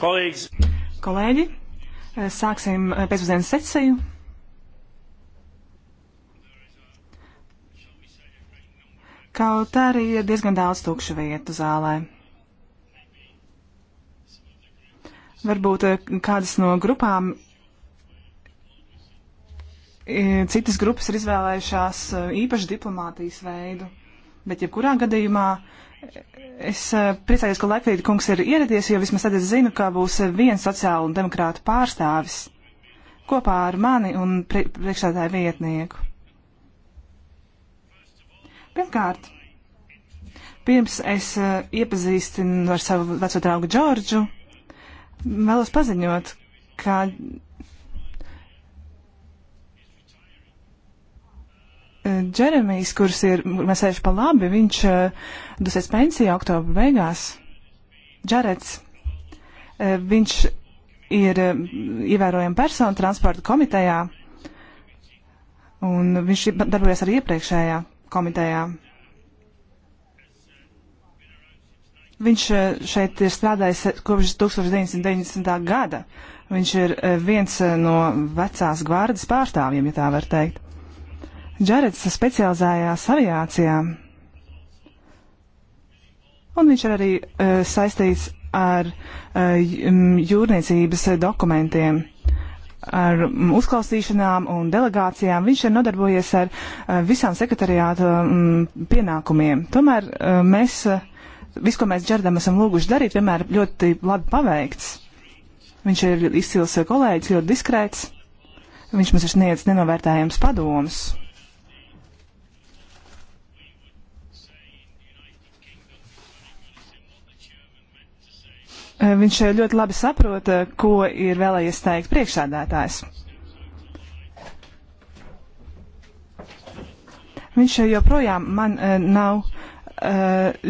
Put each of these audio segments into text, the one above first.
Kolēģis. Kolēģi, eh, sāksim eh, pēcpusdienas sesiju. Kaut arī ir diezgan daudz tukšu vietu zālē. Varbūt eh, kādas no grupām, citas grupas ir izvēlējušās īpašu diplomātijas veidu. Bet jebkurā gadījumā es eh, priecājos, ka Lepīda kungs ir ieradies, jo vismaz tad es zinu, ka būs viens sociālu demokrātu pārstāvis kopā ar mani un priekšsēdāju vietnieku. Pirmkārt, pirms es uh, iepazīstinu ar savu veco draugu Džordžu, vēlos paziņot, ka Eh, Džeremijs, kurš ir, mēs sēžam pa labi, viņš eh, dosies pensijā oktobra beigās. Džerets, eh, viņš ir ievērojama persona transporta komitejā, un viņš darbojas arī iepriekšējā komitejā. Viņš šeit ir strādājis kopš 1990. gada. Viņš ir viens no vecās gvārdas pārstāvjiem, ja tā var teikt. Džareds specializējās aviācijā. Un viņš ir arī uh, saistīts ar uh, jūrniecības dokumentiem, ar um, uzklausīšanām un delegācijām. Viņš ir nodarbojies ar uh, visām sekretariāta um, pienākumiem. Tomēr uh, mēs, uh, visu, ko mēs Džardam esam lūguši darīt, vienmēr ļoti labi paveikts. Viņš ir izcils kolēģis, ļoti diskrēts. Viņš mums ir sniedzis nenovērtējams padomus. Eh, viņš eh, ļoti labi saprota, eh, ko ir vēlējies teikt priekšsādātājs. Viņš joprojām man nav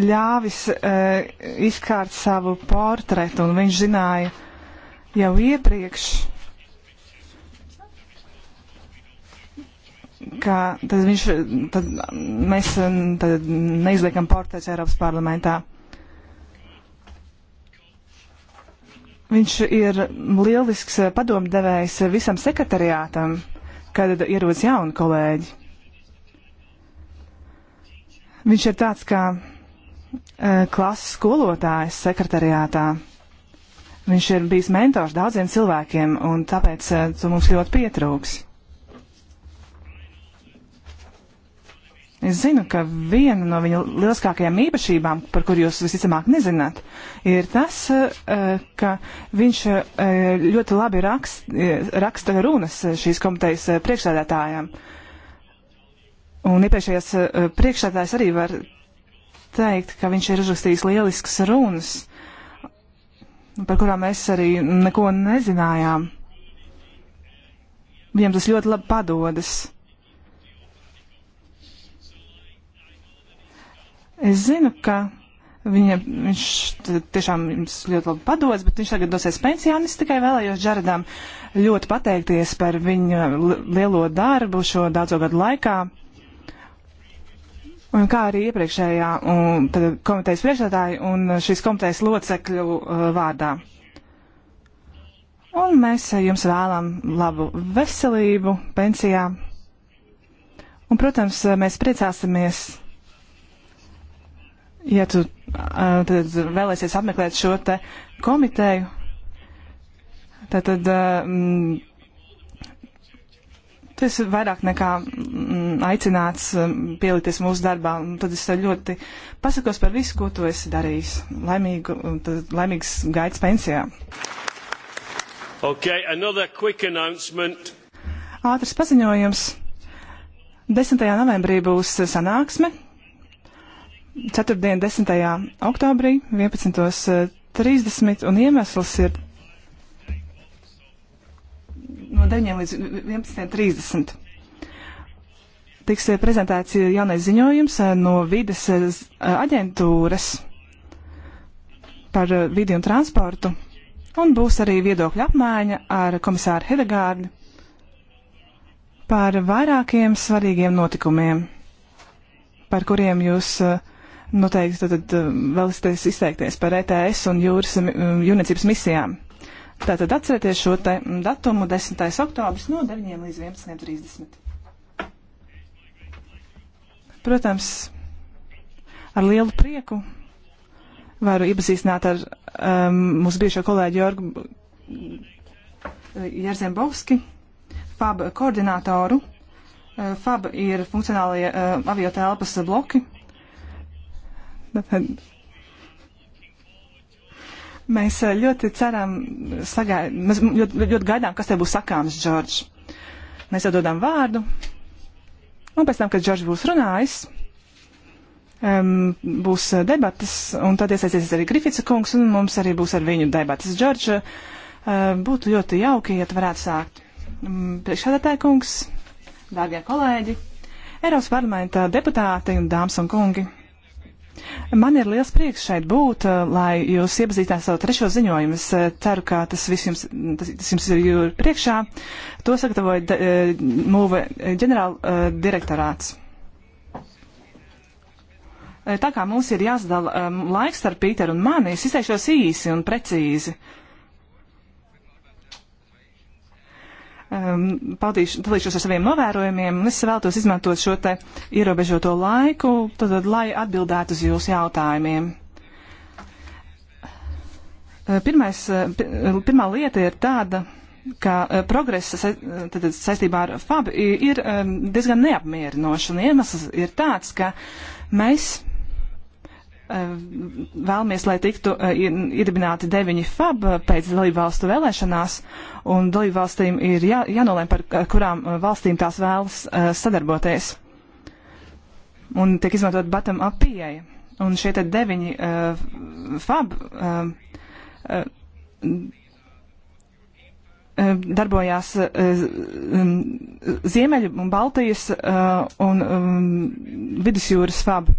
ļāvis izkārt savu portretu, un viņš zināja jau iepriekš, ka tad viņš, tad mm, mēs tad neizliekam portretus Eiropas parlamentā. Viņš ir lielisks padomdevējs visam sekretariātam, kad ierodas jauni kolēģi. Viņš ir tāds kā e, klases skolotājs sekretariātā. Viņš ir bijis mentors daudziem cilvēkiem, un tāpēc e, tu mums ļoti pietrūks. Es zinu, ka viena no viņa lieliskākajām īpašībām, par kur jūs visticamāk nezināt, ir tas, eh, ka viņš eh, ļoti labi rakst, eh, raksta runas šīs komitejas priekšsēdētājām. Un iepriekšējais priekšsēdētājs arī var teikt, ka viņš ir uzrakstījis lielisks runas, par kurām mēs arī neko nezinājām. Viņam tas ļoti labi padodas. Es zinu, ka viņa, viņš tiešām jums ļoti labi padodas, bet viņš tagad dosies pensijā. Es tikai vēlējos Džaradam ļoti pateikties par viņa lielo darbu šo daudzo gadu laikā. Un kā arī iepriekšējā un, tad, komitejas priekšstādāja un šīs komitejas locekļu uh, vārdā. Un mēs jums vēlam labu veselību pensijā. Un, protams, mēs priecāsimies ja tu tad vēlēsies apmeklēt šo te komiteju, tad, tad mm, tu esi vairāk nekā mm, aicināts pielīties mūsu darbā. Un tad es ļoti pasakos par visu, ko tu esi darījis. Laimīgu, tad, laimīgs gaids pensijā. Okay, Ātrs paziņojums. 10. novembrī būs sanāksme Ceturtdien, 10. oktobrī, 11.30, un iemesls ir no 9 līdz 11.30. Tiks prezentēts jaunais ziņojums no vides eh, eh, aģentūras par eh, vidi un transportu, un būs arī viedokļa apmaiņa ar komisāru Hedegārdu par vairākiem svarīgiem notikumiem, par kuriem jūs uh, noteikti nu, tad eh, vēlēsieties izteikties par ETS un jūras eh, jūrniecības misijām. Tātad atcerieties šo te datumu 10. oktobris no 9 līdz 11.30. Protams, ar lielu prieku varu iepazīstināt ar um, mūsu bijušo kolēģi Jorgu eh, Jerzembovski, FAB koordinātoru. FAB ir funkcionālie uh, aviotelpas bloki, Tātad mēs eh, ļoti ceram, sagai, mēs ļoti, ļoti gaidām, kas tev būs sakāms, Džordž. Mēs jau dodam vārdu, un pēc tam, kad Džordž būs runājis, um, būs eh, debatas, un tad iesaistīsies arī Grifica kungs, un mums arī būs ar viņu debatas. Džordž, uh, būtu ļoti jauki, ja tu varētu sākt. Um, mm, Priekšādātāja kungs, dārgie kolēģi, Eiropas parlamenta deputāti un dāmas un kungi. Man ir liels prieks šeit būt, eh, lai jūs iepazīstinātu savu trešo ziņojumu. Es eh, ceru, ka tas viss jums, tas, tas jums ir priekšā. To sagatavoja eh, MUVE ģenerāla direktorāts. Tā kā mums ir jāsadala laiks starp Pīteru un mani, es izteikšos īsi un precīzi. Uh, um, ehm, paldīšu, dalīšos ar saviem novērojumiem, un es vēlētos izmantot šo te ierobežoto laiku, tad, tad lai atbildētu uz jūsu jautājumiem. Ehm, pirmais, ehm, pirmā lieta ir tāda, ka progresa sa, tad, saistībā ar FAB ir diezgan neapmierinoša, un iemesls ir tāds, ka mēs vēlamies, lai tiktu eh, iedibināti deviņi FAB eh, pēc dalībvalstu vēlēšanās, un dalībvalstīm ir jā, jānolēm, par eh, kurām valstīm tās vēlas sadarboties. Un tiek izmantot bottom-up pieeja. Un šie te deviņi uh, FAB uh, uh, darbojās uh, Ziemeļu un Baltijas uh, un um, Vidusjūras FAB. Uh,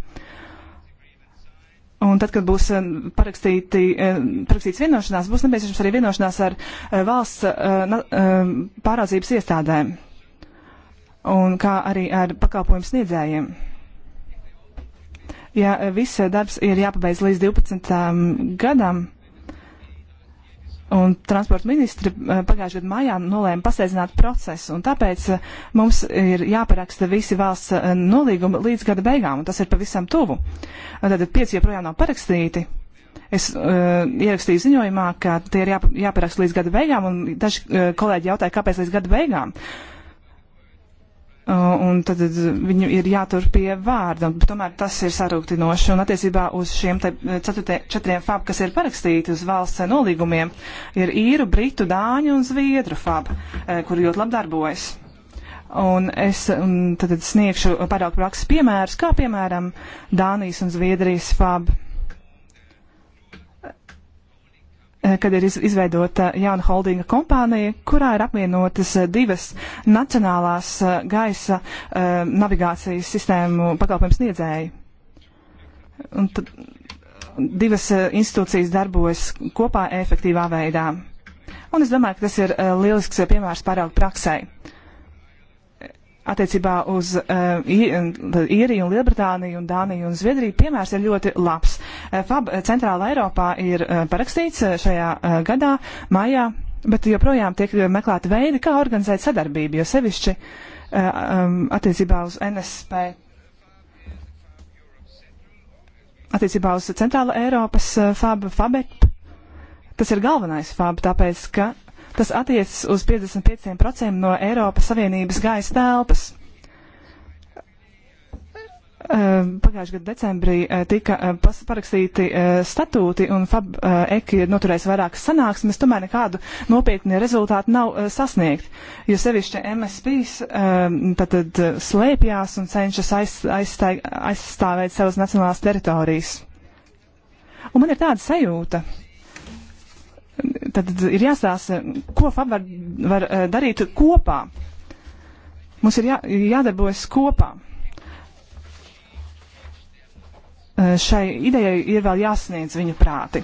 Un tad, kad būs eh, eh, parakstīts vienošanās, būs nepieciešams arī vienošanās ar eh, valsts pārādzības iestādēm, un kā arī ar pakalpojumu sniedzējiem. Ja viss darbs ir jāpabeidz līdz 12 gadam, Un transporta ministri eh, pagājušajā gadā maijā nolēma pasteicināt procesu, un tāpēc eh, mums ir jāparaksta visi valsts eh, nolīgumi līdz gada beigām, un tas ir pavisam tuvu. Tad pieci joprojām nav parakstīti. Es uh, ierakstīju ziņojumā, ka tie ir jā, jāparaksta līdz gada beigām, un daži uh, kolēģi jautāja, kāpēc līdz gada beigām. Uh, Un tad viņu ir jātur pie vārda, bet tomēr tas ir sarūktinoši. Un attiecībā uz šiem ceturtē, četriem fab, kas ir parakstīti uz valsts nolīgumiem, ir īru, britu, dāņu un zviedru fab, e, kur ļoti labi darbojas. Un es un tad sniegšu paraugu prakses piemērus, kā piemēram Dānijas un Zviedrijas fab. Eh, kad ir izveidota jauna holdinga kompānija, kurā ir apvienotas eh, divas nacionālās eh, gaisa navigācijas sistēmu pakalpojumu sniedzēji. Un tad divas institūcijas darbojas kopā efektīvā veidā. Un es domāju, ka tas ir lielisks piemērs paraugu praksai attiecībā uz uh, Īriju un Lielbritāniju un Dāniju un Zviedriju piemērs ir ļoti labs. Eh, FAB eh, centrāla Eiropā ir uh, parakstīts šajā uh, gadā, maijā, bet joprojām tiek meklēti veidi, kā organizēt sadarbību, jo sevišķi uh, um, attiecībā uz NSP. Attiecībā uz centrāla Eiropas uh, FAB, FABEP, tas ir galvenais FAB, tāpēc, ka Tas attiecas uz 55% no Eiropas Savienības gaisa telpas. Ehm, Pagājušā gada decembrī eh, tika eh, parakstīti eh, statūti un FAB eki ir noturējis vairākas sanāksmes, tomēr nekādu nopietnu rezultātu nav sasniegt, jo sevišķi MSPs tātad ehm, slēpjās un cenšas aiz, aizstāvēt savas nacionālās teritorijas. Un man ir tāda sajūta, tad ir jāstāsta, ko FAB var, var eh, darīt kopā. Mums ir jā, jādarbojas kopā. Eh, šai idejai ir vēl jāsniedz viņu prāti.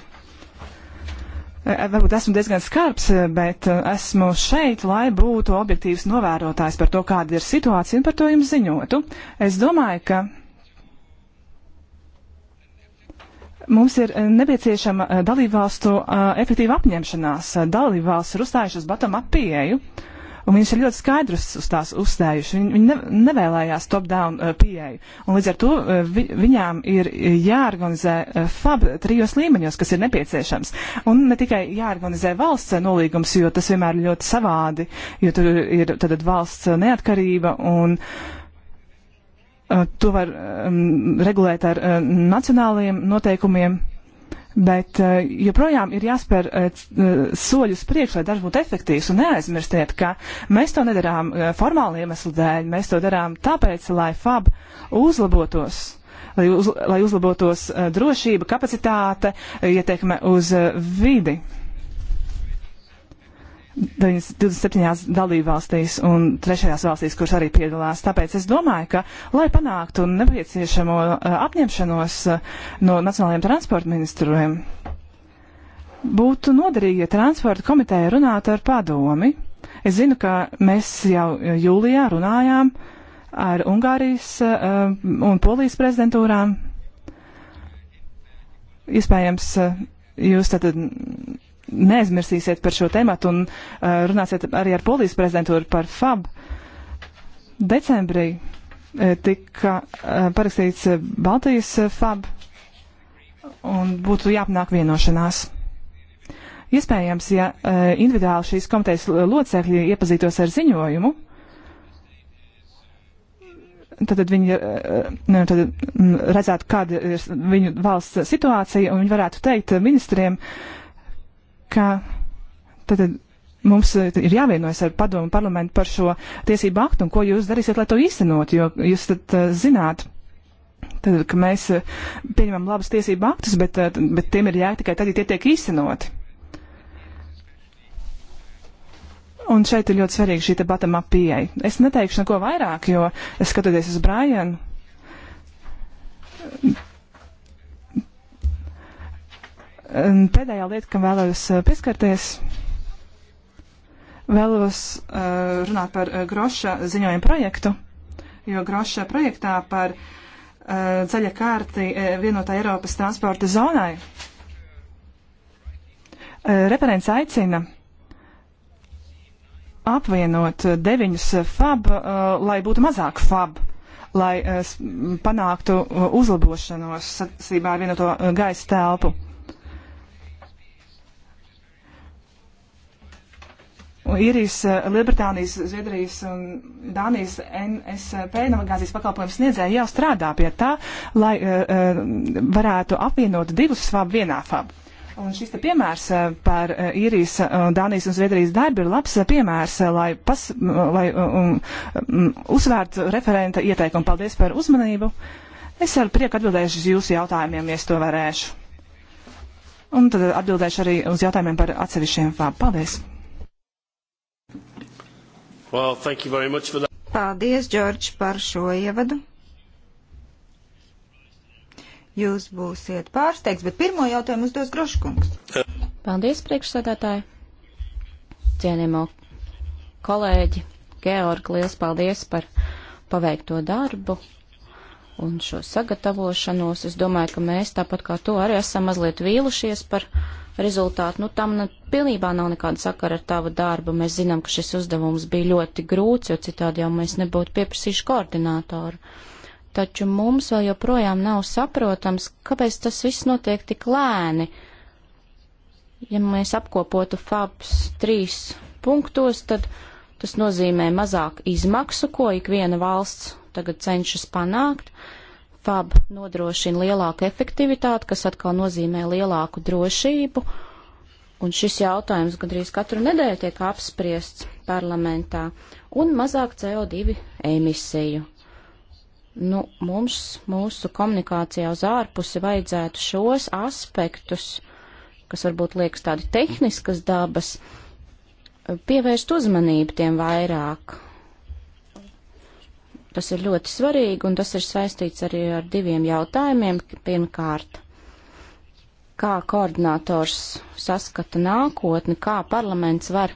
Eh, varbūt esmu diezgan skarbs, bet esmu šeit, lai būtu objektīvs novērotājs par to, kāda ir situācija un par to jums ziņotu. Es domāju, ka Mums ir eh, nepieciešama eh, dalībvalstu eh, efektīva apņemšanās. Dalībvalsts ir uzstājušas bottom-up pieeju. Un viņš ir ļoti skaidrs uz tās uzstājuši. Viņi, viņi ne, nevēlējās top-down uh, pieeju. Un līdz ar to uh, vi, viņām ir jāorganizē uh, FAB trijos līmeņos, kas ir nepieciešams. Un ne tikai jāorganizē valsts nolīgums, jo tas vienmēr ir ļoti savādi, jo tur ir tad valsts neatkarība un. Uh, Eh, to var regulēt ar eh, nacionālajiem noteikumiem, bet eh, joprojām ir jāspēr soļus priekš, lai darbs būtu efektīvs. Un neaizmirstiet, ka mēs to nedarām formāli iemeslu dēļ, mēs to darām tāpēc, lai FAB uzlabotos lai, uz, lai uzlabotos drošība, kapacitāte, ietekme uz vidi. 27 dalībvalstīs un trešajās valstīs, kuras arī piedalās. Tāpēc es domāju, ka, lai panāktu nepieciešamo eh, apņemšanos eh, no nacionālajiem transporta ministriem, būtu noderīgi, ja transporta komiteja runātu ar padomi. Es zinu, ka mēs jau jūlijā runājām ar Ungārijas eh, un Polijas prezidentūrām. Iespējams, jūs tad neaizmirsīsiet par šo tematu un eh, runāsiet arī ar polijas prezidentūru par FAB. Decembrī eh, tika eh, parakstīts Baltijas FAB un būtu jāpanāk vienošanās. Iespējams, ja individuāli šīs komitejas locekļi iepazītos ar ziņojumu, tad viņi nu, tad mm, redzētu, kāda ir viņu valsts situācija, un viņi varētu teikt ministriem, uh, ka tad mums eh, ir jāvienojas ar padomu parlamentu par šo tiesību aktu un ko jūs darīsiet, lai to īstenot, jo jūs tad uh, zināt. Tad, ka mēs uh, pieņemam labus tiesību aktus, bet, uh, bet tiem ir jātiek tikai tad, ja tie tiek īstenoti. Un šeit ir ļoti svarīga šī debata mapijai. Es neteikšu neko vairāk, jo es skatoties uz Brianu, Pēdējā lieta, kam vēlos uh, pieskarties, vēlos uh, runāt par uh, Groša ziņojumu projektu, jo Groša projektā par ceļa kārti vienotā Eiropas transporta zonai referents aicina apvienot deviņus fab, lai būtu mazāk fab, lai panāktu uzlabošanos sacībā ar vienoto gaisa telpu. un Irijas, eh, Lielbritānijas, Zviedrijas un Dānijas NSP navigācijas pakalpojums sniedzēji jau strādā pie tā, lai uh, varētu apvienot divus svab vienā fab. Un šis piemērs par īrijas, Dānijas un Zviedrijas darbu ir labs piemērs, lai, pas, lai um, um, uzsvērtu referenta ieteikumu. Paldies par uzmanību. Es ar prieku atbildēšu uz jūsu jautājumiem, ja es to varēšu. Un tad atbildēšu arī uz jautājumiem par atsevišķiem fābu. Paldies! Well, thank you very much for that. Paldies, Džordž, par šo ievadu. Jūs būsiet pārsteigts, bet pirmo jautājumu uzdos Groškungs. Paldies, priekšsēdētāji. Cienījamo kolēģi, Georgi, liels paldies par paveikto darbu un šo sagatavošanos. Es domāju, ka mēs tāpat kā to arī esam mazliet vīlušies par rezultātu. Nu, tam ne, pilnībā nav nekāda sakara ar tavu darbu. Mēs zinām, ka šis uzdevums bija ļoti grūts, jo citādi jau mēs nebūtu pieprasījuši koordinātoru. Taču mums vēl joprojām nav saprotams, kāpēc tas viss notiek tik lēni. Ja mēs apkopotu FABS trīs punktos, tad tas nozīmē mazāk izmaksu, ko ik viena valsts tagad cenšas panākt. Uh, FAB nodrošina lielāku efektivitāti, kas atkal nozīmē lielāku drošību. Un šis jautājums gandrīz katru nedēļu tiek apspriests parlamentā un mazāk CO2 emisiju. Nu, mums, mūsu komunikācijā uz ārpusi vajadzētu šos aspektus, kas varbūt liekas tādi tehniskas dabas, pievērst uzmanību tiem vairāk Tas ir ļoti svarīgi, un tas ir saistīts arī ar diviem jautājumiem. Pirmkārt, kā koordinators saskata nākotni, kā parlaments var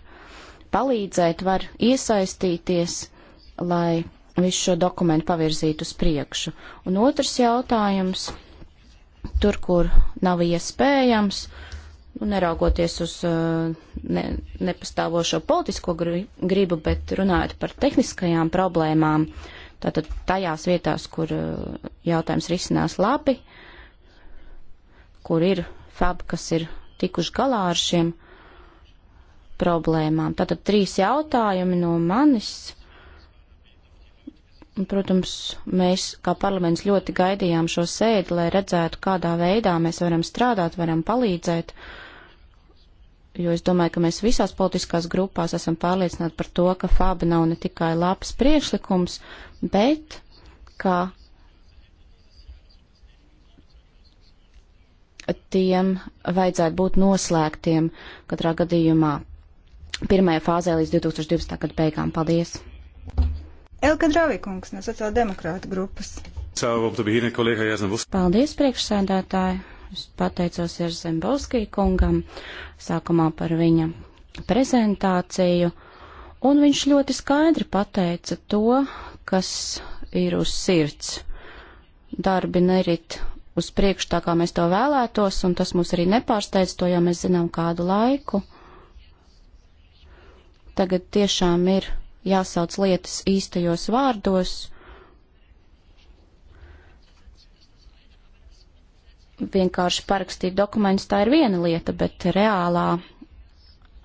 palīdzēt, var iesaistīties, lai visu šo dokumentu pavirzītu uz priekšu. Un otrs jautājums, tur, kur nav iespējams, nu, neraugoties uz uh, ne, nepastāvošo politisko gribu, bet runājot par tehniskajām problēmām, uh, Tātad tajās vietās, kur eh, jautājums risinās labi, kur ir fab, kas ir tikuši galā ar šiem problēmām. Tātad trīs jautājumi no manis. Protams, mēs kā parlaments ļoti gaidījām šo sēdi, lai redzētu, kādā veidā mēs varam strādāt, varam palīdzēt. Uh, jo es domāju, ka mēs visās politiskās grupās esam pārliecināti par to, ka FAB nav ne tikai labs priekšlikums, bet ka tiem vajadzētu būt noslēgtiem katrā gadījumā pirmajā fāzē līdz 2020. gada beigām. Paldies! Elka Dravikungs no sociāldemokrāta grupas. Paldies, priekšsēdētāji! Es pateicos ir Zembovskī kungam sākumā par viņa prezentāciju, un viņš ļoti skaidri pateica to, kas ir uz sirds. Darbi nerit uz priekšu tā, kā mēs to vēlētos, un tas mūs arī nepārsteidz to, ja mēs zinām kādu laiku. Tagad tiešām ir jāsauc lietas īstajos vārdos vienkārši parakstīt dokumentus, tā ir viena lieta, bet reālā uh,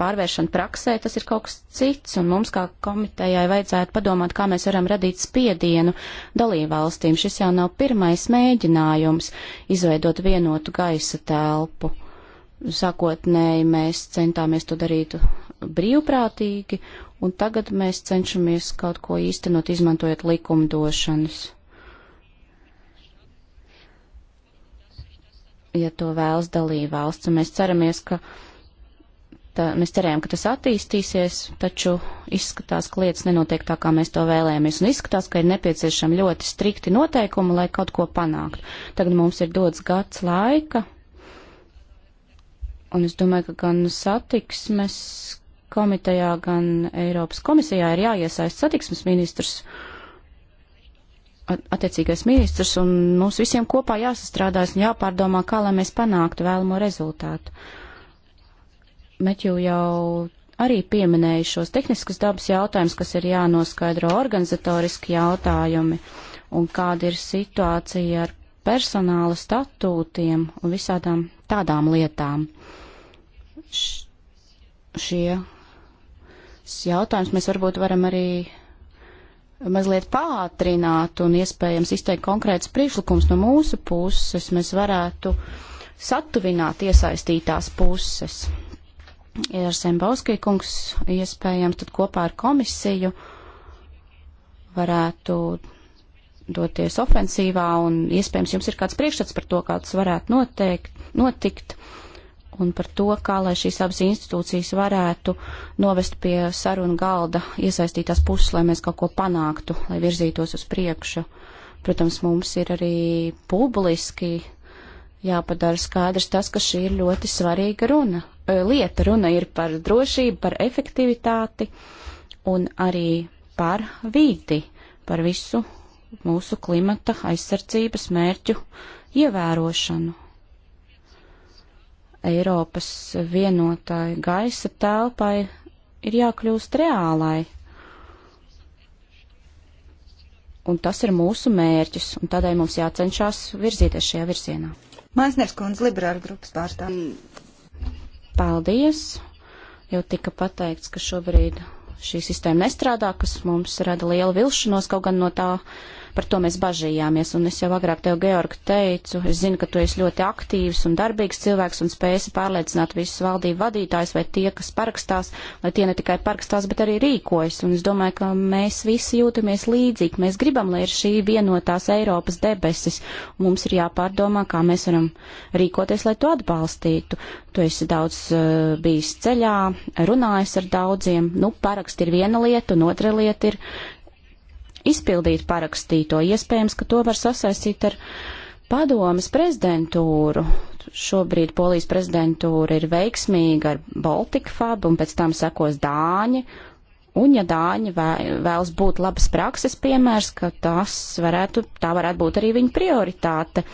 pārvēršana praksē, tas ir kaut kas cits, un mums kā komitejai vajadzētu padomāt, kā mēs varam radīt spiedienu dalībvalstīm. Šis jau nav pirmais mēģinājums izveidot vienotu gaisa telpu. Sākotnēji mēs centāmies to darīt brīvprātīgi, un tagad mēs cenšamies kaut ko īstenot, izmantojot likumdošanas ja to vēlas dalībvalsts. Un mēs ceramies, ka tā, mēs cerējām, ka tas attīstīsies, taču izskatās, ka lietas nenotiek tā, kā mēs to vēlējāmies. Un izskatās, ka ir nepieciešami ļoti strikti noteikumi, lai kaut ko panākt. Tagad mums ir dots gads laika, un es domāju, ka gan satiksmes komitejā, gan Eiropas komisijā ir jāiesaist satiksmes ministrs. Uh, attiecīgais ministrs, un mums visiem kopā jāsastrādās un jāpārdomā, kā lai mēs panāktu vēlamo rezultātu. Meķu jau arī pieminēju šos tehniskas dabas jautājumus, kas ir jānoskaidro organizatoriski jautājumi, un kāda ir situācija ar personāla statūtiem un visādām tādām lietām. Š šie jautājums mēs varbūt varam arī mazliet pātrināt un iespējams izteikt konkrēts priekšlikums no mūsu puses, mēs varētu satuvināt iesaistītās puses. Ar Sembauskiju kungs iespējams tad kopā ar komisiju varētu doties ofensīvā un iespējams jums ir kāds priekšstats par to, kāds varētu noteikt, notikt un par to, kā lai šīs abas institūcijas varētu novest pie sarunu galda iesaistītās puses, lai mēs kaut ko panāktu, lai virzītos uz priekšu. Protams, mums ir arī publiski jāpadara skaidrs tas, ka šī ir ļoti svarīga runa. Lieta runa ir par drošību, par efektivitāti un arī par vīdi, par visu mūsu klimata aizsardzības mērķu ievērošanu. Eiropas vienotai gaisa telpai ir jākļūst reālai. Un tas ir mūsu mērķis, un tādēļ mums jācenšas virzīties šajā virzienā. Maisnieks kundze, liberāla grupas pārstāvja. Paldies! Jau tika pateikts, ka šobrīd šī sistēma nestrādā, kas mums rada lielu vilšanos, kaut gan no tā uh, Par to mēs bažījāmies, un es jau agrāk tev, Georgi, teicu, es zinu, ka tu esi ļoti aktīvs un darbīgs cilvēks un spēsi pārliecināt visus valdību vadītājus vai tie, kas parakstās, lai tie ne tikai parakstās, bet arī rīkojas. Un es domāju, ka mēs visi jūtamies līdzīgi. Mēs gribam, lai ir šī vienotās Eiropas debesis. Mums ir jāpārdomā, kā mēs varam rīkoties, lai to atbalstītu. Tu esi daudz uh, bijis ceļā, runājis ar daudziem. Nu, parakst ir viena lieta, un otra lieta ir izpildīt parakstīto. Iespējams, ka to var sasaistīt ar padomas prezidentūru. Šobrīd Polijas prezidentūra ir veiksmīga ar Baltika fabu un pēc tam sekos Dāņi. Un ja Dāņi vēlas būt labas prakses piemērs, ka tas varētu, tā varētu būt arī viņa prioritāte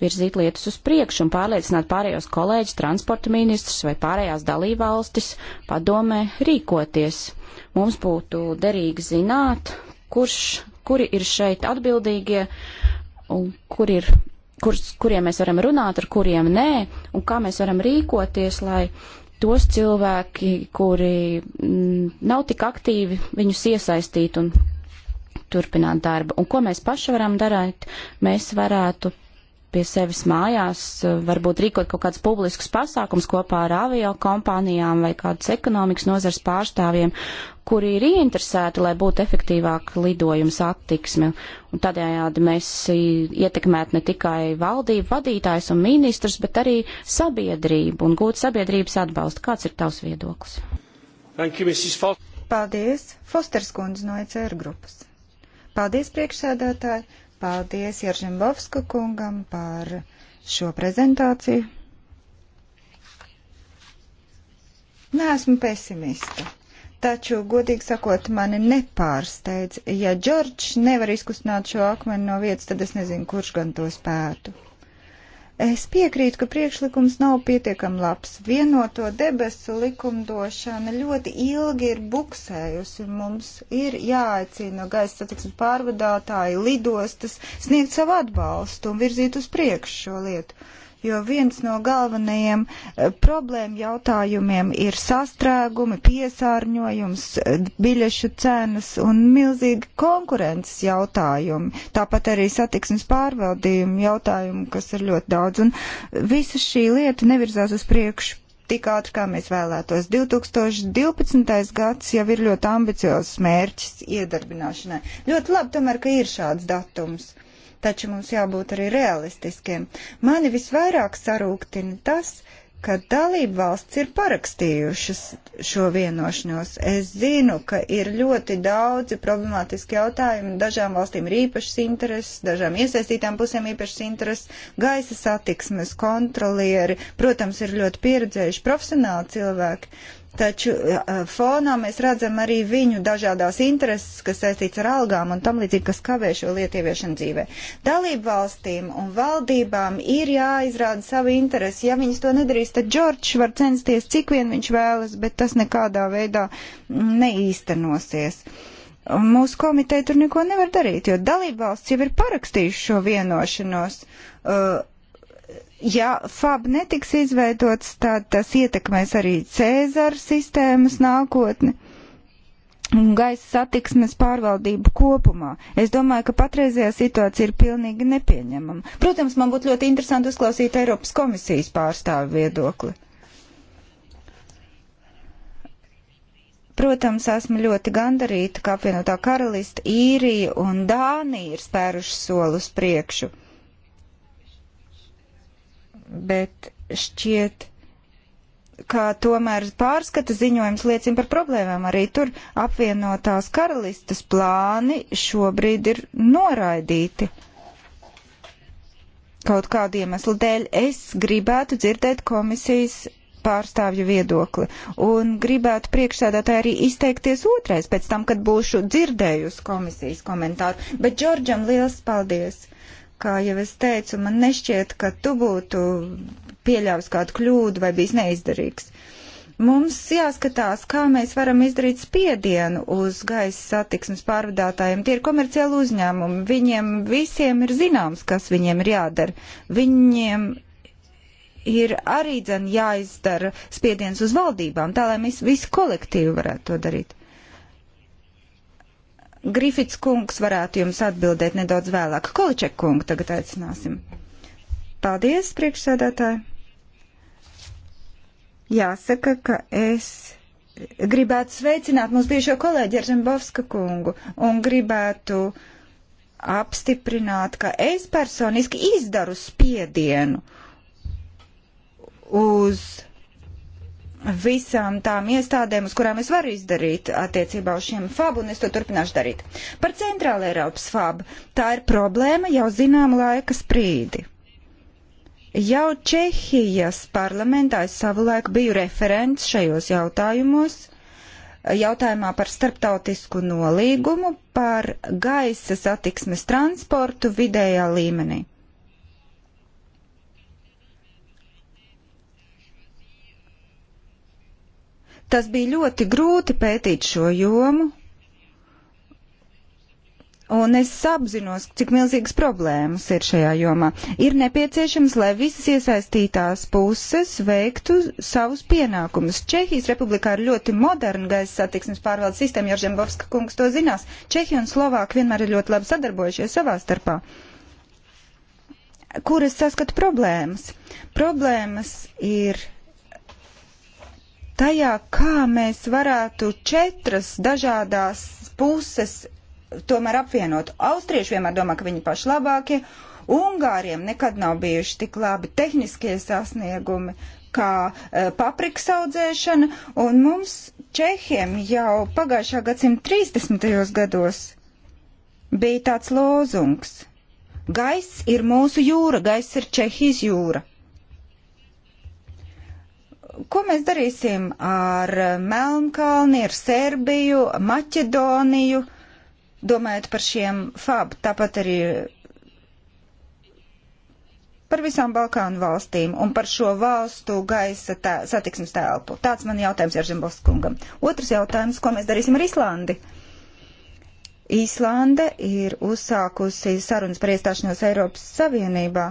virzīt lietas uz priekšu un pārliecināt pārējos kolēģus, transporta ministrus vai pārējās dalībvalstis padomē rīkoties. Mums būtu derīgi zināt, kurš, kuri ir šeit atbildīgie un kur ir, kur, kuriem mēs varam runāt, ar kuriem nē, un kā mēs varam rīkoties, lai tos cilvēki, kuri m, mm, nav tik aktīvi, viņus iesaistīt un turpināt darbu. Un ko mēs paši varam darīt? Mēs varētu pie sevis mājās, eh, varbūt rīkot kaut kādus publiskus pasākums kopā ar avio kompānijām vai kādus ekonomikas nozars pārstāvjiem, kuri ir ieinteresēti, lai būtu efektīvāka lidojums attiksme. Un tādējādi mēs ietekmētu ne tikai valdību vadītājs un ministrs, bet arī sabiedrību un gūt sabiedrības atbalstu. Kāds ir tavs viedoklis? Thank you, Mrs. Fal Paldies, Fosters kundze no ECR grupas. Paldies, priekšsēdētāji! Paldies Jaržembovska kungam par šo prezentāciju. Neesmu pesimista, taču, godīgi sakot, mani nepārsteidz. Ja Džordžs nevar izkustināt šo akmeni no vietas, tad es nezinu, kurš gan to spētu. Es piekrītu, ka priekšlikums nav pietiekami labs. Vienoto debesu likumdošana ļoti ilgi ir buksējusi. Mums ir jāaicina gaisa satiksmes pārvadātāji, lidostas sniegt savu atbalstu un virzīt uz priekšu šo lietu. Uh, jo viens no galvenajiem eh, problēmu jautājumiem ir sastrēgumi, piesārņojums, eh, biļešu cenas un milzīgi konkurences jautājumi. Tāpat arī satiksmes pārvaldījumu jautājumu, kas ir ļoti daudz. Un visa šī lieta nevirzās uz priekšu tik ātri, kā mēs vēlētos. 2012. gads jau ir ļoti ambiciozs mērķis iedarbināšanai. Ļoti labi tomēr, ka ir šāds datums taču mums jābūt arī realistiskiem. Mani visvairāk sarūktina tas, ka dalību valsts ir parakstījušas šo vienošanos. Es zinu, ka ir ļoti daudzi problemātiski jautājumi, dažām valstīm ir īpašas intereses, dažām iesaistītām pusēm īpašas intereses, gaisa satiksmes kontrolieri, protams, ir ļoti pieredzējuši profesionāli cilvēki, taču eh, eh, fonā mēs redzam arī viņu dažādās intereses, kas saistīts ar algām un tam līdzīgi, kas kavē šo lietu ieviešanu dzīvē. Dalību valstīm un valdībām ir jāizrāda savi interesi. Ja viņas to nedarīs, tad Džordžs var censties, cik vien viņš vēlas, bet tas nekādā veidā neīstenosies. Mūsu komiteja tur neko nevar darīt, jo dalībvalsts jau ir parakstījuši šo vienošanos. Uh, Ja FAB netiks izveidots, tad tas ietekmēs arī Cēzara sistēmas nākotni un gaisa satiksmes pārvaldību kopumā. Es domāju, ka patreizējā situācija ir pilnīgi nepieņemama. Protams, man būtu ļoti interesanti uzklausīt Eiropas komisijas pārstāvu viedokli. Protams, esmu ļoti gandarīta, ka apvienotā karalista Īrija un Dānija ir spēruši soli uz priekšu bet šķiet, ka tomēr pārskata ziņojums liecina par problēmām. Arī tur apvienotās karalistas plāni šobrīd ir noraidīti. Kaut kādu iemeslu dēļ es gribētu dzirdēt komisijas pārstāvju viedokli un gribētu priekšsēdētāji arī izteikties otrais pēc tam, kad būšu dzirdējusi komisijas komentāru. Bet Džordžam liels paldies! Kā jau es teicu, man nešķiet, ka tu būtu pieļāvis kādu kļūdu vai bijis neizdarīgs. Mums jāskatās, kā mēs varam izdarīt spiedienu uz gaisa satiksmes pārvadātājiem. Tie ir komerciāli uzņēmumi. Viņiem visiem ir zināms, kas viņiem ir jādara. Viņiem ir arī dzen jāizdara spiediens uz valdībām, tā lai mēs visi kolektīvi varētu to darīt. Grifits kungs varētu jums atbildēt nedaudz vēlāk. Količek kungu tagad aicināsim. Paldies, priekšsēdētāji. Jāsaka, ka es gribētu sveicināt mūsu bijušo kolēģi Erzembovska kungu un gribētu apstiprināt, ka es personiski izdaru spiedienu uz visām tām iestādēm, uz kurām es varu izdarīt attiecībā uz šiem fabu, un es to turpināšu darīt. Par Centrāla Eiropas fabu tā ir problēma jau zinām laika sprīdi. Jau Čehijas parlamentā es savulaik biju referents šajos jautājumos jautājumā par starptautisku nolīgumu par gaisa satiksmes transportu vidējā līmenī. Tas bija ļoti grūti pētīt šo jomu, Un es apzinos, cik milzīgas problēmas ir šajā jomā. Ir nepieciešams, lai visas iesaistītās puses veiktu savus pienākumus. Čehijas republikā ir ļoti moderna gaisa satiksmes pārvaldes sistēma, Joržem Bovska kungs to zinās. Čehija un Slovāka vienmēr ir ļoti labi sadarbojušies savā starpā. Kur es saskatu problēmas? Problēmas ir tajā, kā mēs varētu četras dažādās puses tomēr apvienot. Austrieši vienmēr domā, ka viņi paši labākie, Ungāriem nekad nav bijuši tik labi tehniskie sasniegumi, kā e, paprikas audzēšana, un mums Čehiem jau pagājušā gadsimta 30. gados bija tāds lozungs. Gaiss ir mūsu jūra, gaiss ir Čehijas jūra. Ko mēs darīsim ar Melnkalni, ar Serbiju, Maķedoniju, domājot par šiem FAB, tāpat arī par visām Balkānu valstīm un par šo valstu gaisa tā, satiksmes telpu. Tāds man jautājums ir Žimbovs kungam. Otrs jautājums, ko mēs darīsim ar Islandi? Īslande ir uzsākusi sarunas par iestāšanos Eiropas Savienībā.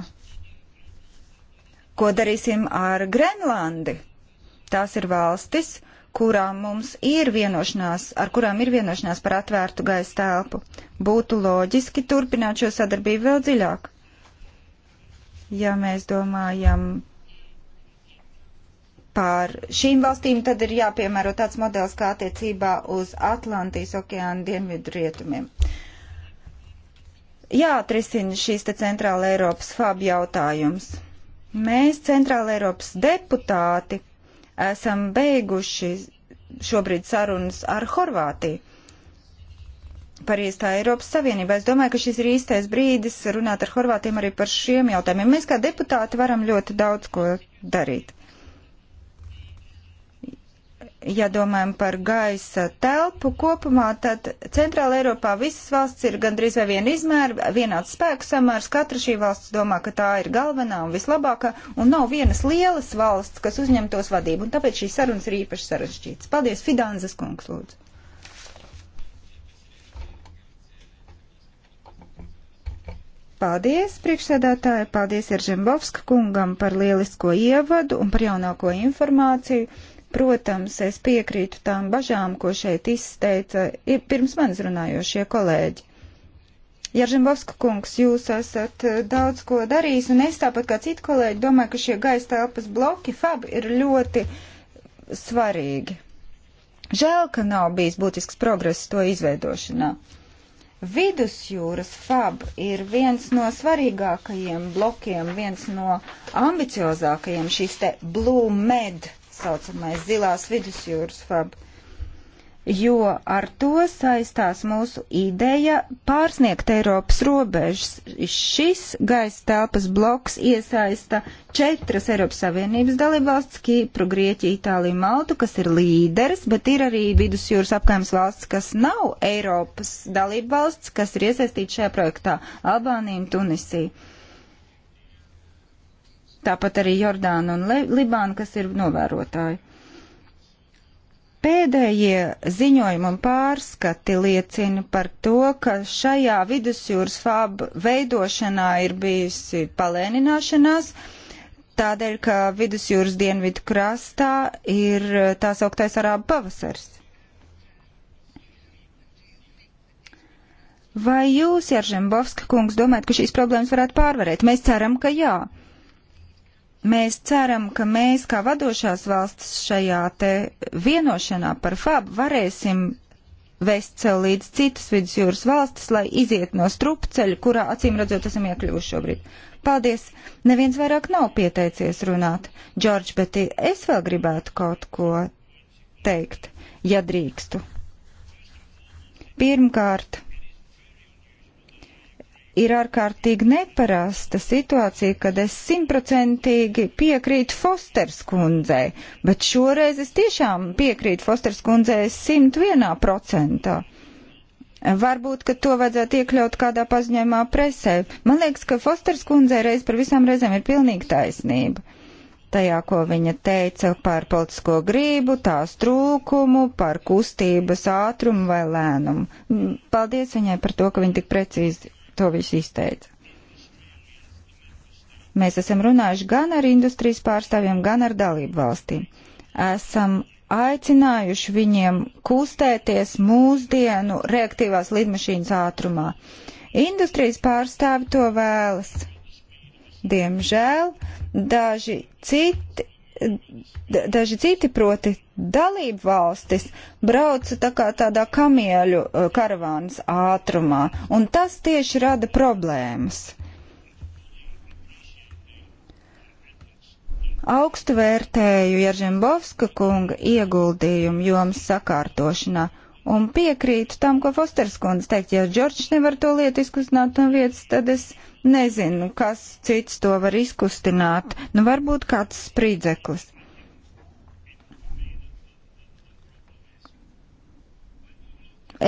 Ko darīsim ar Grenlandi? Tās ir valstis, kurām mums ir vienošanās, ar kurām ir vienošanās par atvērtu gaisa telpu. Būtu loģiski turpināt šo sadarbību vēl dziļāk. Ja mēs domājam par šīm valstīm, tad ir jāpiemēro tāds modelis kā attiecībā uz Atlantijas okeāna dienvidu rietumiem. Jāatrisina šīs te centrāla Eiropas fab jautājums. Mēs, centrāla Eiropas deputāti, Esam beiguši šobrīd sarunas ar Horvātiju par iestāju Eiropas Savienībā. Es domāju, ka šis ir īstais brīdis runāt ar Horvātiem arī par šiem jautājumiem. Mēs kā deputāti varam ļoti daudz ko darīt. Ja domājam par gaisa telpu kopumā, tad Centrāla Eiropā visas valsts ir gandrīz vai viena izmēra, vienāds spēku samērs, katra šī valsts domā, ka tā ir galvenā un vislabākā, un nav vienas lielas valsts, kas uzņemtos vadību, un tāpēc šīs sarunas ir īpaši sarežģītas. Paldies, Fidanzas kungs, lūdzu. Paldies, priekšsēdētāji, paldies Eržembovska kungam par lielisko ievadu un par jaunāko informāciju. Protams, es piekrītu tām bažām, ko šeit izteica pirms manis runājošie kolēģi. Jaržembovska kungs, jūs esat eh, daudz ko darījis, un es tāpat kā citi kolēģi domāju, ka šie gaisa telpas bloki FAB ir ļoti svarīgi. Žēl, ka nav bijis būtisks progress to izveidošanā. Vidusjūras FAB ir viens no svarīgākajiem blokiem, viens no ambiciozākajiem šīs te Blue Med saucamais zilās vidusjūras fab, jo ar to saistās mūsu ideja pārsniegt Eiropas robežas. Šis gaisa telpas bloks iesaista četras Eiropas Savienības dalībvalsts - Kipru, Grieķiju, Itāliju, Maltu, kas ir līderis, bet ir arī vidusjūras apkaimes valsts, kas nav Eiropas dalībvalsts, kas ir iesaistīta šajā projektā - Albānija un Tunisija tāpat arī Jordāna un Le Libāna, kas ir novērotāji. Pēdējie ziņojumi un pārskati liecina par to, ka šajā vidusjūras fāba veidošanā ir bijusi palēnināšanās, tādēļ, ka vidusjūras dienvidu krastā ir tā sauktais arābu pavasars. Vai jūs, Jaržembovska kungs, domājat, ka šīs problēmas varētu pārvarēt? Mēs ceram, ka jā. Mēs ceram, ka mēs, kā vadošās valstis šajā te vienošanā par FAB, varēsim vest sev līdz citas vidusjūras valstis, lai iziet no strupceļa, kurā acīm redzot esam iekļuvuši šobrīd. Paldies! Neviens vairāk nav pieteicies runāt. Džordž, bet es vēl gribētu kaut ko teikt, ja drīkstu. Pirmkārt, ir ārkārtīgi neparasta situācija, kad es simtprocentīgi piekrītu Fosters kundzei, bet šoreiz es tiešām piekrītu Fosters kundzei 101%. Varbūt, ka to vajadzētu iekļaut kādā paziņojumā presē. Man liekas, ka Fosters kundzei reiz par visām reizēm ir pilnīgi taisnība. Tajā, ko viņa teica par politisko grību, tās trūkumu, par kustības ātrumu vai lēnumu. Mm, paldies viņai par to, ka viņa tik precīzi to visu izteica. Mēs esam runājuši gan ar industrijas pārstāvjiem, gan ar dalību valstīm. Esam aicinājuši viņiem kustēties mūsdienu reaktīvās lidmašīnas ātrumā. Industrijas pārstāvi to vēlas. Diemžēl daži citi daži citi, proti dalību valstis, brauca tā kā tādā kamieļu e, karavānas ātrumā, un tas tieši rada problēmas. Augstu vērtēju Jaržembovska kunga ieguldījumu jomas sakārtošanā un piekrītu tam, ko Fosters kundze teica, ja Džordžs nevar to lietu izkustināt no vietas, tad es Nezinu, kas cits to var izkustināt. Nu, varbūt kāds sprīdzeklis.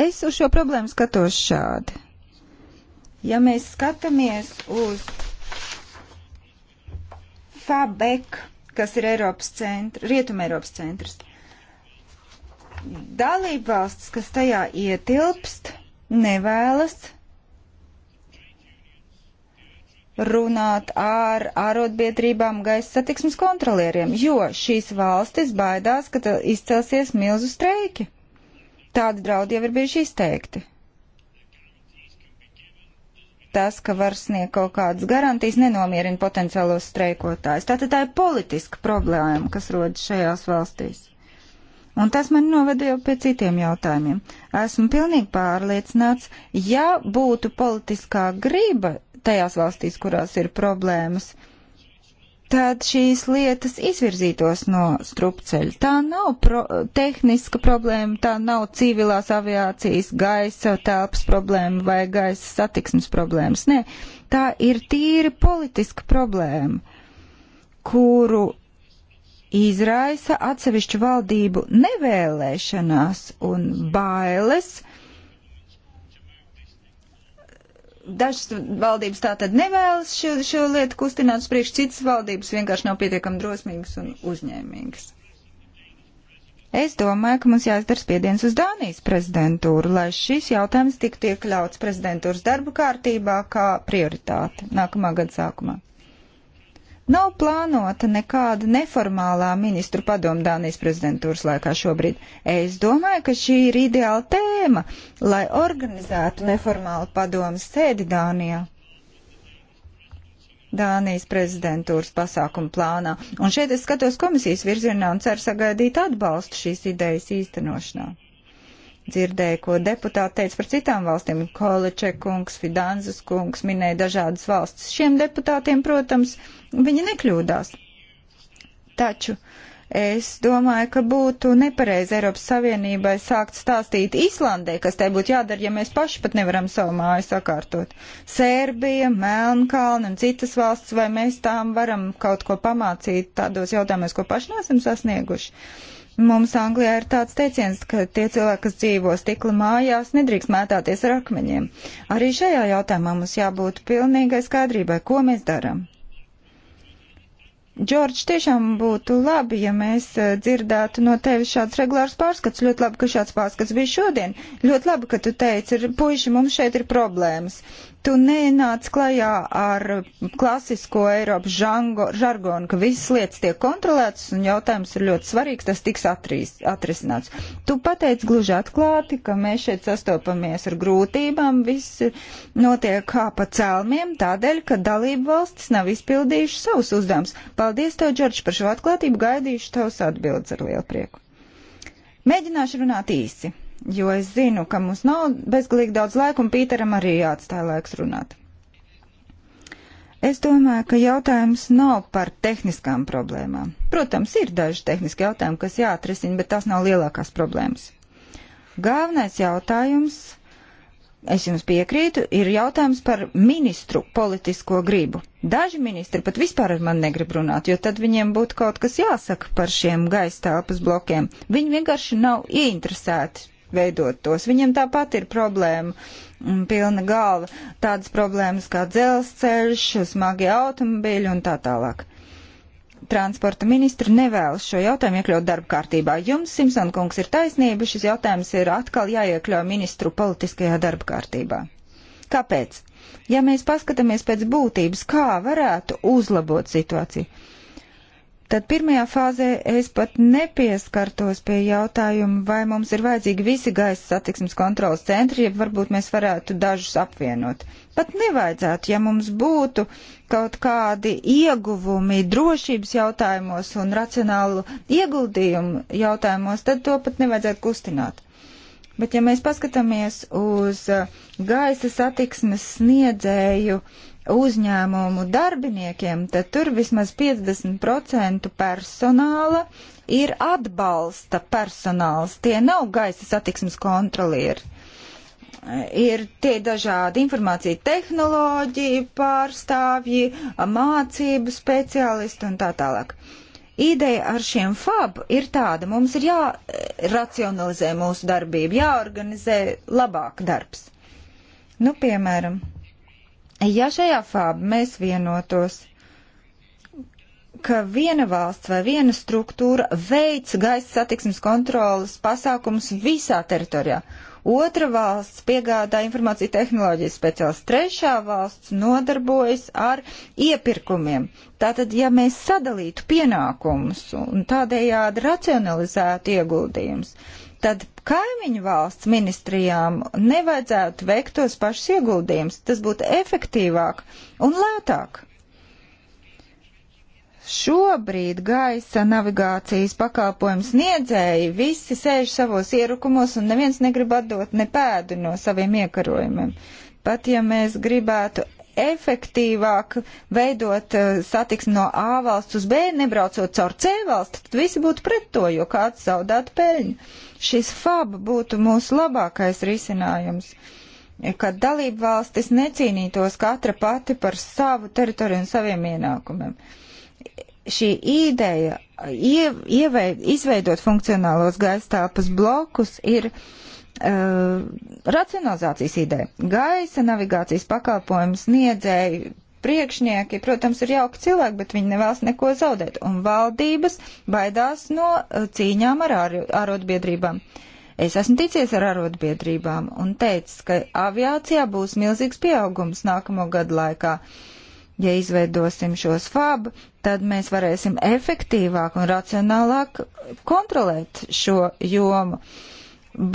Es uz šo problēmu skatos šādi. Ja mēs skatāmies uz FABEK, kas ir Eiropas centra, Rietuma Eiropas centrs, dalībvalsts, kas tajā ietilpst, nevēlas runāt ar arotbiedrībām gaisa satiksmes kontrolieriem, jo šīs valstis baidās, ka izcelsies milzu streiki. Tādi draudi jau ir bijuši izteikti. Tas, ka var sniegt kaut kādas garantijas, nenomierina potenciālos streikotājus. Tātad tā ir politiska problēma, kas rodas šajās valstīs. Un tas man noveda jau pie citiem jautājumiem. Esmu pilnīgi pārliecināts, ja būtu politiskā griba tajās valstīs, kurās ir problēmas, tad šīs lietas izvirzītos no strupceļa. Tā nav pro tehniska problēma, tā nav civilās aviācijas gaisa telpas problēma vai gaisa satiksmes problēmas. Nē, tā ir tīri politiska problēma, kuru izraisa atsevišķu valdību nevēlēšanās un bailes dažas valdības tā tad nevēlas šo, šo lietu kustināt uz priekšu, citas valdības vienkārši nav pietiekami drosmīgas un uzņēmīgas. Es domāju, ka mums jāizdara spiediens uz Dānijas prezidentūru, lai šis jautājums tiktu iekļauts prezidentūras darba kārtībā kā prioritāte nākamā gada sākumā. Nav plānota nekāda neformālā ministru padoma Dānijas prezidentūras laikā šobrīd. Es domāju, ka šī ir ideāla tēma, lai organizētu neformālu padomu sēdi Dānijā. Dānijas prezidentūras pasākuma plānā. Un šeit es skatos komisijas virzienā un ceru sagaidīt atbalstu šīs idejas īstenošanā dzirdēju, ko deputāti teica par citām valstīm. Koleče kungs, Fidanzas kungs minēja dažādas valstis. Šiem deputātiem, protams, viņi nekļūdās. Taču es domāju, ka būtu nepareizi Eiropas Savienībai sākt stāstīt Islandē, kas tai būtu jādara, ja mēs paši pat nevaram savu māju sakārtot. Sērbija, Melnkalna un citas valsts, vai mēs tām varam kaut ko pamācīt tādos jautājumos, ko paši nesam sasnieguši? Uh, Mums Anglijā ir tāds teiciens, ka tie cilvēki, kas dzīvo stikla mājās, nedrīkst mētāties ar akmeņiem. Arī šajā jautājumā mums jābūt pilnīgai skaidrībai, ko mēs darām. Džordž, tiešām būtu labi, ja mēs eh, dzirdētu no tevis šāds regulārs pārskats. Ļoti labi, ka šāds pārskats bija šodien. Ļoti labi, ka tu teici, puiši, mums šeit ir problēmas. Tu neienāc klajā ar klasisko Eiropas žango, žargonu, ka visas lietas tiek kontrolētas un jautājums ir ļoti svarīgs, tas tiks atrīs, atrisināts. Tu pateic gluži atklāti, ka mēs šeit sastopamies ar grūtībām, viss notiek kā pa celmiem, tādēļ, ka dalību valstis nav izpildījuši savus uzdevumus. Paldies tev, Džordž, par šo atklātību, gaidīšu tavus atbildes ar lielu prieku. Mēģināšu runāt īsi jo es zinu, ka mums nav bezgalīgi daudz laika, un Pīteram arī jāatstāj laiks runāt. Es domāju, ka jautājums nav par tehniskām problēmām. Protams, ir daži tehniski jautājumi, kas jāatrisina, bet tās nav lielākās problēmas. Galvenais jautājums, es jums piekrītu, ir jautājums par ministru politisko gribu. Daži ministri pat vispār ar mani negrib runāt, jo tad viņiem būtu kaut kas jāsaka par šiem gaistelpas blokiem. Viņi vienkārši nav ieinteresēti veidot tos. Viņiem tāpat ir problēma mm, pilna galva, tādas problēmas kā dzelzceļš, smagi automobīļi un tā tālāk. Transporta ministri nevēlas šo jautājumu iekļaut darba kārtībā. Jums, Simpson kungs, ir taisnība, šis jautājums ir atkal jāiekļauj ministru politiskajā darba kārtībā. Kāpēc? Ja mēs paskatāmies pēc būtības, kā varētu uzlabot situāciju, tad pirmajā fāzē es pat nepieskartos pie jautājuma, vai mums ir vajadzīgi visi gaisa satiksmes kontrolas centri, ja varbūt mēs varētu dažus apvienot. Pat nevajadzētu, ja mums būtu kaut kādi ieguvumi drošības jautājumos un racionālu ieguldījumu jautājumos, tad to pat nevajadzētu kustināt. Bet ja mēs paskatāmies uz uh, gaisa satiksmes sniedzēju uzņēmumu darbiniekiem, tad tur vismaz 50% personāla ir atbalsta personāls. Tie nav gaisa satiksmes kontrolieri. Ir tie dažādi informācija tehnoloģija pārstāvji, mācību speciālisti un tā tālāk. Ideja ar šiem fab ir tāda, mums ir jāracionalizē mūsu darbība, jāorganizē labāk darbs. Nu, piemēram, Ja šajā fāb mēs vienotos, ka viena valsts vai viena struktūra veic gaisa satiksmes kontrolas pasākums visā teritorijā, otra valsts piegādā informāciju tehnoloģijas speciālists, trešā valsts nodarbojas ar iepirkumiem. Tātad, ja mēs sadalītu pienākumus un tādējādi racionalizētu ieguldījumus, tad kaimiņu valsts ministrijām nevajadzētu veikt tos pašus ieguldījumus. Tas būtu efektīvāk un lētāk. Šobrīd gaisa navigācijas pakāpojumu sniedzēji visi sēž savos ierukumos un neviens negrib atdot ne pēdu no saviem iekarojumiem. Pat ja mēs gribētu efektīvāk veidot eh, satiksmi no A valsts uz B, nebraucot caur C valsti, tad visi būtu pret to, jo kāds zaudētu peļņu. Šis FAB būtu mūsu labākais risinājums ka dalību valstis necīnītos katra pati par savu teritoriju un saviem ienākumiem. Šī ideja ie, ieveid, izveidot funkcionālos gaisa telpas blokus ir uh, racionalizācijas ideja. Gaisa navigācijas pakalpojums sniedzēji priekšnieki, protams, ir jauki cilvēki, bet viņi nevēlas neko zaudēt. Un valdības baidās no eh, cīņām ar ārotbiedrībām. Es esmu ticies ar arotbiedrībām un teicis, ka aviācijā būs milzīgs pieaugums nākamo gadu laikā. Ja izveidosim šos fab, tad mēs varēsim efektīvāk un racionālāk kontrolēt šo jomu. Uh,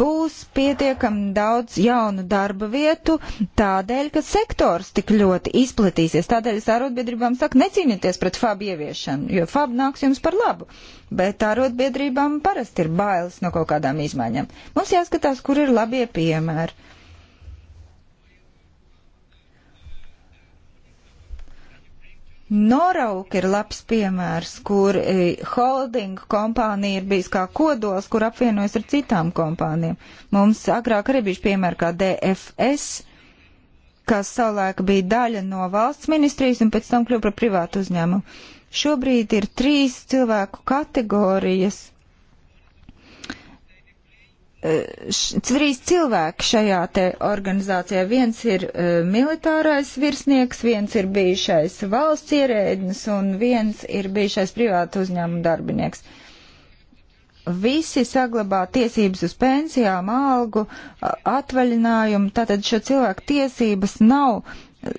būs pietiekami daudz jaunu darba vietu, tādēļ, ka sektors tik ļoti izplatīsies. Tādēļ es arotbiedrībām saku, necīnieties pret FAB ieviešanu, jo FAB nāks jums par labu. Bet arotbiedrībām parasti ir bailes no kaut kādām izmaiņām. Mums jāskatās, kur ir labie piemēri. Norauk ir labs piemērs, kur e, holding kompānija ir bijis kā kodols, kur apvienojas ar citām kompānijām. Mums agrāk arī bija piemēra kā DFS, kas savulaik bija daļa no valsts ministrijas un pēc tam kļuva par privātu uzņēmumu. Šobrīd ir trīs cilvēku kategorijas, trīs cilvēki šajā te organizācijā. Viens ir uh, militārais virsnieks, viens ir bijušais valsts ierēdnis un viens ir bijušais privāta uzņēmuma darbinieks. Visi saglabā tiesības uz pensijām, algu, atvaļinājumu, tātad šo cilvēku tiesības nav e,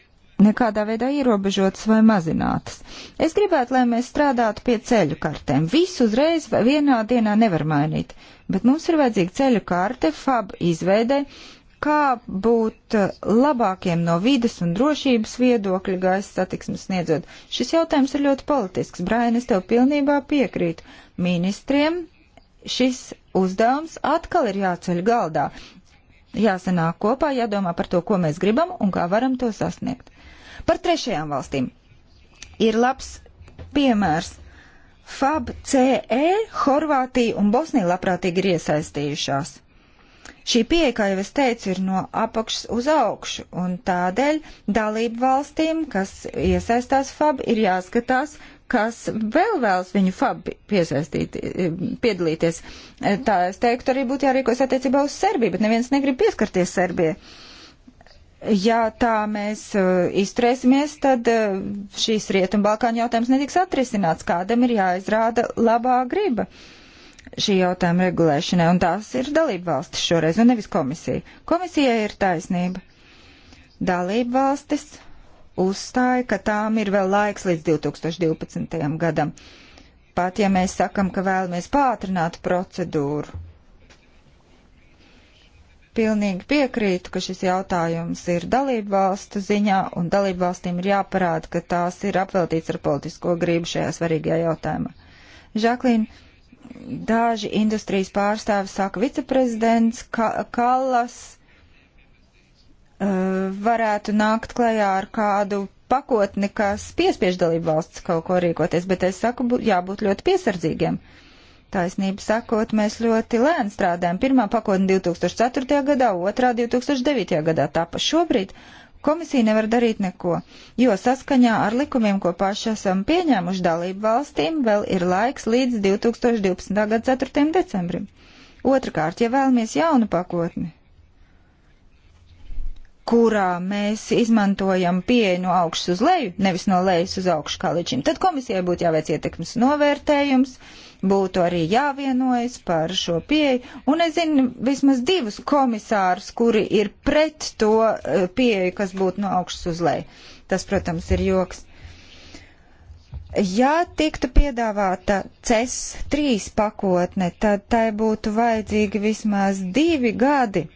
nekādā veidā ierobežotas vai mazinātas. Es gribētu, lai mēs strādātu pie ceļu kartēm. Visu uzreiz vienā dienā nevar mainīt bet mums ir vajadzīga ceļu karte FAB izveidai, kā būt labākiem no vides un drošības viedokļa gaisa satiksmes sniedzot. Šis jautājums ir ļoti politisks. Brain, es tev pilnībā piekrītu. Ministriem šis uzdevums atkal ir jāceļ galdā. Jāsanāk kopā, jādomā par to, ko mēs gribam un kā varam to sasniegt. Par trešajām valstīm ir labs piemērs FAB-CE, Horvātija un Bosnija labprātīgi ir iesaistījušās. Šī pieeja, kā jau es teicu, ir no apakšas uz augšu, un tādēļ dalību valstīm, kas iesaistās FAB, ir jāskatās, kas vēl vēlas viņu FAB piesaistīt, piedalīties. Tā es teiktu, arī būtu jārīkos attiecībā uz Serbiju, bet neviens negrib pieskarties Serbijai. Ja tā mēs uh, izturēsimies, tad uh, šīs Rietumbalkāna jautājums netiks atrisināts. Kādam ir jāizrāda labā griba šī jautājuma regulēšanai, un tās ir dalība valstis šoreiz, un nevis komisija. Komisijai ir taisnība. Dalība valstis uzstāja, ka tām ir vēl laiks līdz 2012. gadam. Pat ja mēs sakam, ka vēlamies pātrināt procedūru, pilnīgi piekrītu, ka šis jautājums ir dalību valstu ziņā, un dalību valstīm ir jāparāda, ka tās ir apveltīts ar politisko gribu šajā svarīgajā jautājumā. Žaklīna, daži industrijas pārstāvi saka, viceprezidents ka Kallas uh, varētu nākt klajā ar kādu pakotni, kas piespiež dalību valsts kaut ko rīkoties, bet es saku, bū, jābūt ļoti piesardzīgiem. Uh, Taisnība sakot, mēs ļoti lēni strādājam. Pirmā pakotne 2004. gadā, otrā 2009. gadā tapa. Šobrīd komisija nevar darīt neko, jo saskaņā ar likumiem, ko paši esam pieņēmuši dalību valstīm, vēl ir laiks līdz 2012. gada 4. decembrim. Otrakārt, ja vēlamies jaunu pakotni, kurā mēs izmantojam pieeju no augšas uz leju, nevis no lejas uz augšu kā līdz šim, tad komisijai būtu jāveic ietekmes novērtējums, būtu arī jāvienojas par šo pieeju. Un es zinu vismaz divus komisārus, kuri ir pret to eh, pieeju, kas būtu no augšas uz leju. Tas, protams, ir joks. Ja tiktu piedāvāta CES trīs pakotne, tad tai būtu vajadzīgi vismaz divi gadi,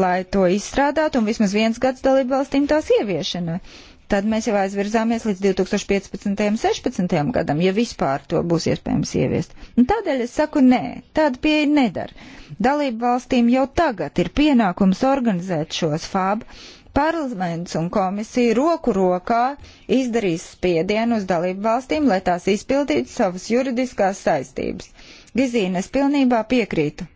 lai to izstrādātu, un vismaz viens gads dalībvalstīm tās ieviešanai tad mēs jau aizvirzāmies līdz 2015. un 2016. gadam, ja vispār to būs iespējams ieviest. Un tādēļ es saku nē, tāda pieeja nedara. Dalību valstīm jau tagad ir pienākums organizēt šos fābu. Parlaments un komisija roku rokā izdarīs spiedienu uz dalību valstīm, lai tās izpildītu savas juridiskās saistības. Gizīna, es pilnībā piekrītu.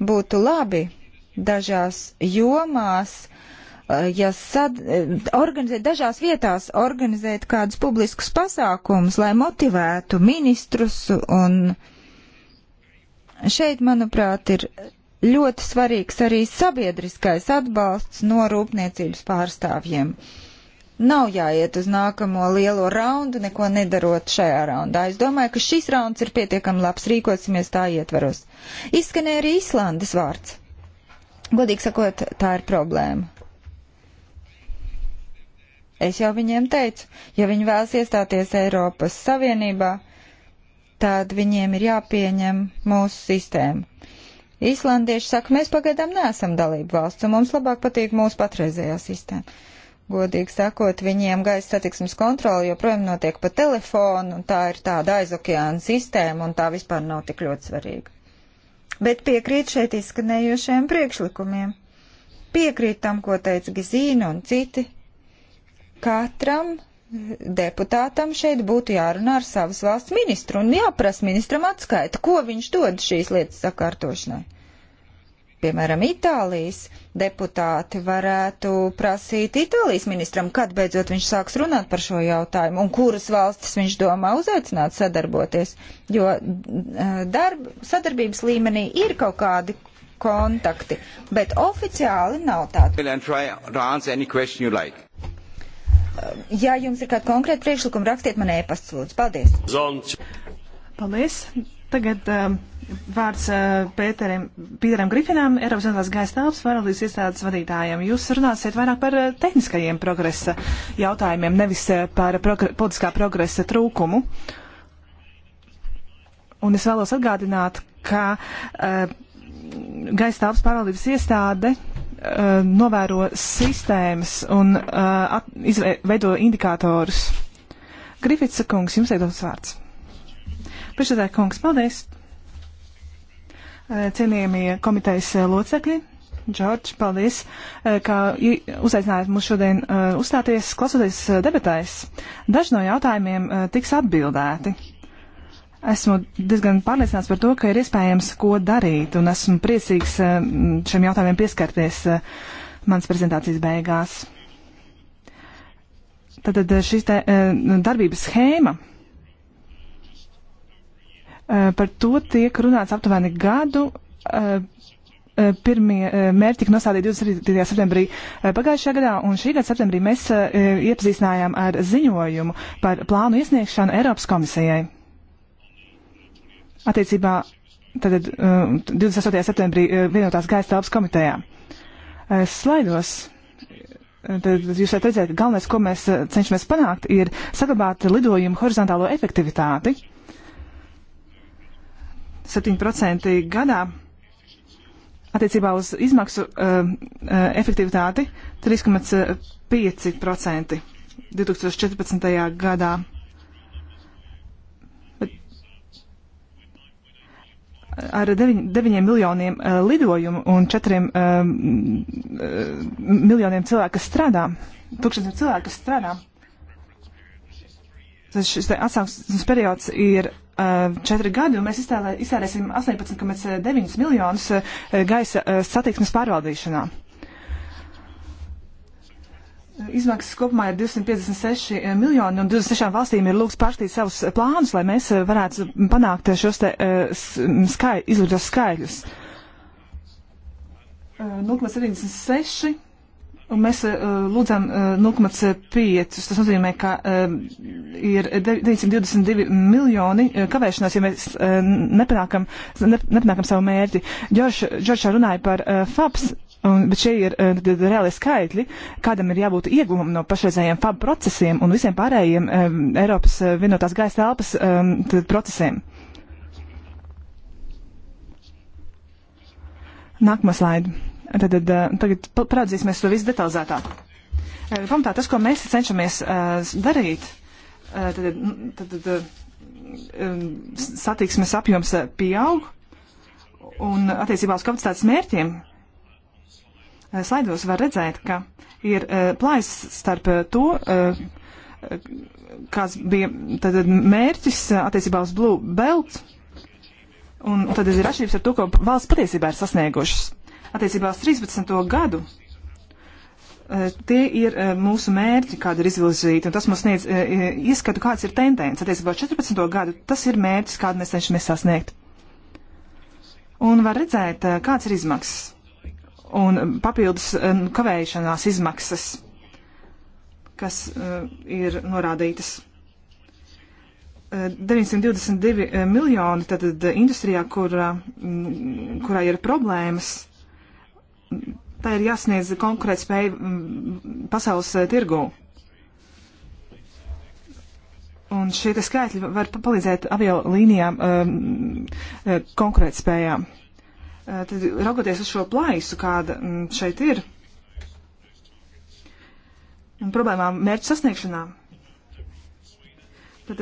Būtu labi dažās jomās Eh, ja sad, eh, organizēt dažās vietās, organizēt kādus publiskus pasākumus, lai motivētu ministrus un šeit, manuprāt, ir ļoti svarīgs arī sabiedriskais atbalsts no rūpniecības pārstāvjiem. Nav jāiet uz nākamo lielo raundu, neko nedarot šajā raundā. Es domāju, ka šis rauns ir pietiekami labs, rīkosimies tā ietvaros. Izskanēja arī Īslandes vārds. Godīgi sakot, tā ir problēma. Es jau viņiem teicu, ja viņi vēlas iestāties Eiropas Savienībā, tad viņiem ir jāpieņem mūsu sistēma. Īslandieši saka, mēs pagaidām neesam dalību valsts, un mums labāk patīk mūsu patreizējā sistēma. Godīgi sakot, viņiem gaisa satiksmes kontroli joprojām notiek pa telefonu, un tā ir tāda aizokeāna sistēma, un tā vispār nav tik ļoti svarīga. Bet piekrīt šeit izskanējušajiem priekšlikumiem. Piekrīt tam, ko teica Gizīna un citi katram deputātam šeit būtu jārunā ar savas valsts ministru un jāprasa ministram atskaita, ko viņš dod šīs lietas sakārtošanai. Piemēram, Itālijas deputāti varētu prasīt Itālijas ministram, kad beidzot viņš sāks runāt par šo jautājumu un kuras valstis viņš domā uzaicināt sadarboties, jo eh, darb, sadarbības līmenī ir kaut kādi kontakti, bet oficiāli nav tādi. Ja jums ir kāda konkrēta priekšlikuma, rakstiet man e-pastu, lūdzu. Paldies! Zonč. Paldies! Tagad um, vārds uh, Pēterim, Pīteram Grifinam, Eiropas Zentlās gaisa telpas pārvaldības iestādes vadītājiem. Jūs runāsiet vairāk par uh, tehniskajiem progresa jautājumiem, nevis uh, par progr politiskā progresa trūkumu. Un es vēlos atgādināt, ka uh, gaisa telpas pārvaldības iestāde uh, novēro sistēmas un uh, veido indikātorus. Grifits kungs, jums ir dots vārds. Priekšsēdētāj kungs, paldies! Uh, cienījamie komitejas uh, locekļi, Džordž, paldies, uh, ka uzaicinājāt mūs šodien uh, uzstāties, klausoties debatēs. Daži no jautājumiem tiks atbildēti. Esmu diezgan pārliecināts par to, ka ir iespējams ko darīt, un esmu priecīgs eh, šiem jautājumiem pieskarties eh, manas prezentācijas beigās. Tātad eh, šī te, darbības schēma, par to tiek runāts aptuveni gadu. Pirmie mērķi tika nostādīti 27. septembrī pagājušajā gadā, un šī gada septembrī mēs iepazīstinājām ar ziņojumu par plānu iesniegšanu Eiropas komisijai attiecībā tātad, 28. Uh, septembrī uh, vienotās gaisa telpas komitejā. Uh, slaidos. Tad jūs varat redzēt, galvenais, ko mēs cenšamies panākt, ir saglabāt lidojumu horizontālo efektivitāti. 7% gadā attiecībā uz izmaksu uh, efektivitāti 3,5% 2014. gadā. ar 9, 9 miljoniem uh, lidojumu un 4 uh, eh, eh, miljoniem cilvēku, kas strādā, tūkstošiem cilvēku, kas strādā. Tas šis atsāksmes periods ir uh, 4 gadi, un mēs iztērē, iztērēsim 18,9 miljonus uh, gaisa uh, satiksmes pārvaldīšanā. Uh, Izmaksas kopumā ir 256 eh, miljoni, un 26 valstīm ir lūgts pārstīt savus eh, plānus, lai mēs eh, varētu panākt šos te skai, izlūgtos skaidrus. 0,76, un mēs lūdzam 0,5. Tas nozīmē, ka ir 922 miljoni kavēšanās, ja mēs nepanākam, nepanākam savu mērķi. Džordžā runāja par FAPS Un, bet šie ir uh, eh, reāli skaitļi, kādam ir jābūt ieguvumam no pašreizējiem FAB procesiem un visiem pārējiem um, Eiropas uh, vienotās gaisa telpas um, procesiem. Nākamā slaida. Tad, tad uh, tagad parādzīsimies to visu detalizētāk. Uh, pamatā tas, ko mēs cenšamies uh, darīt, uh, tad, tad, tad uh, satiksmes apjoms pieaug un attiecībā uz kapacitātes mērķiem. Uh, Eh, slaidos var redzēt, ka ir eh, plājas starp eh, to, kāds bija tad mērķis attiecībā uz Blue Belt, un tad ir atšķirības ar to, ko valsts patiesībā ir sasniegušas. Attiecībā uz 13. gadu tie ir mūsu mērķi, kāda ir izvirzīta, un tas mums sniedz ieskatu, kāds ir tendence. Attiecībā uz 14. gadu tas ir mērķis, kādu mēs cenšamies sasniegt. Un var redzēt, kāds ir izmaksas un papildus um, kavēšanās izmaksas, kas uh, ir norādītas. 922 uh, uh, miljoni tad industrijā, kurā, mm, kurā ir problēmas, tā ir jāsniedz konkurēt spēju mm, pasaules tirgū. Un šie skaitļi var palīdzēt avio līnijām um, konkurēt spējām. Uh, Eh, tad raugoties uz šo plaisu, kāda mm, šeit ir, un problēmām mērķu sasniegšanā, tad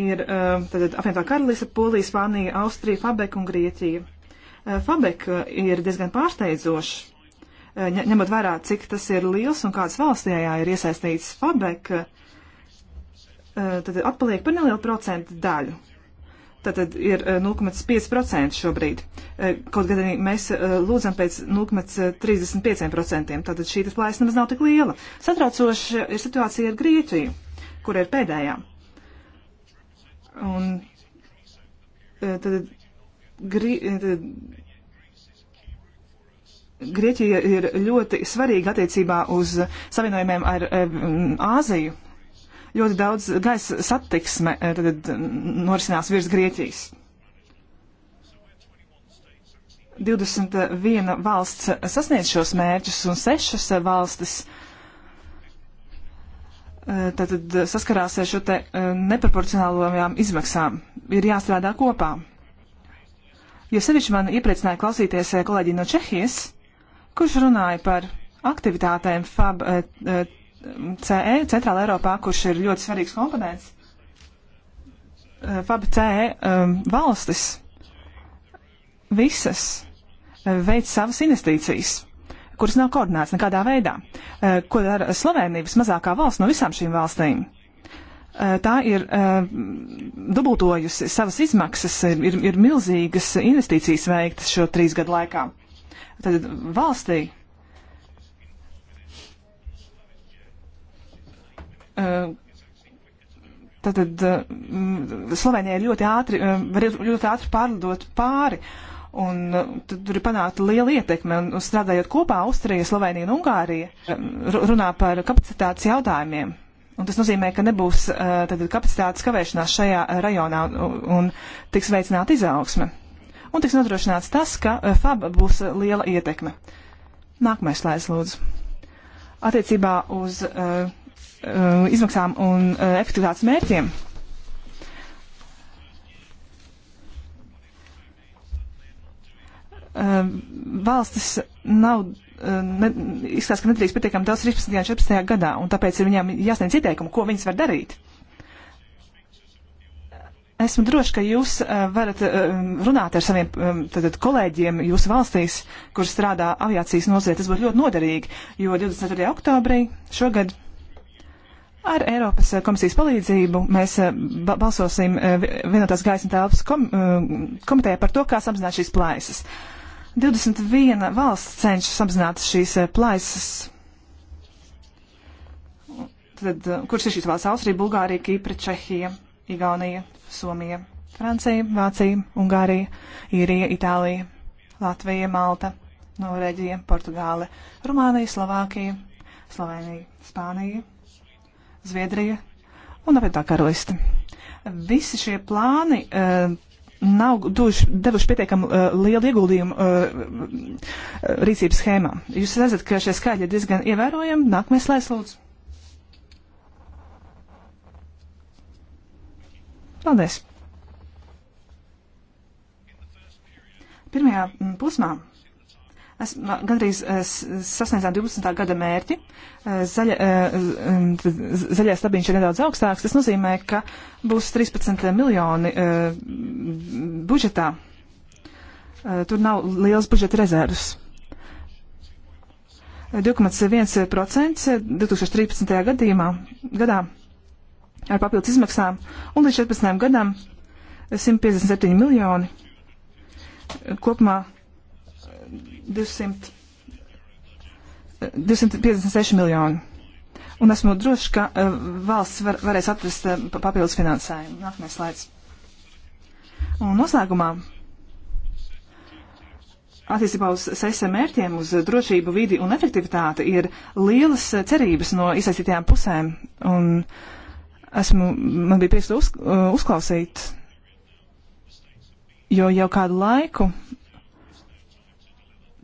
ir eh, tad apvienotā karalīsa, Polija, Spānija, Austrija, Fabek un Grieķija. Eh, Fabek ir diezgan pārsteidzošs, ņemot vērā, cik tas ir liels un kādas valsts tajā ir iesaistīts Fabek, tad atpaliek par nelielu procentu daļu. Tātad ir 0,5% eh, šobrīd. Eh, kaut gan mēs eh, lūdzam pēc 0,35%. Tātad šī plājas nemaz nav tik liela. Satraucoša ir situācija ar Grieķiju, kur ir pēdējā. Un tad, grie, tad Grieķija ir ļoti svarīga attiecībā uz savienojumiem ar Āziju ļoti daudz gaisa satiksme eh, tad norisinās virs Grieķijas. 21 valsts sasniedz šos mērķus un 6 valstis tātad eh, saskarās ar šo te eh, neproporcionālajām izmaksām. Ir jāstrādā kopā. Jo sevišķi man iepriecināja klausīties kolēģi no Čehijas, kurš runāja par aktivitātēm FAB CE, Centrāla Eiropā, kurš ir ļoti svarīgs komponents, eh, FAB CE eh, valstis visas eh, veic savas investīcijas, kuras nav koordinētas nekādā veidā, ko dara Slovēnija vismazākā valsts no visām šīm valstīm tā ir uh, dubultojusi savas izmaksas, ir, ir milzīgas investīcijas veiktas šo trīs gadu laikā. Tad valstī Tātad Slovenija ir ļoti ātri, var ļoti ātri pārlidot pāri. Un tad tur ir panākta liela ietekme, un, un strādājot kopā Austrija, Slovenija un Ungārija runā par kapacitātes jautājumiem. Un tas nozīmē, ka nebūs tad, kapacitātes kavēšanās šajā rajonā un, un tiks veicināta izaugsme. Un tiks nodrošināts tas, ka FAB būs liela ietekme. Nākamais slaids, lūdzu. Attiecībā uz uh, Uh, izmaksām un uh, efektivitātes mērķiem. Uh, valstis nav, ne, izskatās, ka nedrīkst pietiekami daudz 13. un 14. gadā, un tāpēc ir viņām jāsniedz ieteikumu, ko viņas var darīt. Esmu droši, ka jūs varat runāt ar saviem tātad, um, kolēģiem jūsu valstīs, kur strādā aviācijas nozarē. Tas būtu ļoti noderīgi, jo 24. oktobrī šogad Ar Eiropas komisijas palīdzību mēs eh, balsosim eh, vienotās gaisa telpas kom eh, komitē par to, kā samazināt šīs plaisas. 21 valsts cenšas samazināt šīs plaisas. Tad, kurš ir šīs valsts? Austrija, Bulgārija, Kipra, Čehija, Igaunija, Somija, Francija, Vācija, Ungārija, Īrija, Itālija, Latvija, Malta, Norēģija, Portugāle, Rumānija, Slovākija, Slovenija, Spānija. Zviedrija un apvienotā karaliste. Visi šie plāni uh, nav duši, devuši pietiekami uh, eh, lielu ieguldījumu uh, rīcības schēmā. Jūs redzat, ka šie skaļi ir diezgan ievērojami. Nākamais slēdz lūdzu. Paldies! Pirmajā pusmā Es gandrīz eh, sasniedzām 12. gada mērķi. Eh, zaļa, eh, zaļais stabiņš ir nedaudz augstāks. Tas nozīmē, ka būs 13 miljoni budžetā. Tur nav liels budžeta rezervus. 2,1% 2013. gadījumā, gadā ar papildus izmaksām un līdz 14. gadam 157 miljoni. Kopumā 200, 256 eh, miljoni. Un esmu drošs, ka uh, valsts var, varēs atrast uh, papildus finansējumu. Nākamais slaids. Un noslēgumā attiecībā uz sesiem mērķiem, uz drošību, vidi un efektivitāti ir lielas cerības no iesaistītajām pusēm. Un esmu, man bija prieks to uz, uzklausīt, jo jau kādu laiku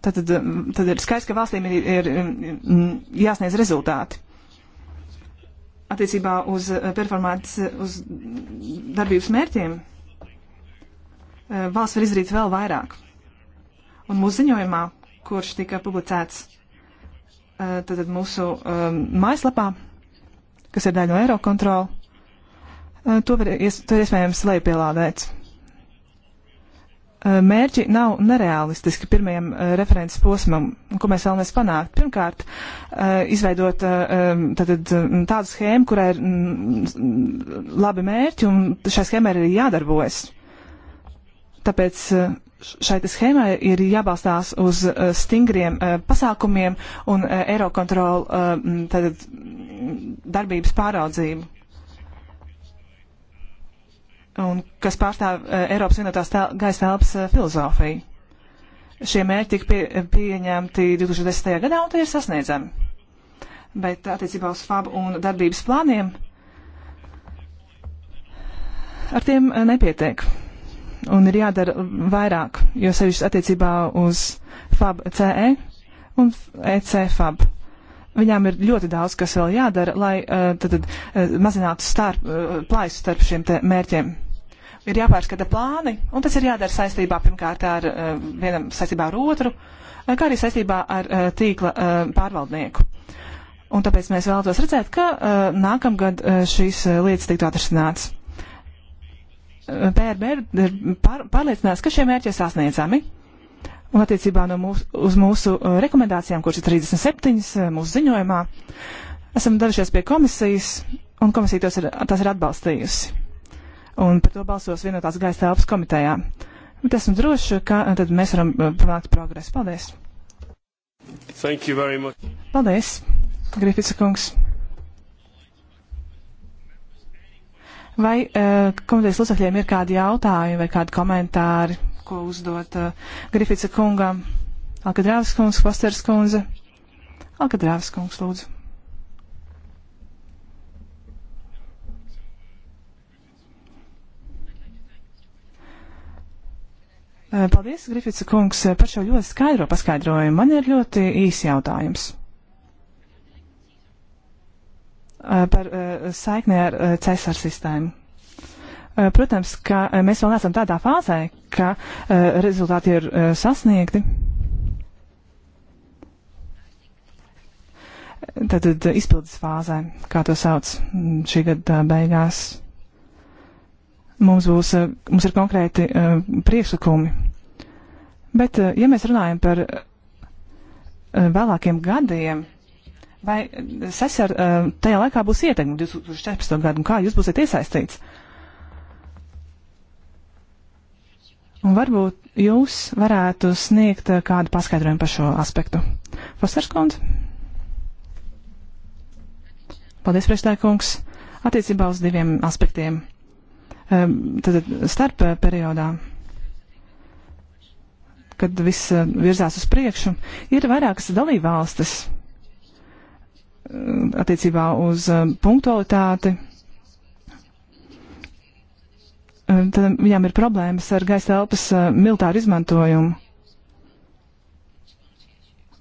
Tad, tad ir skaidrs, ka valstīm ir, ir jāsniedz rezultāti. Attiecībā uz eh, performātas, uz darbības mērķiem eh, valsts var izdarīt vēl vairāk. Un mūsu ziņojumā, kurš tika publicēts eh, tad mūsu mājaslapā, kas ir daļa no Eirokontrola, to, var, to ir iespējams lejupielādēts. Eh, mērķi nav nereālistiski pirmajam eh, referents posmam, ko mēs vēlamies panākt. Pirmkārt, eh, izveidot tātad, tādu schēmu, kurai ir labi mērķi un šai schēmai ir jādarbojas. Tāpēc šai schēmai ir jābalstās uz stingriem pasākumiem un Eirokontrolu darbības pāraudzību un kas pārstāv eh, Eiropas vienotās tel gaisa telpas eh, filozofiju. Šie mērķi tika pie, eh, pieņemti 2010. gadā un tie ir sasniedzami. Bet attiecībā uz FAB un darbības plāniem ar tiem nepietiek. Un ir jādara vairāk, jo sevišķi attiecībā uz FAB CE un EC FAB. Viņām ir ļoti daudz, kas vēl jādara, lai tad, tad, mazinātu starp, plaisu starp šiem mērķiem ir jāpārskata plāni, un tas ir jādara saistībā pirmkārt ar eh, vienam saistībā ar otru, eh, kā arī saistībā ar eh, tīkla pārvaldnieku. Un tāpēc mēs vēlētos redzēt, ka nākamgad šīs lietas tiktu atrisināts. PRB ir pār, pārliecināts, ka šie mērķi ir sasniedzami. Un attiecībā no mūs, uz mūsu rekomendācijām, kuras ir 37 mūsu ziņojumā, esam devušies pie komisijas, un komisija tos ir, tas ir atbalstījusi un par to balsos vienotās gaisa telpas komitejā. Bet esmu drošs, ka eh, tad mēs varam eh, panākt progresu. Paldies! Thank you very much. Paldies, Grifica kungs. Vai uh, komitejas locekļiem ir kādi jautājumi vai kādi komentāri, ko uzdot uh, Grifica kungam? Alkadrāvas kungs, Fosters kundze. Alkadrāvas kungs, lūdzu. Eh, paldies, Grifits kungs, eh, par šo ļoti skaidro paskaidrojumu. Man ir ļoti īsi jautājums. Eh, par saiknē ar Cēsar sistēmu. Protams, ka mēs vēl neesam tādā fāzē, ka rezultāti ir sasniegti. Tātad izpildes fāzē, kā to sauc mm, šī gada beigās. Mums, būs, eh, mums ir konkrēti eh, priekšlikumi. Bet, eh, ja mēs runājam par vēlākiem gadiem, vai sesar tajā laikā būs ietekme 2014. gadu, un kā jūs būsiet iesaistīts? Un varbūt jūs varētu sniegt kādu paskaidrojumu par šo aspektu. Fosters kundze? Paldies, priekšstājkungs. Attiecībā uz diviem aspektiem tad, starp eh, periodā, kad viss eh, virzās uz priekšu, ir vairākas dalībvalstis attiecībā uz punktualitāti. Tad viņām ir problēmas ar gaisa telpas eh, militāru izmantojumu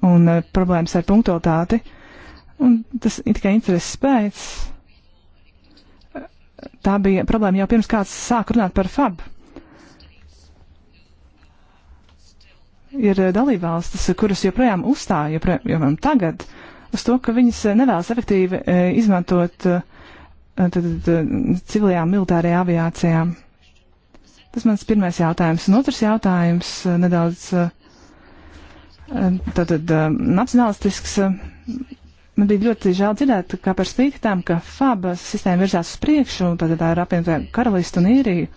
un problēmas ar punktualitāti. Un tas ir tikai intereses pēc tā bija problēma jau pirms kāds sāk runāt par FAB. Ir dalībvalstis, kuras joprojām uzstāja, joprojām tagad, uz to, ka viņas nevēlas efektīvi e, izmantot e, tad, civilajām militārajām aviācijām. Tas mans pirmais jautājums. Un otrs jautājums e, nedaudz tātad nacionalistisks Man bija ļoti žēl dzirdēt, kā par spīti tam, ka FAB sistēma virzās uz priekšu, un tad tā ir apvienotā karalista un īrija.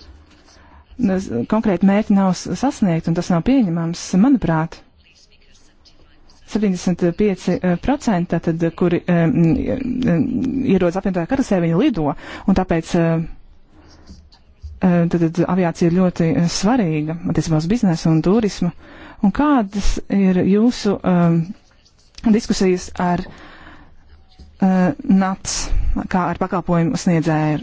Konkrēti mērķi nav sasniegt, un tas nav pieņemams, manuprāt. 75%, eh, tad, kuri um, ierodas apvienotajā karasē, viņi lido, un tāpēc um, tad, tad aviācija ir ļoti svarīga attiecībā uz biznesu un turismu. Un kādas ir jūsu um, diskusijas ar uh, Eh, nats, kā ar pakalpojumu sniedzēju.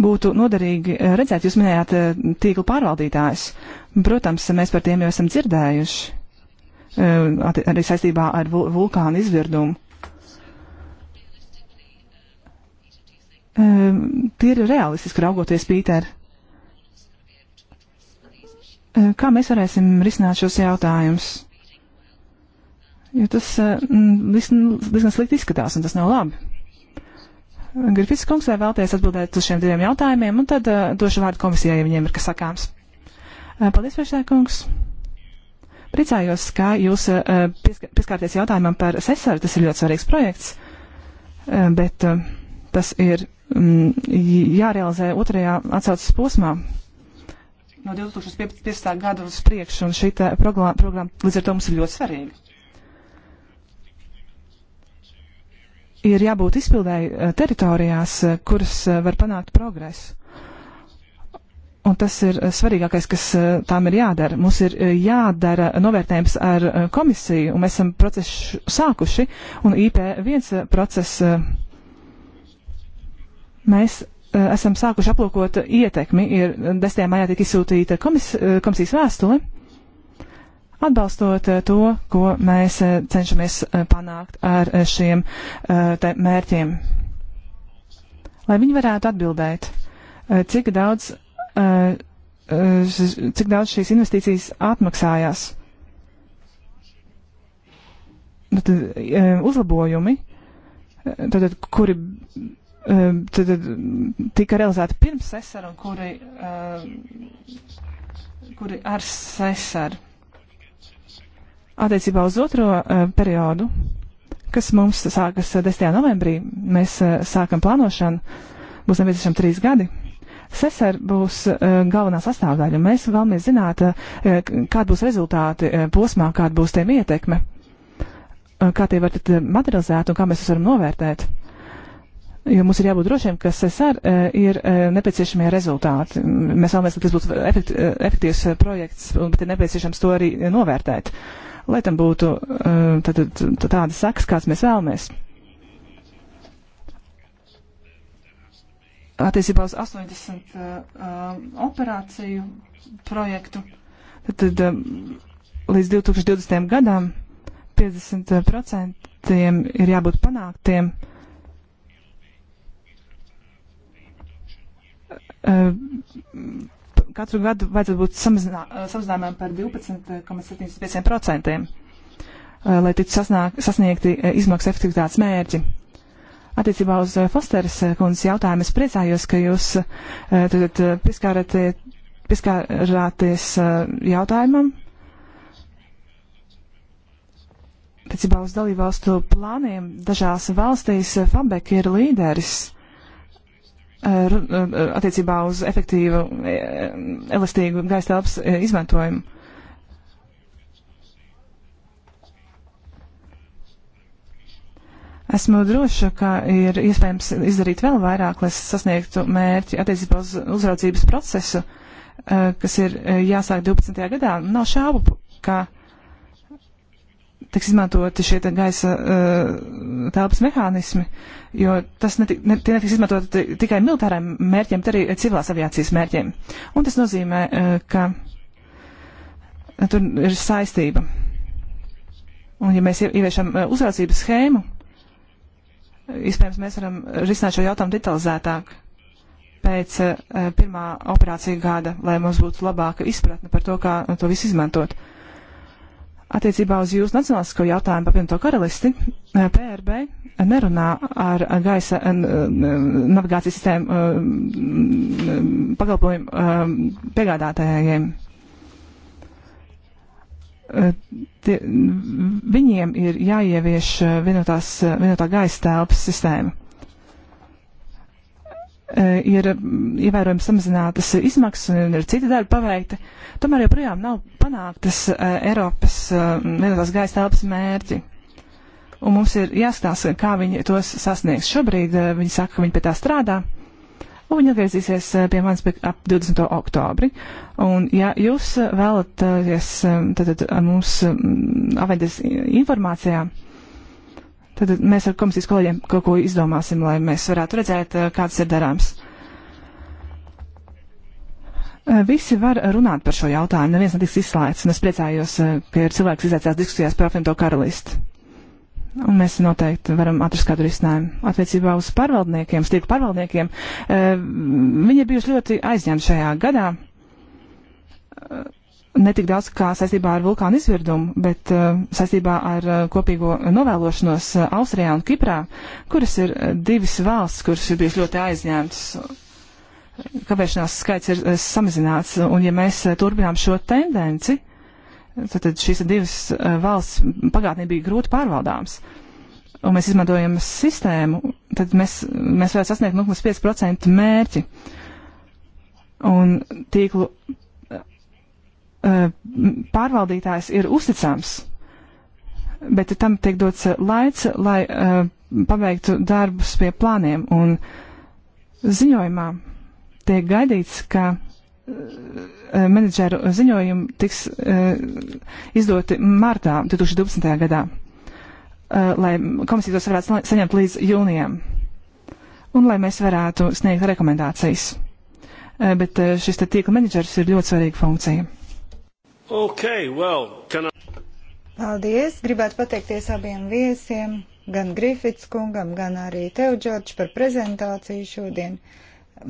Būtu noderīgi eh, redzēt, jūs minējāt eh, tīklu pārvaldītājus. Protams, mēs par tiem jau esam dzirdējuši, arī saistībā ar vulkānu izvirdumu. Tie ir realistiski raugoties, Pīter. Kā mēs varēsim risināt šos jautājumus? jo tas eh, mm, diezgan slikti izskatās, un tas nav labi. Grifits kungs, vai vēlties atbildēt uz šiem diviem jautājumiem, un tad uh, došu vārdu komisijai, ja viņiem ir kas sakāms. Uh, paldies, priekšsēdētāj kungs. Priecājos, ka jūs uh, pieska pieskārties jautājumam par sesaru, tas ir ļoti svarīgs projekts, uh, bet uh, tas ir um, jārealizē otrajā atsaucas posmā. No 2015. gada uz priekšu, un šī programma līdz ar to mums ir ļoti svarīga. ir jābūt izpildēji eh, teritorijās, eh, kuras eh, var panākt progresu. Un tas ir svarīgākais, kas tām ir jādara. Mums ir jādara novērtējums ar komisiju, un mēs esam procesu sākuši, un IP1 process mēs esam sākuši aplūkot ietekmi. Ir 10. maijā tika izsūtīta komis, komisijas vēstule atbalstot eh, to, ko mēs eh, cenšamies eh, panākt ar šiem mērķiem. Lai viņi varētu atbildēt, cik daudz, cik daudz šīs investīcijas atmaksājās. Tad, uzlabojumi, tad, kuri tad, tika realizēti pirms sesara un kuri, kuri ar sesaru. Attiecībā uz otro uh, periodu, kas mums sākas 10. Eh, novembrī, mēs uh, sākam plānošanu, būs nepieciešami trīs gadi. Sesar būs uh, galvenā sastāvdaļa, un mēs vēlamies zināt, uh, kāda būs rezultāti uh, posmā, kāda būs tiem ietekme, uh, kā tie var tikt uh, materializēt un kā mēs tos varam novērtēt. Jo mums ir jābūt drošiem, ka SSR uh, ir uh, nepieciešamie rezultāti. Mēs vēlamies, lai tas būtu efekt, uh, efektīvs uh, projekts, un, bet ir nepieciešams to arī novērtēt. Uh, lai tam būtu eh, tātad, tāda saks, kāds mēs vēlamies. Attiecībā uz 80 uh, eh, operāciju projektu, tad, tad eh, līdz 2020. gadam 50% ir jābūt panāktiem. Uh, katru gadu vajadzētu būt samazinā, eh, samazinājumam par 12,75%, eh, eh, lai tiktu sasniegti izmaksu efektivitātes mērķi. Attiecībā uz Fosteras kundzes jautājumu es priecājos, ka jūs tad, pieskārāties jautājumam. Attiecībā uz dalībvalstu plāniem dažās valstīs Fabek ir līderis attiecībā uz efektīvu, e, elastīgu gaisa telpas e, izmantojumu. Esmu droša, ka ir iespējams izdarīt vēl vairāk, lai sasniegtu mērķi attiecībā uz uzraudzības procesu, e, kas ir jāsāk 12. gadā. Nav šābu, ka. Uh, tiks izmantoti šie gaisa eh, telpas mehānismi, jo tas netik, ne, tie netiks izmantoti tikai militāriem mērķiem, bet arī civilās aviācijas mērķiem. Un tas nozīmē, eh, ka tur ir saistība. Un ja mēs ieviešam eh, uzraudzības schēmu, iespējams, mēs varam risināt šo jautājumu detalizētāk pēc pirmā operācija gada, lai mums būtu labāka izpratne par to, kā to visu izmantot. Uh, Attiecībā uz jūsu nacionālisko jautājumu par vienoto karalisti, eh, PRB nerunā ar gaisa eh, navigācijas sistēmu eh, pakalpojumu piegādātājiem. Tie, viņiem ir jāievieš vienotās, vienotā gaisa telpas sistēma. E, ir ievērojami samazinātas izmaksas un ir citi darbi paveikti, tomēr joprojām nav panāktas e, Eiropas e, vienotās gaisa telpas mērķi. Un mums ir jāskatās, kā viņi tos sasniegs. Šobrīd viņi saka, ka viņi pie tā strādā, un viņi atgriezīsies pie manis pie ap 20. oktobri. Un ja jūs vēlaties tad, tad, mums avaidēs informācijā, Tad mēs ar komisijas kolēģiem kaut ko izdomāsim, lai mēs varētu redzēt, eh, kāds ir darāms. Eh, visi var runāt par šo jautājumu, neviens netiks izslēgts, un es priecājos, eh, ka ir cilvēks izteicās diskusijās par apvienoto karalisti. Un mēs noteikti varam atrast kādu risinājumu. Attiecībā uz pārvaldniekiem, stīku pārvaldniekiem, viņi ir bijuši ļoti aizņemti šajā gadā ne tik daudz kā saistībā ar vulkānu izvirdumu, bet uh, saistībā ar uh, kopīgo novēlošanos uh, Austrijā un Kiprā, kuras ir uh, divas valsts, kuras ir bijušas ļoti aizņemtas. Kavēšanās skaits ir uh, samazināts, un ja mēs uh, turpinām šo tendenci, tad, tad šīs divas uh, valsts pagātnē bija grūti pārvaldāmas. Un mēs izmantojam sistēmu, tad mēs, mēs varētu sasniegt 0,5% mērķi. Un tīklu pārvaldītājs ir uzticams, bet tam tiek dots laiks, lai eh, pabeigtu darbus pie plāniem. Un ziņojumā tiek gaidīts, ka eh, menedžeru ziņojumi tiks eh, izdoti martā 2012. gadā, lai komisija tos varētu saņemt līdz jūnijam un lai mēs varētu sniegt rekomendācijas. Bet šis tīkla menedžers ir ļoti svarīga funkcija. Okay, well, can I... Paldies! Gribētu pateikties abiem viesiem, gan Grifits kungam, gan arī tev, Džordž, par prezentāciju šodien.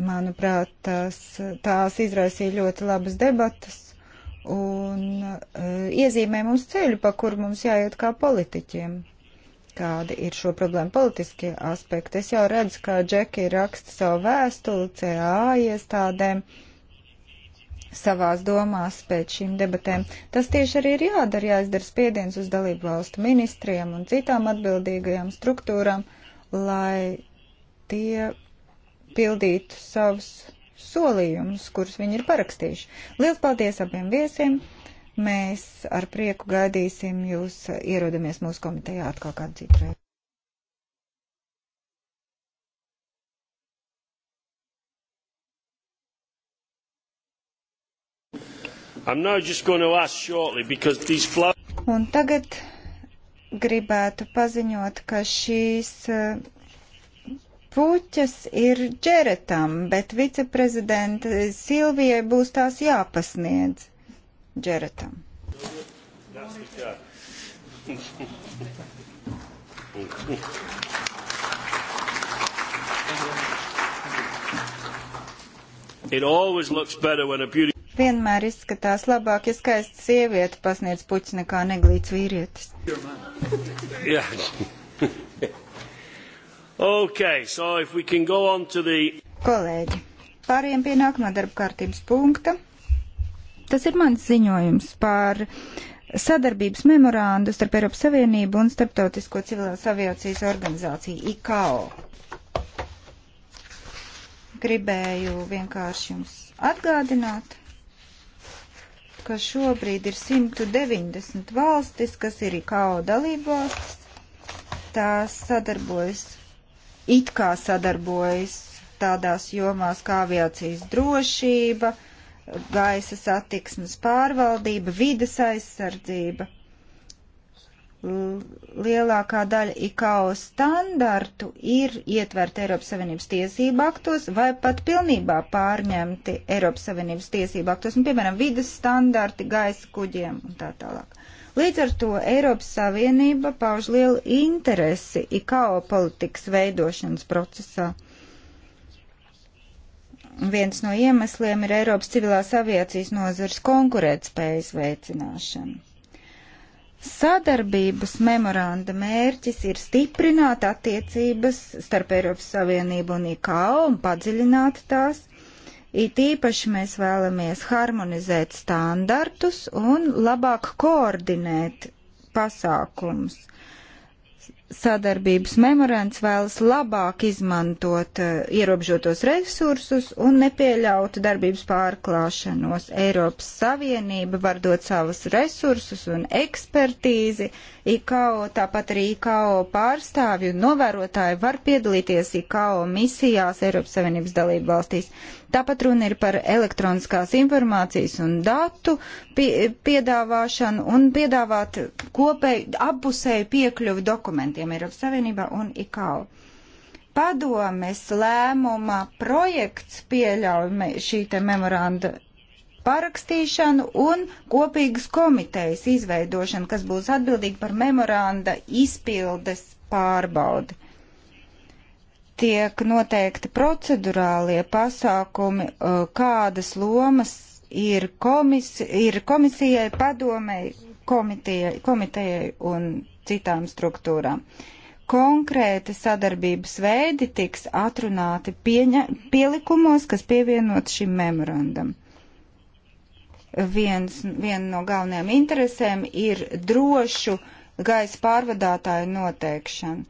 Manuprāt, tās, tās izraisīja ļoti labas debatas un uh, iezīmē mums ceļu, pa kur mums jāiet kā politiķiem. Kādi ir šo problēmu politiskie aspekti? Es jau redzu, kā Džeki raksta savu vēstuli CA iestādēm. Uh, savās domās pēc šīm debatēm. Tas tieši arī ir jādara, jāizdara spiediens uz dalību valstu ministriem un citām atbildīgajām struktūrām, lai tie pildītu savus solījumus, kurus viņi ir parakstījuši. Lielas paldies abiem viesiem! Mēs ar prieku gaidīsim jūs ierodamies mūsu komitejā atkal kādu citu reizi. Un tagad gribētu paziņot, ka šīs e, puķas ir Džeretam, bet viceprezidenta Silvijai būs tās jāpasniedz Džeretam. It always looks better when a beauty Vienmēr izskatās labāk, ja skaista sieviete pasniedz puķi nekā neglīts vīrietis. Yeah. okay, so the... Kolēģi, pāriem pie nākamā darba kārtības punkta. Tas ir mans ziņojums par sadarbības memorāndu starp Eiropas Savienību un Starptautisko civilās aviācijas organizāciju ICAO. Gribēju vienkārši jums atgādināt, ka šobrīd ir 190 valstis, kas ir IKO dalībvalstis. Tās sadarbojas, it kā sadarbojas tādās jomās kā aviācijas drošība, gaisa satiksmes pārvaldība, vides aizsardzība lielākā daļa IKO standartu ir ietverta Eiropas Savienības tiesību aktos vai pat pilnībā pārņemti Eiropas Savienības tiesību aktos, un, nu, piemēram, vidas standarti gaisa kuģiem un tā tālāk. Līdz ar to Eiropas Savienība pauž lielu interesi IKO politikas veidošanas procesā. Viens no iemesliem ir Eiropas civilās aviācijas nozars konkurētspējas veicināšana. Sadarbības memoranda mērķis ir stiprināt attiecības starp Eiropas Savienību un IKO un padziļināt tās. It īpaši mēs vēlamies harmonizēt standartus un labāk koordinēt pasākumus sadarbības memorands vēlas labāk izmantot uh, ierobežotos resursus un nepieļaut darbības pārklāšanos. Eiropas Savienība var dot savus resursus un ekspertīzi IKO, tāpat arī IKO pārstāvju un novērotāji var piedalīties IKO misijās Eiropas Savienības dalību valstīs. Tāpat runa ir par elektroniskās informācijas un datu pie, piedāvāšanu un piedāvāt kopēju abpusēju piekļuvi dokumentiem Eiropas Savienībā un IKO. Padomes lēmuma projekts pieļauj šī te memoranda parakstīšanu un kopīgas komitejas izveidošanu, kas būs atbildīgi par memoranda izpildes pārbaudi. Tiek noteikti procedurālie pasākumi, uh, kādas lomas ir, komis, ir komisijai, padomei, komitejai, komitejai un citām struktūrām konkrēti sadarbības veidi tiks atrunāti pieņa, pielikumos, kas pievienot šim memorandam viens, viena no galvenajām interesēm ir drošu gaisa pārvadātāju noteikšana.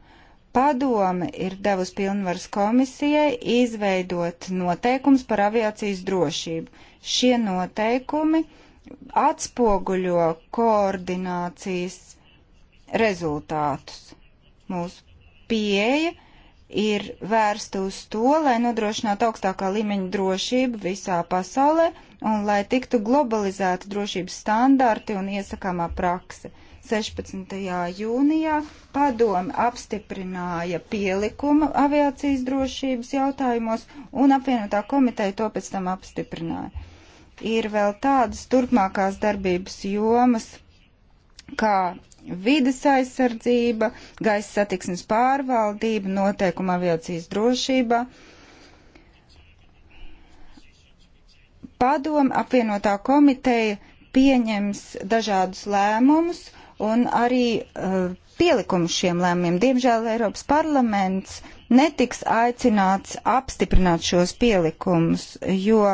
Padome ir devusi pilnvaras komisijai izveidot noteikums par aviācijas drošību. Šie noteikumi atspoguļo koordinācijas rezultātus. Mūsu pieeja ir vērsta uz to, lai nodrošinātu augstākā līmeņa drošību visā pasaulē un lai tiktu globalizēti drošības standarti un iesakāmā prakse. 16. jūnijā padome apstiprināja pielikumu aviācijas drošības jautājumos, un apvienotā komiteja to pēc tam apstiprināja. Ir vēl tādas turpmākās darbības jomas, kā vides aizsardzība, gaisa satiksmes pārvaldība, noteikuma aviācijas drošība. Uh, Padoma apvienotā komiteja pieņems dažādus lēmumus un arī uh, pielikumus šiem lēmumiem. Diemžēl Eiropas parlaments netiks aicināts apstiprināt šos pielikumus, jo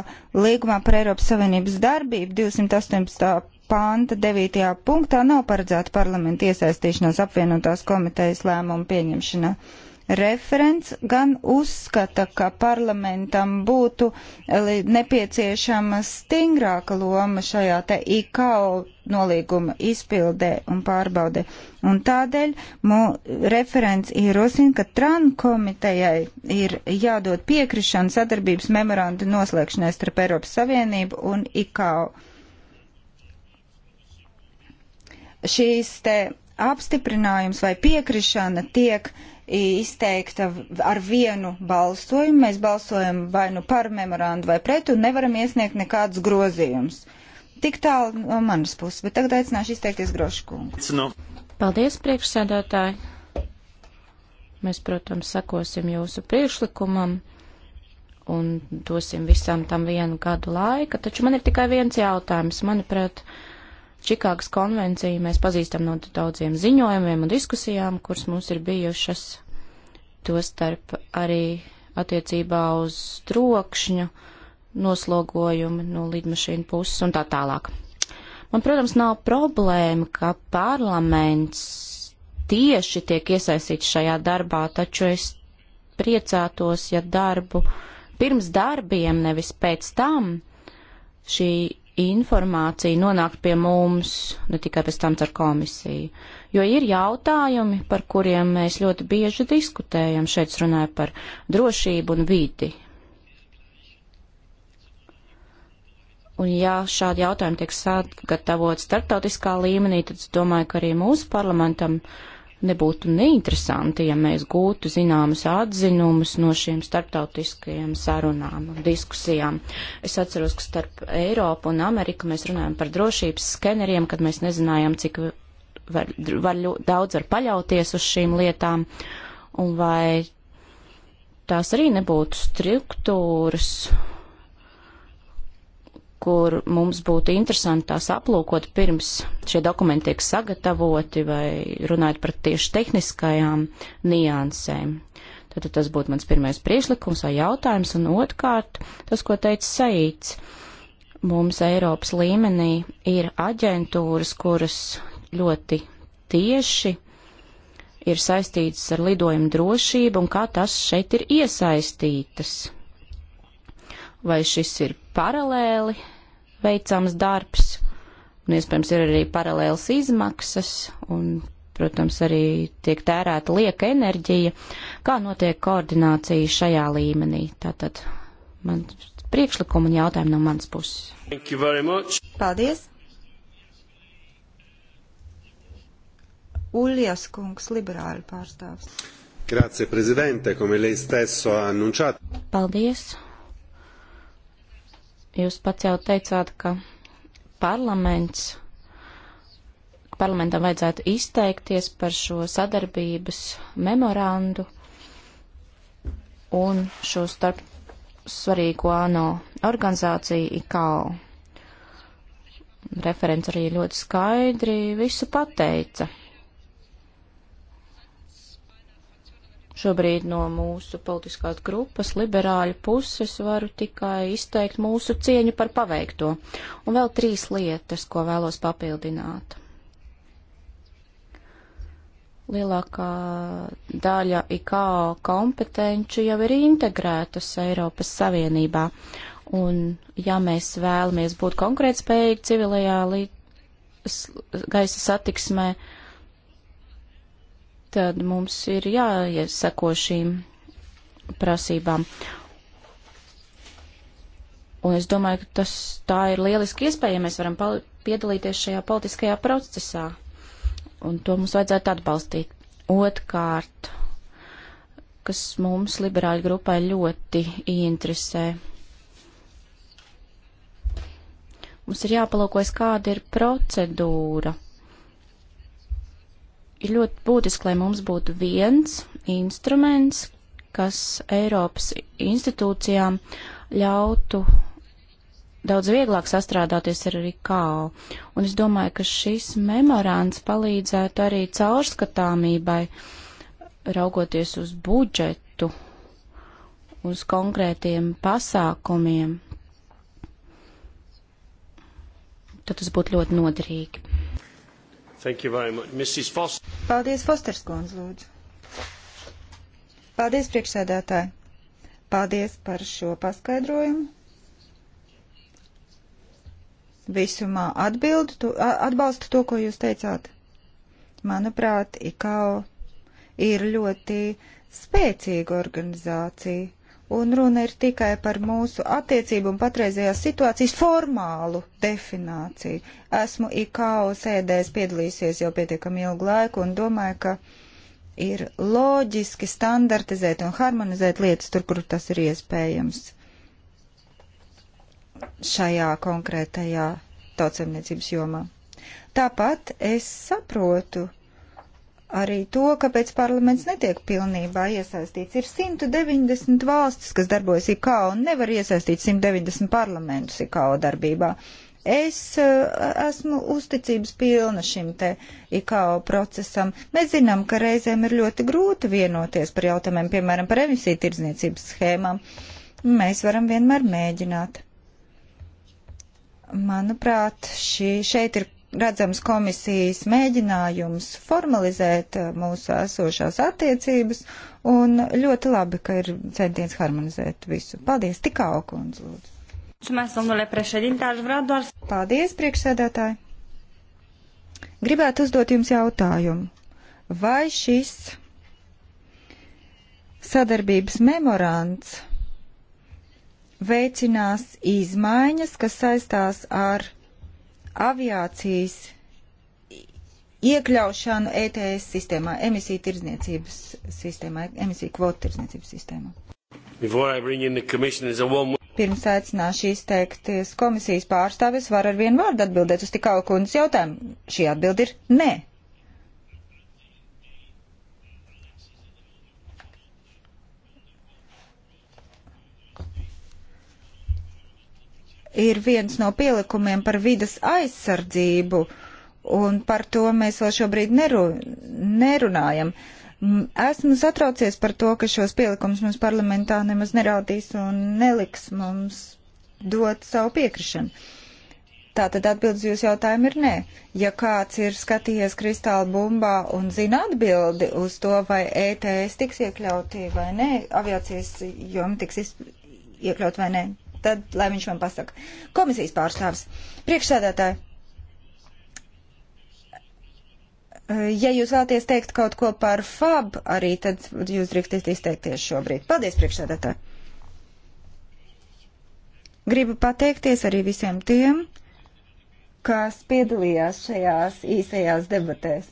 līgumā par Eiropas Savienības darbību 218 panta 9. punktā nav paredzēta parlamenta iesaistīšanās apvienotās komitejas lēmumu pieņemšanā. Referents gan uzskata, ka parlamentam būtu eh, nepieciešama stingrāka loma šajā te IKO nolīguma izpildē un pārbaudē. Un tādēļ mu, referents ierosina, ka TRAN komitejai ir jādod piekrišana sadarbības memorandu noslēgšanai starp Eiropas Savienību un IKO. Šīs te apstiprinājums vai piekrišana tiek uh, izteikta ar vienu balsojumu. Mēs balsojam vai nu par memorandu vai pret un nevaram iesniegt nekādus grozījumus. Tik tālu no manas puses, bet tagad aicināšu izteikties Grošu kungu. No. Nu. Paldies, priekšsēdētāji. Mēs, protams, sekosim jūsu priekšlikumam un dosim visam tam vienu gadu laika, taču man ir tikai viens jautājums. Manuprāt, uh, Čikāgas konvenciju mēs pazīstam no daudziem ziņojumiem un diskusijām, kuras mums ir bijušas, to starp arī attiecībā uz trokšņu noslogojumu no lidmašīnu puses un tā tālāk. Man, protams, nav problēma, ka parlaments tieši tiek iesaistīts šajā darbā, taču es priecātos, ja darbu pirms darbiem, nevis pēc tam šī informācija nonākt pie mums, ne tikai pēc tam ar komisiju. Jo ir jautājumi, par kuriem mēs ļoti bieži diskutējam. Šeit es runāju par drošību un vidi. Un ja šādi jautājumi tiek sagatavot starptautiskā līmenī, tad es domāju, ka arī mūsu parlamentam uh, nebūtu neinteresanti, ja mēs gūtu zināmas atzinumus no šiem starptautiskajiem sarunām un diskusijām. Es atceros, ka starp Eiropu un Ameriku mēs runājam par drošības skeneriem, kad mēs nezinājām, cik var, var daudz var paļauties uz šīm lietām un vai tās arī nebūtu struktūras kur mums būtu interesanti tās aplūkot pirms šie dokumenti tiek sagatavoti vai runājot par tieši tehniskajām niansēm. Tātad tas būtu mans pirmais priešlikums vai jautājums, un otrkārt tas, ko teica Saīts. Mums Eiropas līmenī ir aģentūras, kuras ļoti tieši ir saistītas ar lidojumu drošību un kā tas šeit ir iesaistītas vai šis ir paralēli veicams darbs, un iespējams ir arī paralēlas izmaksas, un, protams, arī tiek tērēta lieka enerģija. Kā notiek koordinācija šajā līmenī? Tātad man priekšlikumu un jautājumu no manas puses. Paldies! Uljas kungs, liberāļu pārstāvs. Grazie, prezidente, come lei stesso ha annunciato. Paldies! Jūs pats jau teicāt, ka parlaments, parlamentam vajadzētu izteikties par šo sadarbības memorandu un šo starp svarīgo ANO organizāciju IKAO. Referents arī ļoti skaidri visu pateica. Šobrīd no mūsu politiskās grupas liberāļu puses varu tikai izteikt mūsu cieņu par paveikto. Un vēl trīs lietas, ko vēlos papildināt. Lielākā daļa IKO kompetenču jau ir integrētas Eiropas Savienībā. Un ja mēs vēlamies būt konkurētspējīgi civilajā gaisa satiksmē, uh, tad mums ir jāiesako šīm prasībām. Un es domāju, ka tas, tā ir lieliski iespēja, ja mēs varam piedalīties šajā politiskajā procesā. Un to mums vajadzētu atbalstīt. Otkārt, kas mums liberāļu grupai ļoti interesē. Mums ir jāpalūkojas, kāda ir procedūra ir ļoti būtiski, lai mums būtu viens instruments, kas Eiropas institūcijām ļautu daudz vieglāk sastrādāties ar RIKAU. Un es domāju, ka šis memorāns palīdzētu arī caurskatāmībai, raugoties uz budžetu, uz konkrētiem pasākumiem. Tad tas būtu ļoti noderīgi. Thank you very much. Mrs. Foster. Paldies, Fosters kundze, lūdzu. Paldies, priekšsēdētāji. Paldies par šo paskaidrojumu. Visumā atbildu, tu, atbalstu to, ko jūs teicāt. Manuprāt, IKAO ir ļoti spēcīga organizācija un runa ir tikai par mūsu attiecību un patreizējās situācijas formālu definīciju. Esmu IKO sēdēs piedalīsies jau pietiekami ilgu laiku un domāju, ka ir loģiski standartizēt un harmonizēt lietas tur, kur tas ir iespējams šajā konkrētajā tautsemniecības jomā. Tāpat es saprotu, arī to, kāpēc parlaments netiek pilnībā iesaistīts. Ir 190 valstis, kas darbojas IKO un nevar iesaistīt 190 parlamentus IKO darbībā. Es eh, esmu uzticības pilna šim te IKO procesam. Mēs zinām, ka reizēm ir ļoti grūti vienoties par jautājumiem, piemēram, par emisiju tirdzniecības schēmām. Mēs varam vienmēr mēģināt. Manuprāt, šī, šeit ir redzams komisijas mēģinājums formalizēt eh, mūsu esošās attiecības, un ļoti labi, ka ir centiens harmonizēt visu. Paldies, tik augundz, lūdzu. Paldies, priekšsēdētāji. Gribētu uzdot jums jautājumu. Vai šis sadarbības memorands veicinās izmaiņas, kas saistās ar aviācijas iekļaušanu ETS sistēmā, emisiju tirdzniecības sistēmā, emisiju kvotu tirdzniecības sistēmā. Pirms aicināšu izteikties komisijas pārstāvis, var ar vienu vārdu atbildēt uz tik augundas jautājumu. Šī atbildi ir nē. ir viens no pielikumiem par vidas aizsardzību, un par to mēs vēl šobrīd neru, nerunājam. Esmu satraucies par to, ka šos pielikumus mums parlamentā nemaz nerādīs un neliks mums dot savu piekrišanu. Tātad atbildes jūs jautājumu ir nē. Ja kāds ir skatījies kristāla bumbā un zina atbildi uz to, vai ETS tiks iekļauti vai nē, aviācijas joma tiks iekļaut vai nē, tad, lai viņš man pasaka. Komisijas pārstāvis. Priekšsēdētāji. Ja jūs vēlaties teikt kaut ko par FAB arī, tad jūs drīkstat izteikties šobrīd. Paldies, priekšsēdētāji. Gribu pateikties arī visiem tiem, kas piedalījās šajās īsajās debatēs.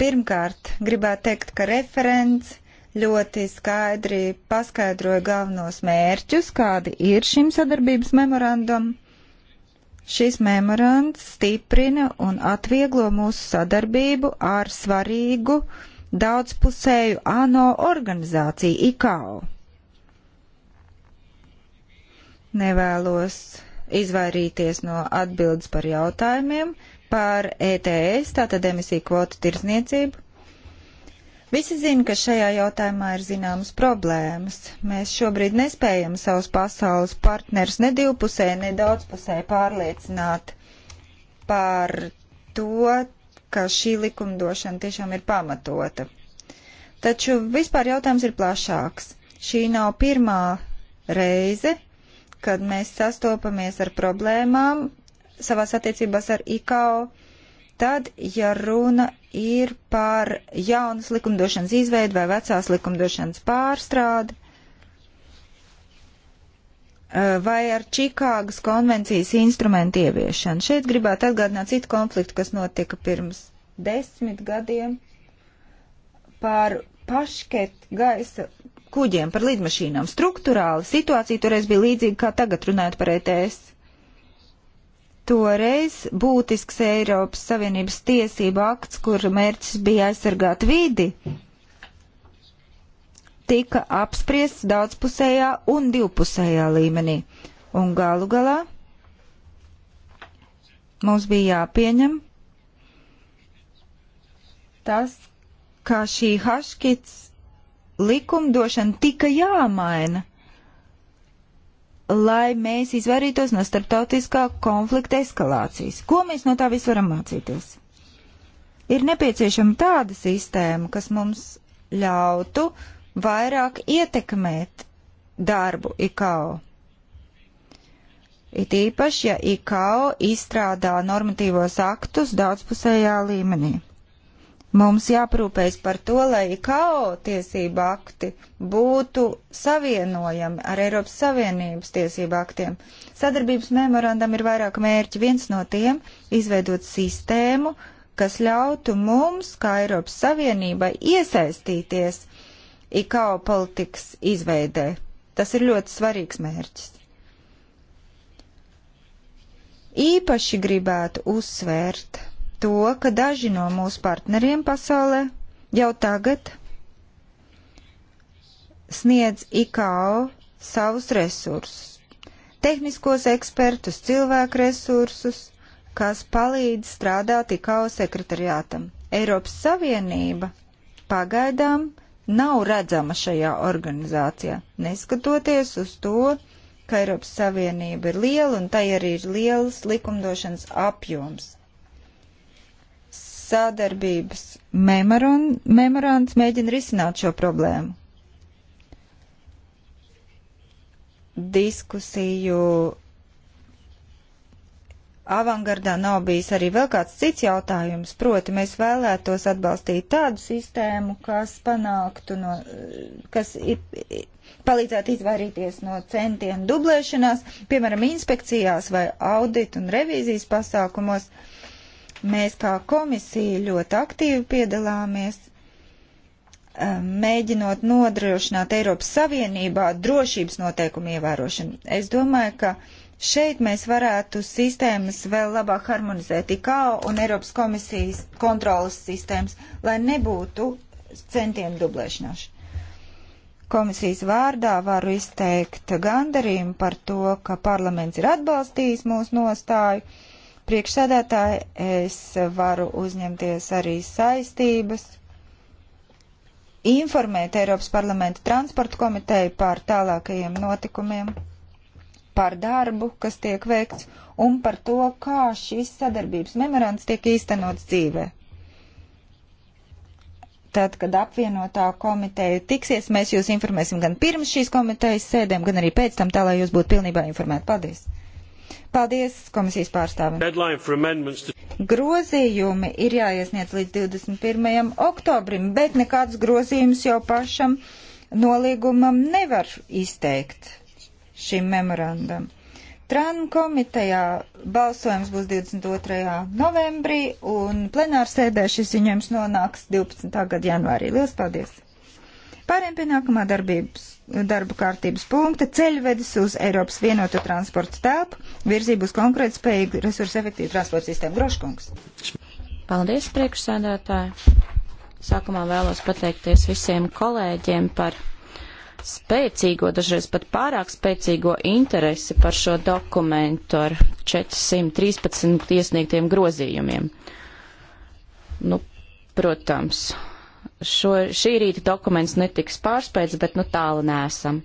Pirmkārt, gribētu teikt, ka referents ļoti skaidri paskaidroja galvenos mērķus, kādi ir šim sadarbības memorandam. Šis memorands stiprina un atvieglo mūsu sadarbību ar svarīgu daudzpusēju ANO organizāciju ICAO. Nevēlos izvairīties no atbildes par jautājumiem par ETS, tātad emisiju kvotu tirzniecību. Visi zina, ka šajā jautājumā ir zināmas problēmas. Mēs šobrīd nespējam savus pasaules partnerus ne divpusē, ne daudzpusē pārliecināt par to, ka šī likumdošana tiešām ir pamatota. Taču vispār jautājums ir plašāks. Šī nav pirmā reize, kad mēs sastopamies ar problēmām savās attiecībās ar IKO Tad, ja runa ir par jaunas likumdošanas izveidu vai vecās likumdošanas pārstrādi, eh, vai ar Čikāgas konvencijas instrumentu ieviešanu. Šeit gribētu atgādināt citu konfliktu, kas notika pirms desmit gadiem par pašket gaisa kuģiem, par lidmašīnām. Struktūrāli situācija toreiz bija līdzīga kā tagad runājot par ETS toreiz būtisks Eiropas Savienības tiesība akts, kur mērķis bija aizsargāt vidi, tika apspriests daudzpusējā un divpusējā līmenī. Un galu galā mums bija jāpieņem tas, ka šī haškits likumdošana tika jāmaina, lai mēs izvairītos no starptautiskā konflikta eskalācijas. Ko mēs no tā visu varam mācīties? Ir nepieciešama tāda sistēma, kas mums ļautu vairāk ietekmēt darbu IKO. It īpaši, ja IKO izstrādā normatīvos aktus daudzpusējā līmenī. Mums jāprūpējas par to, lai IKO tiesība akti būtu savienojami ar Eiropas Savienības tiesību aktiem. Sadarbības memorandam ir vairāk mērķi. Viens no tiem - izveidot sistēmu, kas ļautu mums, kā Eiropas Savienībai, iesaistīties IKO politikas izveidē. Tas ir ļoti svarīgs mērķis. Īpaši gribētu uzsvērt to, ka daži no mūsu partneriem pasaulē jau tagad sniedz IKO savus resursus - tehniskos ekspertus, cilvēku resursus, kas palīdz strādāt IKO sekretariātam. Eiropas Savienība pagaidām nav redzama šajā organizācijā, neskatoties uz to, ka Eiropas Savienība ir liela un tai arī ir liels likumdošanas apjoms sadarbības memorands mēģina risināt šo problēmu. Diskusiju avangardā nav bijis arī vēl kāds cits jautājums, proti mēs vēlētos atbalstīt tādu sistēmu, kas panāktu no, kas palīdzētu izvairīties no centienu dublēšanās, piemēram, inspekcijās vai audit un revīzijas pasākumos. Uh, Mēs kā komisija ļoti aktīvi piedalāmies, um, mēģinot nodrošināt Eiropas Savienībā drošības noteikumu ievērošanu. Es domāju, ka šeit mēs varētu sistēmas vēl labāk harmonizēt IKO un Eiropas komisijas kontrolas sistēmas, lai nebūtu centienu dublēšanās komisijas vārdā varu izteikt gandarījumu par to, ka parlaments ir atbalstījis mūsu nostāju priekšsēdētāji, es varu uzņemties arī saistības informēt Eiropas parlamenta transporta komiteju par tālākajiem notikumiem, par darbu, kas tiek veikts, un par to, kā šis sadarbības memorands tiek īstenots dzīvē. Tad, kad apvienotā komiteja tiksies, mēs jūs informēsim gan pirms šīs komitejas sēdēm, gan arī pēc tam, tā lai jūs būtu pilnībā informēti. Paldies! Paldies komisijas pārstāvim. Grozījumi ir jāiesniedz līdz 21. oktobrim, bet nekāds grozījums jau pašam nolīgumam nevar izteikt šim memorandam. Tran komitejā balsojums būs 22. novembrī un plenārsēdē šis ziņojums nonāks 12. gada janvārī. Lielas paldies! Pāriem pie nākamā darbības darba kārtības punkta ceļvedis uz Eiropas vienoto transporta tēpu, virzību uz konkrētu spējīgu resursu efektīvu transporta sistēmu. Groškungs. Paldies, priekšsēdētāji. Sākumā vēlos pateikties visiem kolēģiem par spēcīgo, dažreiz pat pārāk spēcīgo interesi par šo dokumentu ar 413 iesniegtiem grozījumiem. Nu, protams, šo, šī rīta dokuments netiks pārspēts, bet nu tālu nesam.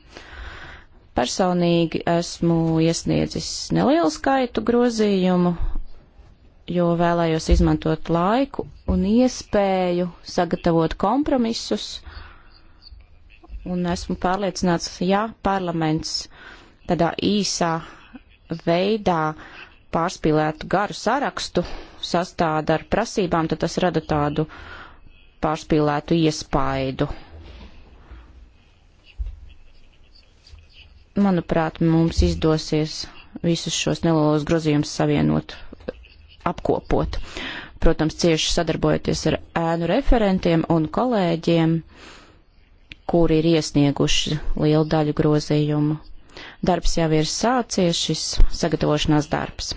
Personīgi esmu iesniedzis nelielu skaitu grozījumu, jo vēlējos izmantot laiku un iespēju sagatavot kompromisus, un esmu pārliecināts, ja parlaments tādā īsā veidā pārspīlētu garu sarakstu sastāda ar prasībām, tad tas rada tādu uh, pārspīlētu iespaidu. Manuprāt, mums izdosies visus šos nelielos grozījumus savienot, apkopot. Protams, cieši sadarbojoties ar ēnu referentiem un kolēģiem, kuri ir iesnieguši lielu daļu grozījumu. Darbs jau ir sācies, šis sagatavošanās darbs.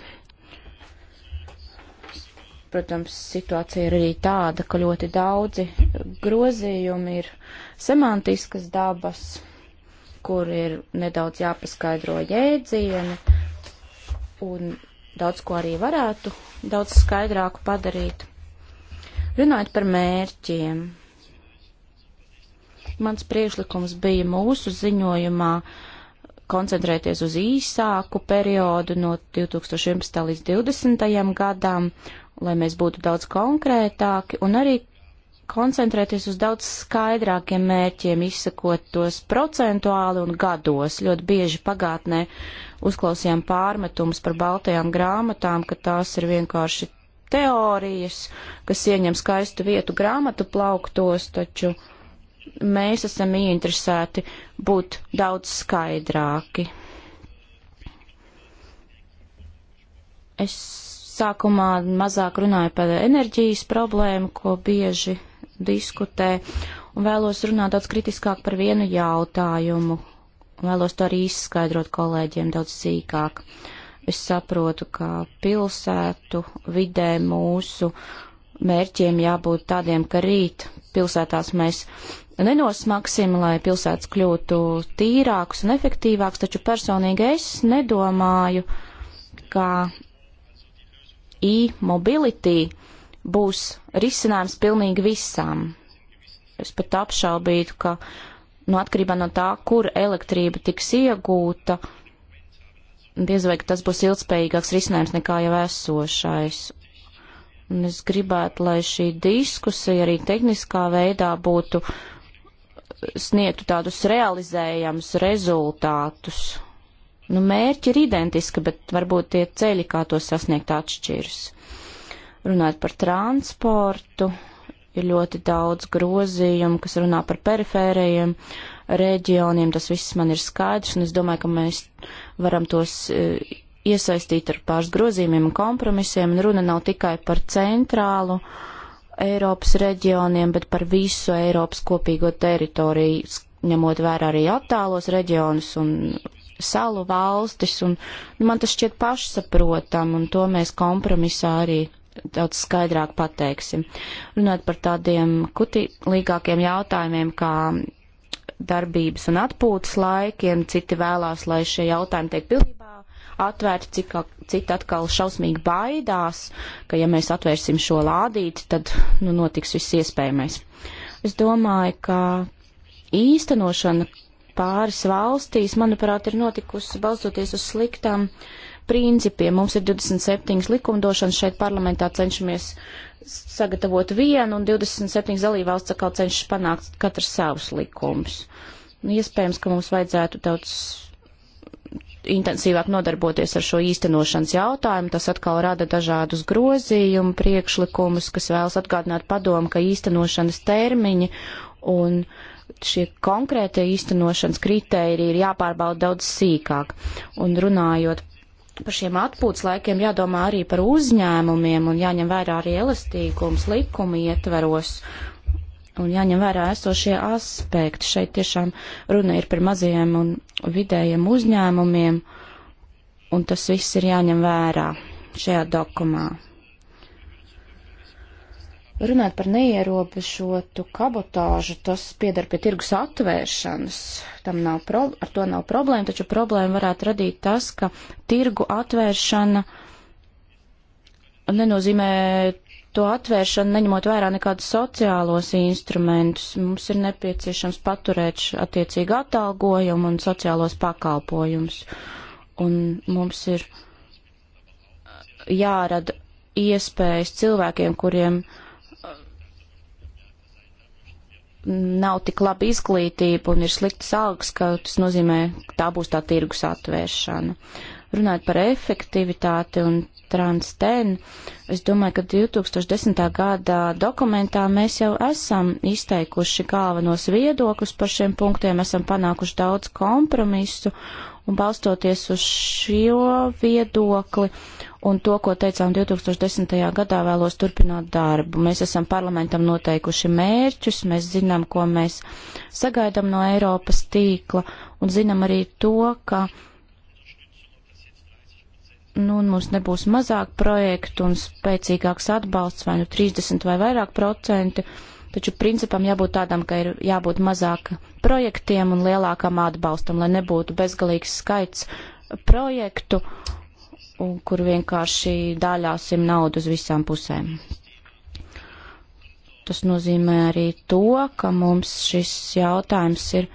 Protams, situācija ir arī tāda, ka ļoti daudzi grozījumi ir semantiskas dabas, kur ir nedaudz jāpaskaidro jēdzieni, un daudz ko arī varētu daudz skaidrāku padarīt. Runājot par mērķiem, mans priekšlikums bija mūsu ziņojumā koncentrēties uz īsāku periodu no 2011. līdz 2020. gadam lai mēs būtu daudz konkrētāki un arī koncentrēties uz daudz skaidrākiem mērķiem, izsakot tos procentuāli un gados. Ļoti bieži pagātnē uzklausījām pārmetumus par baltajām grāmatām, ka tās ir vienkārši teorijas, kas ieņem skaistu vietu grāmatu plauktos, taču mēs esam ieinteresēti būt daudz skaidrāki. Es Sākumā mazāk runāju par enerģijas problēmu, ko bieži diskutē, un vēlos runāt daudz kritiskāk par vienu jautājumu. Vēlos to arī izskaidrot kolēģiem daudz sīkāk. Es saprotu, ka pilsētu vidē mūsu mērķiem jābūt tādiem, ka rīt pilsētās mēs nenosmaksim, lai pilsētas kļūtu tīrākas un efektīvākas, taču personīgi es nedomāju, ka e-mobility būs risinājums pilnīgi visām. Es pat apšaubītu, ka no nu, atkarībā no tā, kur elektrība tiks iegūta, diez vai tas būs ilgspējīgāks risinājums nekā jau esošais. Un es gribētu, lai šī diskusija arī tehniskā veidā būtu sniegtu tādus realizējams rezultātus Nu, mērķi ir identiski, bet varbūt tie ceļi, kā to sasniegt, atšķiras. Runāt par transportu, ir ļoti daudz grozījumu, kas runā par perifērējiem reģioniem, tas viss man ir skaidrs, un es domāju, ka mēs varam tos e, iesaistīt ar pāris grozījumiem un kompromisiem, un runa nav tikai par centrālu Eiropas reģioniem, bet par visu Eiropas kopīgo teritoriju, ņemot vērā arī attālos reģionus un salu valstis, un nu, man tas šķiet pašsaprotam, un to mēs kompromisā arī daudz skaidrāk pateiksim. Runāt par tādiem kutīgākiem jautājumiem, kā darbības un atpūtas laikiem, citi vēlās, lai šie jautājumi tiek pilnībā atvērti, cik, citi atkal šausmīgi baidās, ka ja mēs atvērsim šo lādīti, tad nu, notiks viss iespējamais. Es domāju, ka īstenošana pāris valstīs, manuprāt, ir notikusi balstoties uz sliktām principiem. Mums ir 27 likumdošanas šeit parlamentā cenšamies sagatavot vienu, un 27 dalībvalsts atkal cenšas panākt katrs savus likumus. Nu, iespējams, ka mums vajadzētu daudz intensīvāk nodarboties ar šo īstenošanas jautājumu. Tas atkal rada dažādus grozījumu priekšlikumus, kas vēlas atgādināt padomu, ka īstenošanas termiņi un uh, šie konkrētie īstenošanas kritēriji ir jāpārbauda daudz sīkāk. Un runājot par šiem atpūtas laikiem, jādomā arī par uzņēmumiem un jāņem vērā arī elastīgums likuma ietveros. Un jāņem vērā esošie aspekti. Šeit tiešām runa ir par mazajiem un vidējiem uzņēmumiem, un tas viss ir jāņem vērā šajā dokumā. Runāt par neierobežotu kabotāžu, tas piedar pie tirgus atvēršanas. Tam nav pro, ar to nav problēma, taču problēma varētu radīt tas, ka tirgu atvēršana nenozīmē to atvēršanu, neņemot vērā nekādus sociālos instrumentus. Mums ir nepieciešams paturēt attiecīgu atalgojumu un sociālos pakalpojumus. Un mums ir jārada iespējas cilvēkiem, kuriem uh, nav tik laba izglītība un ir sliktas algas, ka tas nozīmē, ka tā būs tā tirgus atvēršana. Runājot par efektivitāti un transten, es domāju, ka 2010. gada dokumentā mēs jau esam izteikuši galvenos viedokļus par šiem punktiem, esam panākuši daudz kompromisu Un balstoties uz šo viedokli un to, ko teicām 2010. gadā, vēlos turpināt darbu. Mēs esam parlamentam noteikuši mērķus, mēs zinām, ko mēs sagaidām no Eiropas tīkla un zinām arī to, ka nu, mums nebūs mazāk projektu un spēcīgāks atbalsts vai nu 30 vai vairāk procenti taču principam jābūt tādam, ka ir jābūt mazāk projektiem un lielākam atbalstam, lai nebūtu bezgalīgs skaits projektu, kur vienkārši dāļāsim naudu uz visām pusēm. Tas nozīmē arī to, ka mums šis jautājums ir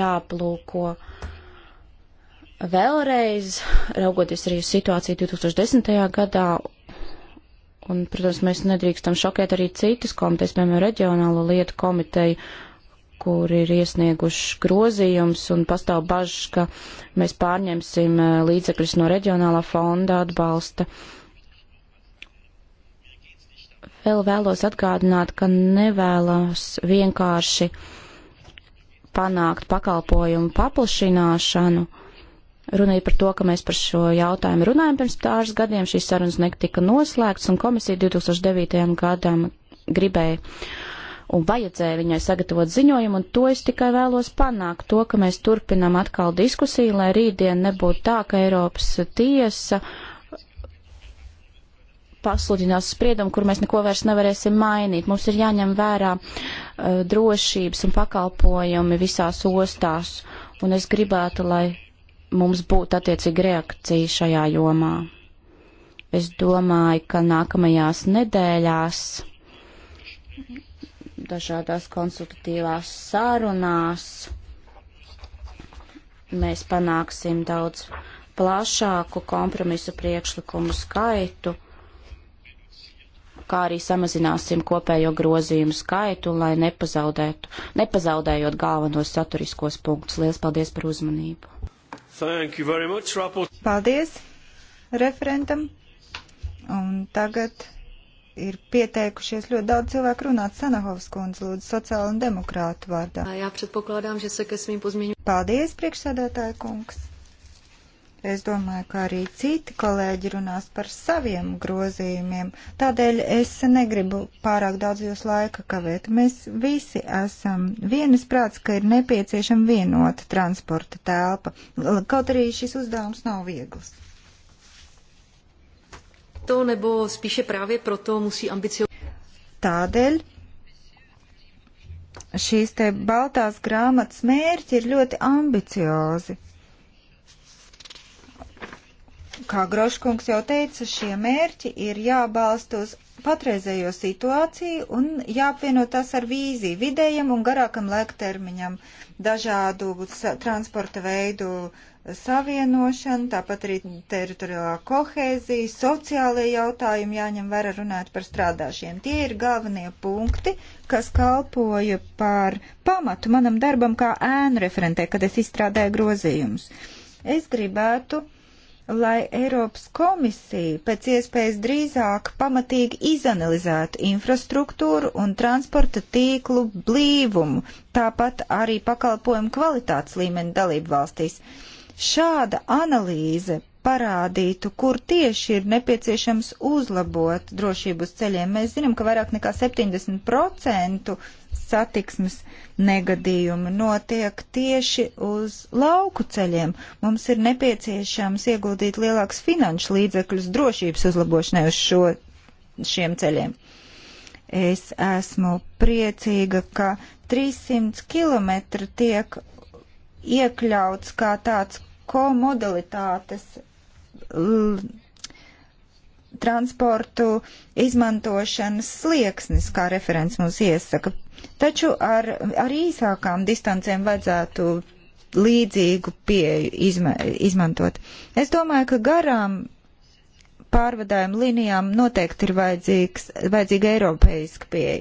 jāplūko vēlreiz, raugoties arī uz situāciju 2010. gadā Un, protams, mēs nedrīkstam šokēt arī citas komitejas, piemēram, reģionālo lietu komiteju, kur ir iesnieguši grozījums un pastāv bažas, ka mēs pārņemsim eh, līdzekļus no reģionālā fonda atbalsta. Vēl vēlos atgādināt, ka nevēlas vienkārši panākt pakalpojumu paplašināšanu Runa ir par to, ka mēs par šo jautājumu runājam pirms pāris gadiem, šīs sarunas netika noslēgts, un komisija 2009. gadam gribēja un vajadzēja viņai sagatavot ziņojumu, un to es tikai vēlos panākt, to, ka mēs turpinam atkal diskusiju, lai rītdien nebūtu tā, ka Eiropas tiesa pasludinās spriedumu, kur mēs neko vairs nevarēsim mainīt. Mums ir jāņem vērā uh, drošības un pakalpojumi visās ostās, un es gribētu, lai mums būtu attiecīga reakcija šajā jomā. Es domāju, ka nākamajās nedēļās dažādās konsultatīvās sārunās mēs panāksim daudz plašāku kompromisu priekšlikumu skaitu, kā arī samazināsim kopējo grozījumu skaitu, lai nepazaudētu, nepazaudējot galvenos saturiskos punktus. Lielas paldies par uzmanību! Much, Paldies referentam. Un tagad ir pieteikušies ļoti daudz cilvēku runāt Sanahovs kundze, lūdzu, sociāla un demokrātu vārdā. Jā, predpoklādām, že se, ka smīm pozmīņu. Paldies, priekšsēdētāja kungs. Es domāju, ka arī citi kolēģi runās par saviem grozījumiem. Tādēļ es negribu pārāk daudz jūs laika kavēt. Mēs visi esam vienas prāts, ka ir nepieciešama vienota transporta telpa. Kaut arī šis uzdevums nav viegls. To nebo spíše právě proto musí ambicio... Tādēļ šīs te baltās grāmatas mērķi ir ļoti ambiciozi Kā Groškungs jau teica, šie mērķi ir jābalst uz patreizējo situāciju un jāapvieno tas ar vīziju vidējam un garākam laiktermiņam, dažādu transporta veidu savienošanu, tāpat arī teritoriālā kohēzija, sociālajie jautājumi jāņem vērā runāt par strādāšiem. Tie ir galvenie punkti, kas kalpoja par pamatu manam darbam kā ēnu referentē, kad es izstrādāju grozījumus. Es gribētu lai Eiropas komisija pēc iespējas drīzāk pamatīgi izanalizētu infrastruktūru un transporta tīklu blīvumu, tāpat arī pakalpojumu kvalitātes līmeni dalību valstīs. Šāda analīze parādītu, kur tieši ir nepieciešams uzlabot drošību uz ceļiem. Mēs zinām, ka vairāk nekā 70% satiksmes negadījumi notiek tieši uz lauku ceļiem. Mums ir nepieciešams ieguldīt lielāks finanšu līdzekļus drošības uzlabošanai uz šo, šiem ceļiem. Es esmu priecīga, ka 300 km tiek iekļauts kā tāds komodalitātes transportu izmantošanas slieksnis, kā referents mums iesaka. Taču ar, ar īsākām distancēm vajadzētu līdzīgu pieeju izma, izmantot. Es domāju, ka garām pārvadājumu līnijām noteikti ir vajadzīga eiropeiska pieeja.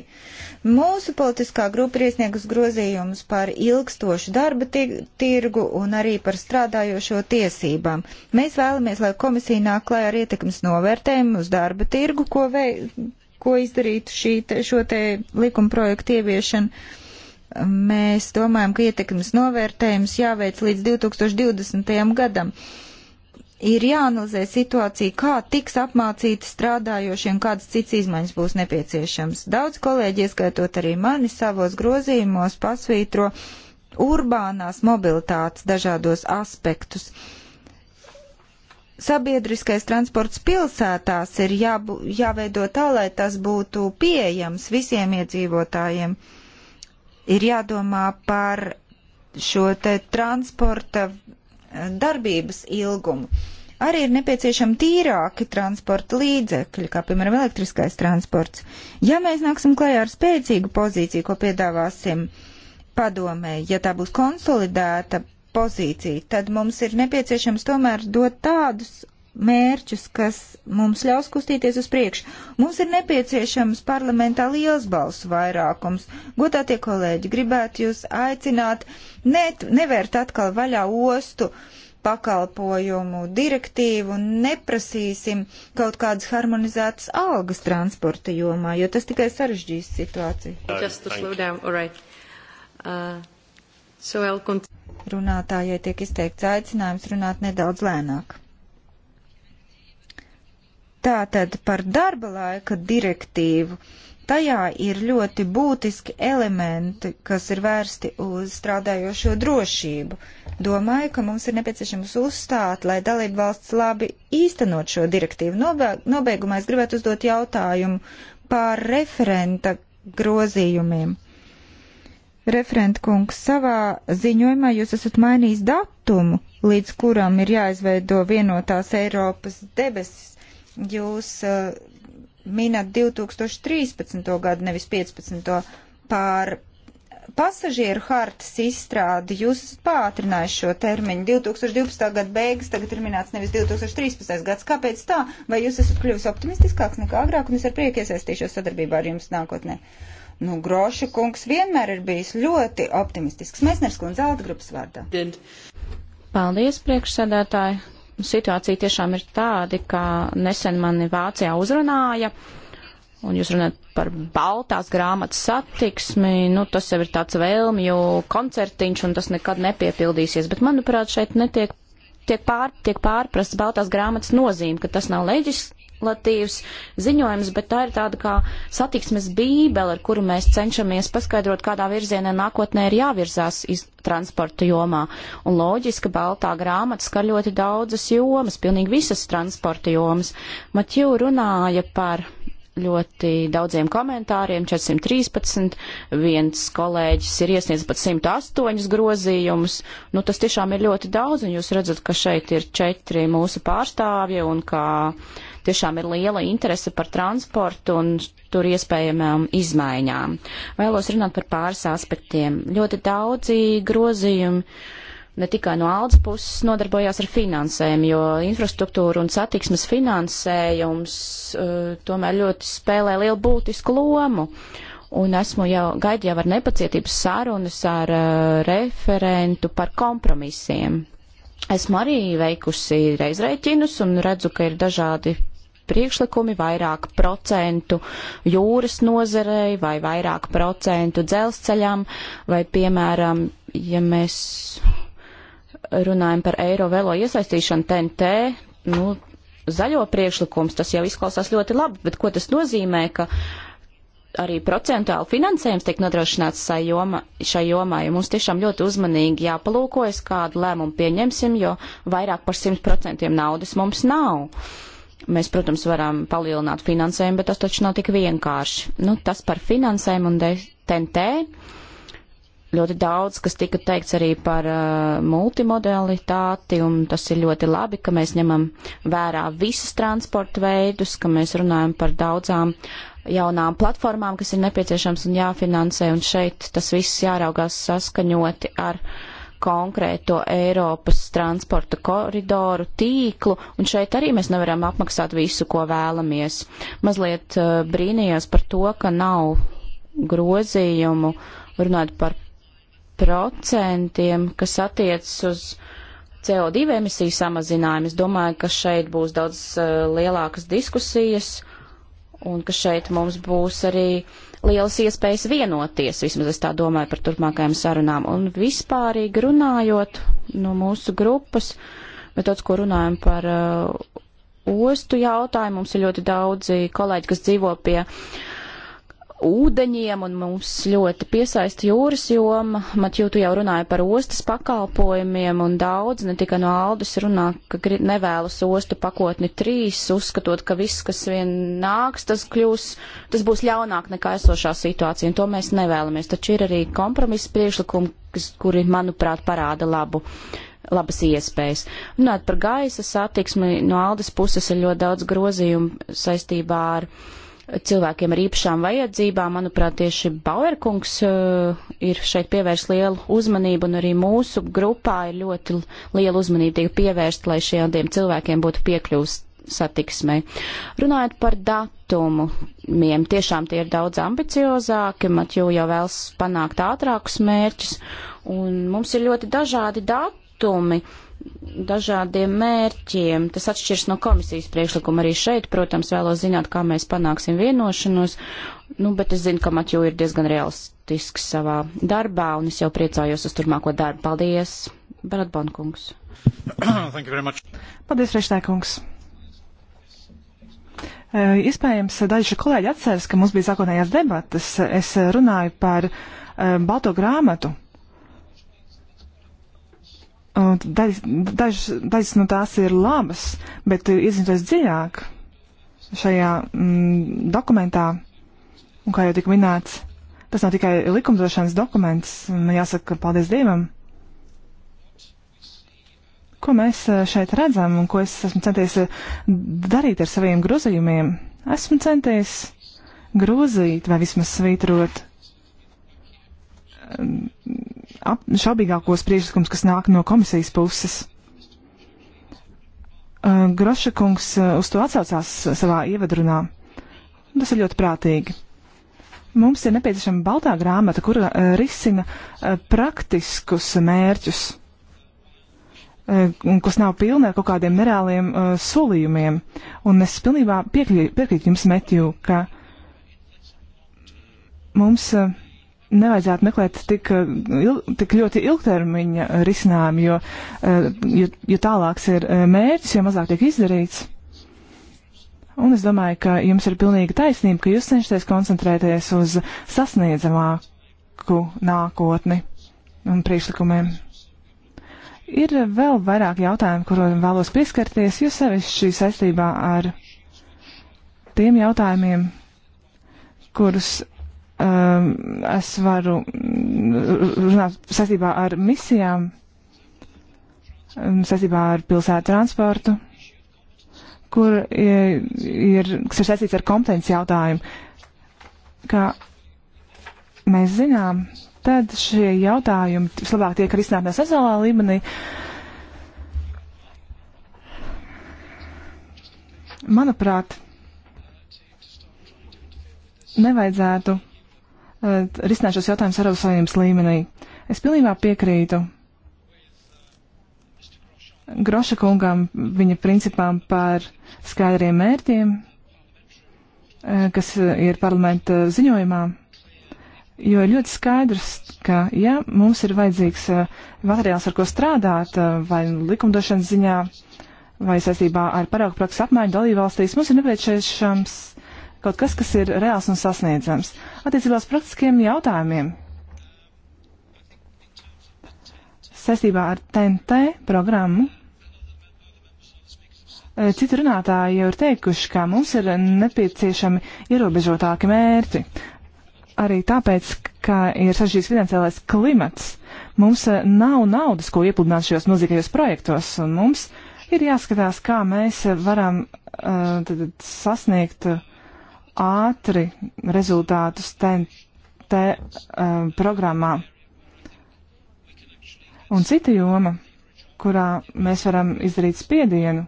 Mūsu politiskā grupa ir iesniegus grozījumus par ilgstošu darba tirgu un arī par strādājošo tiesībām. Mēs vēlamies, lai komisija nāk klāj ar ietekmes novērtējumu uz darba tirgu, ko vei, ko izdarītu šī, šo te likuma projektu ieviešanu. Mēs domājam, ka ietekmes novērtējums jāveic līdz 2020. gadam. Ir jāanalizē situācija, kā tiks apmācīti strādājošiem, kādas cits izmaiņas būs nepieciešams. Daudz kolēģi, ieskaitot arī mani, savos grozījumos pasvītro urbānās mobilitātes dažādos aspektus. Uh, sabiedriskais transports pilsētās ir jābu, jāveido tā, lai tas būtu pieejams visiem iedzīvotājiem. Ir jādomā par šo te transporta eh, darbības ilgumu. Arī ir nepieciešami tīrāki transporta līdzekļi, kā piemēram elektriskais transports. Ja mēs nāksim klajā ar spēcīgu pozīciju, ko piedāvāsim padomē, ja tā būs konsolidēta pozīciju, tad mums ir nepieciešams tomēr dot tādus mērķus, kas mums ļaus kustīties uz priekšu. Mums ir nepieciešams parlamentā liels balsu vairākums. Godātie kolēģi, gribētu jūs aicināt ne, nevērt atkal vaļā ostu pakalpojumu direktīvu un neprasīsim kaut kādas harmonizētas algas transporta jomā, jo tas tikai sarežģīs situāciju. Just to slow down, all right. Uh, so I'll continue. Runātājai tiek izteikts aicinājums runāt nedaudz lēnāk. Tātad par darba laika direktīvu. Tajā ir ļoti būtiski elementi, kas ir vērsti uz strādājošo drošību. Domāju, ka mums ir nepieciešams uzstāt, lai dalība valsts labi īstenot šo direktīvu. Nobeig nobeigumā es gribētu uzdot jautājumu par referenta grozījumiem. Referent kungs, savā ziņojumā jūs esat mainījis datumu, līdz kuram ir jāizveido vienotās Eiropas debesis. Jūs uh, minat 2013. gadu, nevis 15. pār pasažieru hartas izstrādi. Jūs esat pātrinājuši šo termiņu. 2012. gada beigas tagad ir minēts nevis 2013. gads. Kāpēc tā? Vai jūs esat kļuvis optimistiskāks nekā agrāk un es ar prieku iesaistīšos sadarbībā ar jums nākotnē? Uh, Nu, Groša kungs vienmēr ir bijis ļoti optimistisks. Mēsners kundze, Alda grupas vārdā. Paldies, priekšsēdētāji. Situācija tiešām ir tāda, ka nesen mani Vācijā uzrunāja, un jūs runājat par baltās grāmatas satiksmi, nu tas jau ir tāds vēlmju koncertiņš, un tas nekad nepiepildīsies, bet manuprāt šeit netiek tiek, pār, tiek pārprasts baltās grāmatas nozīme, ka tas nav leģis, manipulatīvs ziņojums, bet tā ir tāda kā satiksmes bībele, ar kuru mēs cenšamies paskaidrot, kādā virzienā nākotnē ir jāvirzās iz transporta jomā. Un loģiski baltā grāmata skar ļoti daudzas jomas, pilnīgi visas transporta jomas. Matju runāja par ļoti daudziem komentāriem, 413, viens kolēģis ir iesniedzis pat 108 grozījumus. Nu, tas tiešām ir ļoti daudz, un jūs redzat, ka šeit ir četri mūsu pārstāvji, un kā uh, tiešām ir liela interese par transportu un tur iespējamām izmaiņām. Vēlos runāt par pāris aspektiem. Ļoti daudzi grozījumi ne tikai no Aldas puses nodarbojās ar finansēm, jo infrastruktūra un satiksmes finansējums uh, tomēr ļoti spēlē lielu būtisku lomu. Un esmu jau gaidu jau ar nepacietību sarunas ar uh, referentu par kompromisiem. Esmu arī veikusi reizrēķinus un redzu, ka ir dažādi priekšlikumi, vairāk procentu jūras nozarei vai vairāk procentu dzelzceļam, vai piemēram, ja mēs runājam par eiro velo iesaistīšanu TNT, nu, zaļo priekšlikums, tas jau izklausās ļoti labi, bet ko tas nozīmē, ka arī procentuāli finansējums tiek nodrošināts joma, šai jomai. Mums tiešām ļoti uzmanīgi jāpalūkojas, kādu lēmumu pieņemsim, jo vairāk par 100% naudas mums nav. Mēs, protams, varam palielināt finansējumu, bet tas taču nav tik vienkārši. Nu, tas par finansējumu un TNT. Ļoti daudz, kas tika teikts arī par uh, multimodalitāti, un tas ir ļoti labi, ka mēs ņemam vērā visus transporta veidus, ka mēs runājam par daudzām jaunām platformām, kas ir nepieciešams un jāfinansē, un šeit tas viss jāraugās saskaņoti ar uh, konkrēto Eiropas transporta koridoru tīklu, un šeit arī mēs nevaram apmaksāt visu, ko vēlamies. Mazliet uh, brīnījos par to, ka nav grozījumu runāt par procentiem, kas attiecas uz CO2 emisiju samazinājumu. Es domāju, ka šeit būs daudz uh, lielākas diskusijas un ka šeit mums būs arī uh, lielas iespējas vienoties, vismaz es tā domāju par turpmākajām sarunām. Un vispārīgi runājot no mūsu grupas, bet tāds, ko runājam par uh, ostu jautājumu, mums ir ļoti daudzi kolēģi, kas dzīvo pie uh, ūdeņiem un mums ļoti piesaista jūras joma. Matjū, tu jau runāji par ostas pakalpojumiem un daudz, ne tikai no Aldus runā, ka nevēlas ostu pakotni trīs, uzskatot, ka viss, kas vien nāks, tas kļūs, tas būs ļaunāk nekā esošā situācija, un to mēs nevēlamies. Taču ir arī kompromisa priekšlikumi, kas, kuri, manuprāt, parāda labu labas iespējas. Runāt par gaisa satiksmi no Aldas puses ir ļoti daudz grozījumu saistībā ar uh, cilvēkiem ar īpašām vajadzībām. Manuprāt, tieši Bauerkungs uh, ir šeit pievērst lielu uzmanību, un arī mūsu grupā ir ļoti liela uzmanība tiek pievērsta, lai šiem cilvēkiem būtu piekļūst satiksmei. Runājot par datumiem, tiešām tie ir daudz ambiciozāki, Matju jau vēlas panākt ātrākus mērķus, un mums ir ļoti dažādi datumi dažādiem mērķiem. Tas atšķirs no komisijas priekšlikuma arī šeit. Protams, vēlos zināt, kā mēs panāksim vienošanos, nu, bet es zinu, ka Matju ir diezgan realistisks savā darbā, un es jau priecājos uz turmāko darbu. Paldies, Baratbankungs. Paldies, Reštēkungs. E, eh, iespējams, daži kolēģi atceras, ka mums bija sākotnējās debatas. Es eh, runāju par e, balto grāmatu Dažas, dažas no tās ir labas, bet eh, iezinties dziļāk šajā mm, dokumentā, un kā jau tika minēts, tas nav tikai likumdošanas dokuments, man jāsaka paldies Dievam. Ko mēs eh, šeit redzam un ko es esmu centies eh, darīt ar saviem grozījumiem? Esmu centies grozīt vai vismaz svītrot šaubīgākos priekšlikums, kas nāk no komisijas puses. Uh, Groša kungs uh, uz to atsaucās savā ievadrunā. Tas ir ļoti prātīgi. Mums ir nepieciešama baltā grāmata, kura uh, risina praktiskus mērķus, kas nav pilni ar kaut kādiem nereāliem solījumiem. Un es pilnībā piekrītu jums, Metju, ka mums uh, nevajadzētu meklēt tik, eh, il, tik ļoti ilgtermiņa risinājumu, jo, eh, jo, jo tālāks ir eh, mērķis, jo mazāk tiek izdarīts. Un es domāju, ka jums ir pilnīga taisnība, ka jūs cenšaties koncentrēties uz sasniedzamāku nākotni un priekšlikumiem. Ir vēl vairāk jautājumu, kuriem vēlos pieskarties, jo sevišķi saistībā ar tiem jautājumiem, kurus um, es varu runāt saistībā ar misijām, um, saistībā ar pilsētu transportu, kur ir, ir kas ir saistīts ar kompetenci jautājumu. Kā mēs zinām, tad šie jautājumi vislabāk tiek risināti nacionālā līmenī. Manuprāt, nevajadzētu risināt šos jautājumus Eiropas Savienības līmenī. Es pilnībā piekrītu Groša kungam viņa principām par skaidriem mērķiem, e, kas ir parlamenta ziņojumā, jo ir ļoti skaidrs, ka, ja mums ir vajadzīgs e, materiāls, ar ko strādāt, e, vai likumdošanas ziņā, vai saistībā ar paraugu prakses apmaiņu dalībvalstīs, mums ir nepieciešams kaut kas, kas ir reāls un sasniedzams. Attiecībā uz praktiskiem jautājumiem. Sestībā ar TNT programmu. E, citi runātāji jau ir teikuši, ka mums ir nepieciešami ierobežotāki mērķi. Arī tāpēc, ka ir sažģīts finansiālais klimats, mums e, nav naudas, ko iepludināt šajos milzīgajos projektos, un mums ir jāskatās, kā mēs varam uh, tad, sasniegt uh, ātri rezultātus TNT um, eh, programmā. Un cita joma, kurā mēs varam izdarīt spiedienu eh,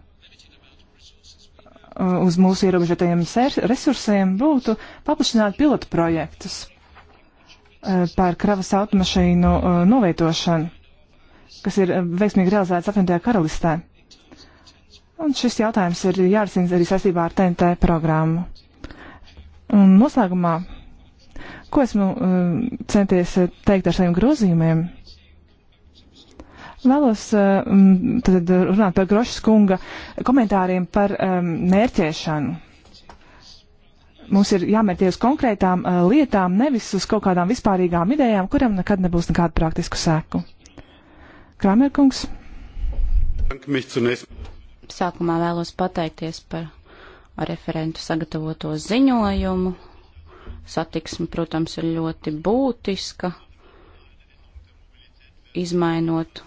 uz mūsu ierobežotajiem resursiem, būtu paplašināt pilotu projektus eh, par kravas automašīnu novietošanu, kas ir veiksmīgi realizēts apvienotajā karalistē. Un šis jautājums ir jārisina arī saistībā ar TNT programmu. Un noslēgumā, ko esmu uh, centies eh, teikt ar saviem grozījumiem? Vēlos eh, tad runāt par Grošas kunga komentāriem par um, mērķēšanu. Mums ir jāmērķē uz konkrētām uh, lietām, nevis uz kaut kādām vispārīgām idejām, kuram nekad nebūs nekādu praktisku sēku. Kramerkungs. Sākumā vēlos pateikties par referentu sagatavoto ziņojumu. Satiksme, protams, ir ļoti būtiska. Izmainot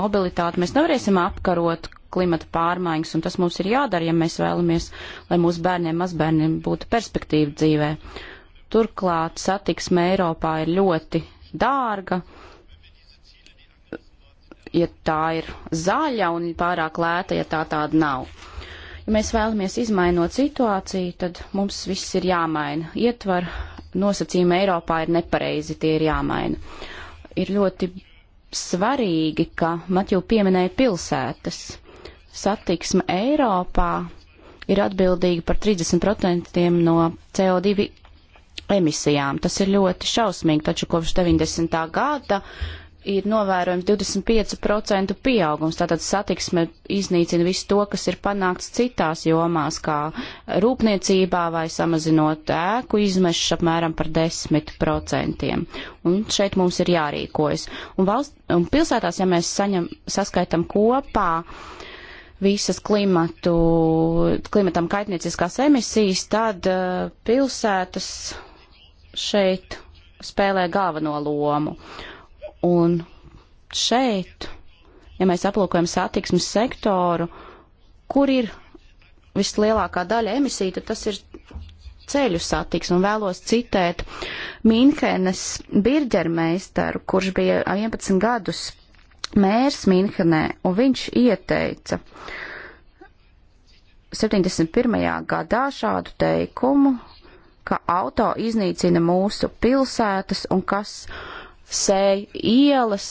mobilitāti, mēs nevarēsim apkarot klimata pārmaiņas, un tas mums ir jādara, ja mēs vēlamies, lai mūsu bērniem, mazbērniem būtu perspektīva dzīvē. Turklāt satiksme Eiropā ir ļoti dārga, ja tā ir zaļa un pārāk lēta, ja tā tāda nav. Ja mēs vēlamies izmainot situāciju, tad mums viss ir jāmaina. Ietvar nosacījumi Eiropā ir nepareizi, tie ir jāmaina. Ir ļoti svarīgi, ka Matju pieminēja pilsētas. Satiksme Eiropā ir atbildīga par 30% no CO2 emisijām. Tas ir ļoti šausmīgi, taču kopš 90. gada ir novērojams 25% pieaugums, tātad satiksme iznīcina visu to, kas ir panākts citās jomās, kā rūpniecībā vai samazinot ēku izmešas apmēram par 10%. Un šeit mums ir jārīkojas. Un, valst, un pilsētās, ja mēs saņem, saskaitam kopā visas klimatu, klimatam kaitnieciskās emisijas, tad uh, pilsētas šeit spēlē galveno lomu. Uh, Un šeit, ja mēs aplūkojam satiksmes sektoru, kur ir vislielākā daļa emisija, tad tas ir ceļu satiksme. Un vēlos citēt Mīnhenes birģermeistaru, kurš bija 11 gadus mērs Mīnhenē, un viņš ieteica 71. gadā šādu teikumu, ka auto iznīcina mūsu pilsētas un kas sēju ielas,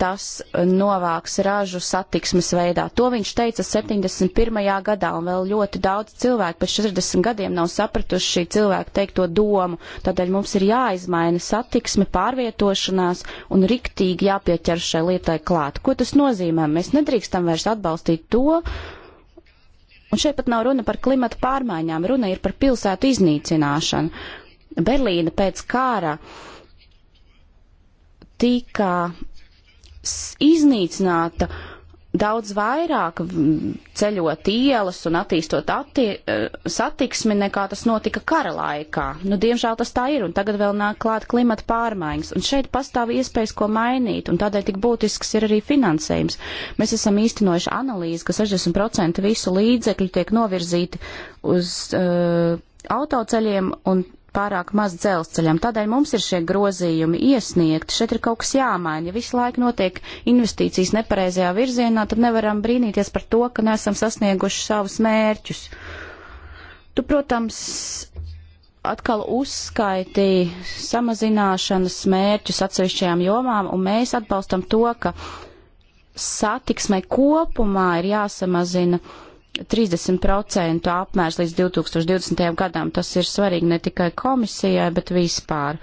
tas novāks ražu satiksmes veidā. To viņš teica 71. gadā, un vēl ļoti daudz cilvēku pēc 40 gadiem nav sapratuši šī cilvēka teikto domu. Tādēļ mums ir jāizmaina satiksme, pārvietošanās un riktīgi jāpieķer šai lietai klāt. Ko tas nozīmē? Mēs nedrīkstam vairs atbalstīt to. Un šeit pat nav runa par klimata pārmaiņām, runa ir par pilsētu iznīcināšanu. Berlīna pēc kāra uh, tika iznīcināta daudz vairāk ceļot ielas un attīstot atti, e, satiksmi, nekā tas notika kara laikā. Nu, diemžēl tas tā ir, un tagad vēl nāk klāt klimata pārmaiņas. Un šeit pastāv iespējas, ko mainīt, un tādēļ tik būtisks ir arī finansējums. Mēs esam īstenojuši analīzi, ka 60% visu līdzekļu tiek novirzīti uz uh, autoceļiem un pārāk maz dzelzceļam. Tādēļ mums ir šie grozījumi iesniegti. Šeit ir kaut kas jāmaina. Ja visu laiku notiek investīcijas nepareizajā virzienā, tad nevaram brīnīties par to, ka nesam sasnieguši savus mērķus. Tu, protams, atkal uzskaitīji samazināšanas mērķus atsevišķajām jomām, un mēs atbalstam to, ka satiksmai kopumā ir jāsamazina 30% apmērs līdz 2020. gadam. Tas ir svarīgi ne tikai komisijai, bet vispār.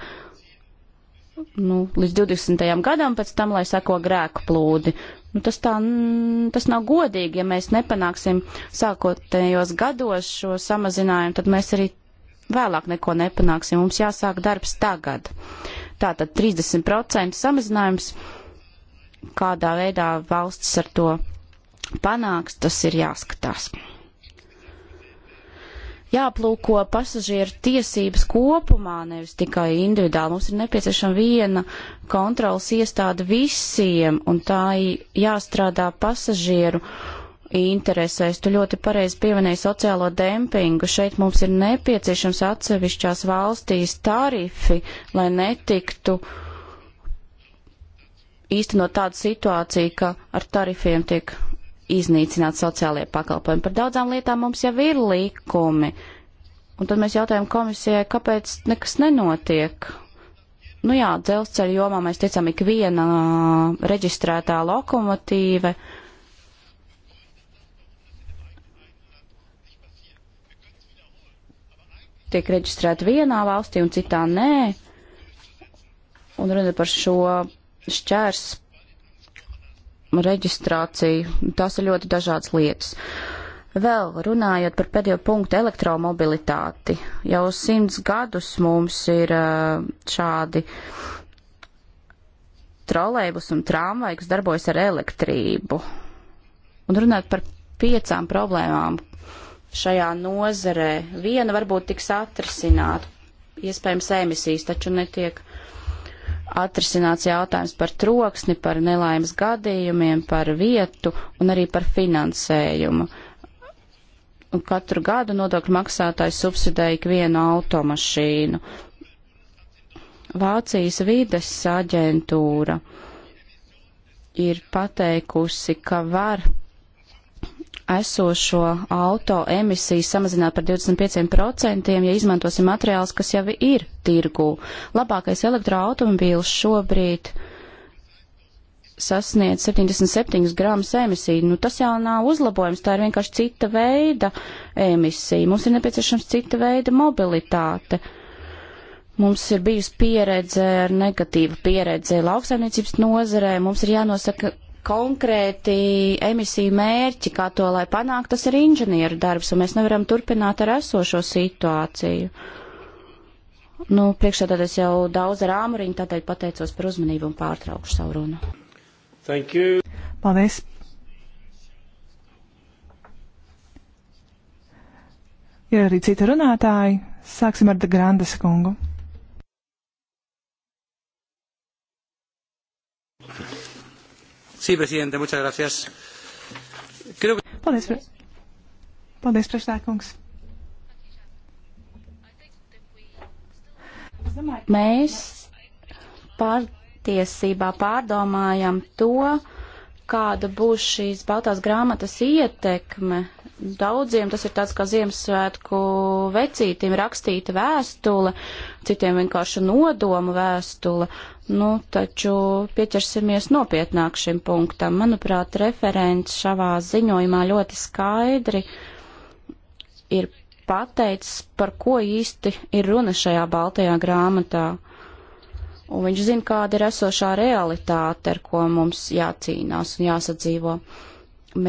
Nu, līdz 20. gadam pēc tam, lai sako grēku plūdi. Nu, tas, tā, tas nav godīgi, ja mēs nepanāksim sākotnējos gados šo samazinājumu, tad mēs arī vēlāk neko nepanāksim. Mums jāsāk darbs tagad. Tātad 30% samazinājums, kādā veidā valsts ar to panāks, tas ir jāskatās. Jāplūko pasažieru tiesības kopumā, nevis tikai individuāli. Mums ir nepieciešama viena kontrolas iestāde visiem, un tā jāstrādā pasažieru interesēs. Tu ļoti pareizi pieminēji sociālo dempingu. Šeit mums ir nepieciešams atsevišķās valstīs tarifi, lai netiktu īstenot tādu situāciju, ka ar tarifiem tiek iznīcināt sociālajie pakalpojumi. Par daudzām lietām mums jau ir likumi. Un tad mēs jautājam komisijai, kāpēc nekas nenotiek. Nu jā, dzelzceļa jomā mēs ticam ikviena uh, reģistrētā lokomotīve. Tiek reģistrēta vienā valstī un citā nē. Un runa par šo šķērs reģistrāciju. Tās ir ļoti dažādas lietas. Vēl runājot par pēdējo punktu elektromobilitāti. Jau simts gadus mums ir eh, šādi trolēbus un tramvaji, kas darbojas ar elektrību. Un runājot par piecām problēmām šajā nozarē, viena varbūt tiks atrisināta, iespējams emisijas, taču netiek atrisināts jautājums par troksni, par nelaimes gadījumiem, par vietu un arī par finansējumu. Un katru gadu nodokļu maksātājs subsidēja ikvienu automašīnu. Vācijas vides aģentūra ir pateikusi, ka var esošo auto emisijas samazināt par 25%, ja izmantosim materiālus, kas jau ir tirgū. Labākais elektroautomobīls šobrīd sasniedz 77 grāmas emisiju. Nu, tas jau nav uzlabojums, tā ir vienkārši cita veida emisija. Mums ir nepieciešams cita veida mobilitāte. Mums ir bijusi pieredze ar negatīvu pieredzi lauksaimniecības nozarē. Mums ir jānosaka konkrēti emisiju mērķi, kā to lai panāk, tas ir inženieru darbs, un mēs nevaram turpināt ar esošo situāciju. Nu, priekšā tad es jau daudz rāmuriņu, tādēļ pateicos par uzmanību un pārtraukšu savu runu. Thank you. Paldies. Ir arī citi runātāji. Sāksim ar Grandes kungu. Sí, prezidente, muchas gracias. Creo... Paldies, pre... Paldies priekšstākungs. Mēs pārtiesībā pārdomājam to, kāda būs šīs Baltās grāmatas ietekme Daudziem tas ir tāds kā Ziemassvētku vecītim rakstīta vēstule, citiem vienkārši nodoma vēstule. Nu, taču pieķersimies nopietnāk šim punktam. Manuprāt, referents šavā ziņojumā ļoti skaidri ir pateicis, par ko īsti ir runa šajā baltajā grāmatā. Un viņš zina, kāda ir esošā realitāte, ar ko mums jācīnās un jāsadzīvo.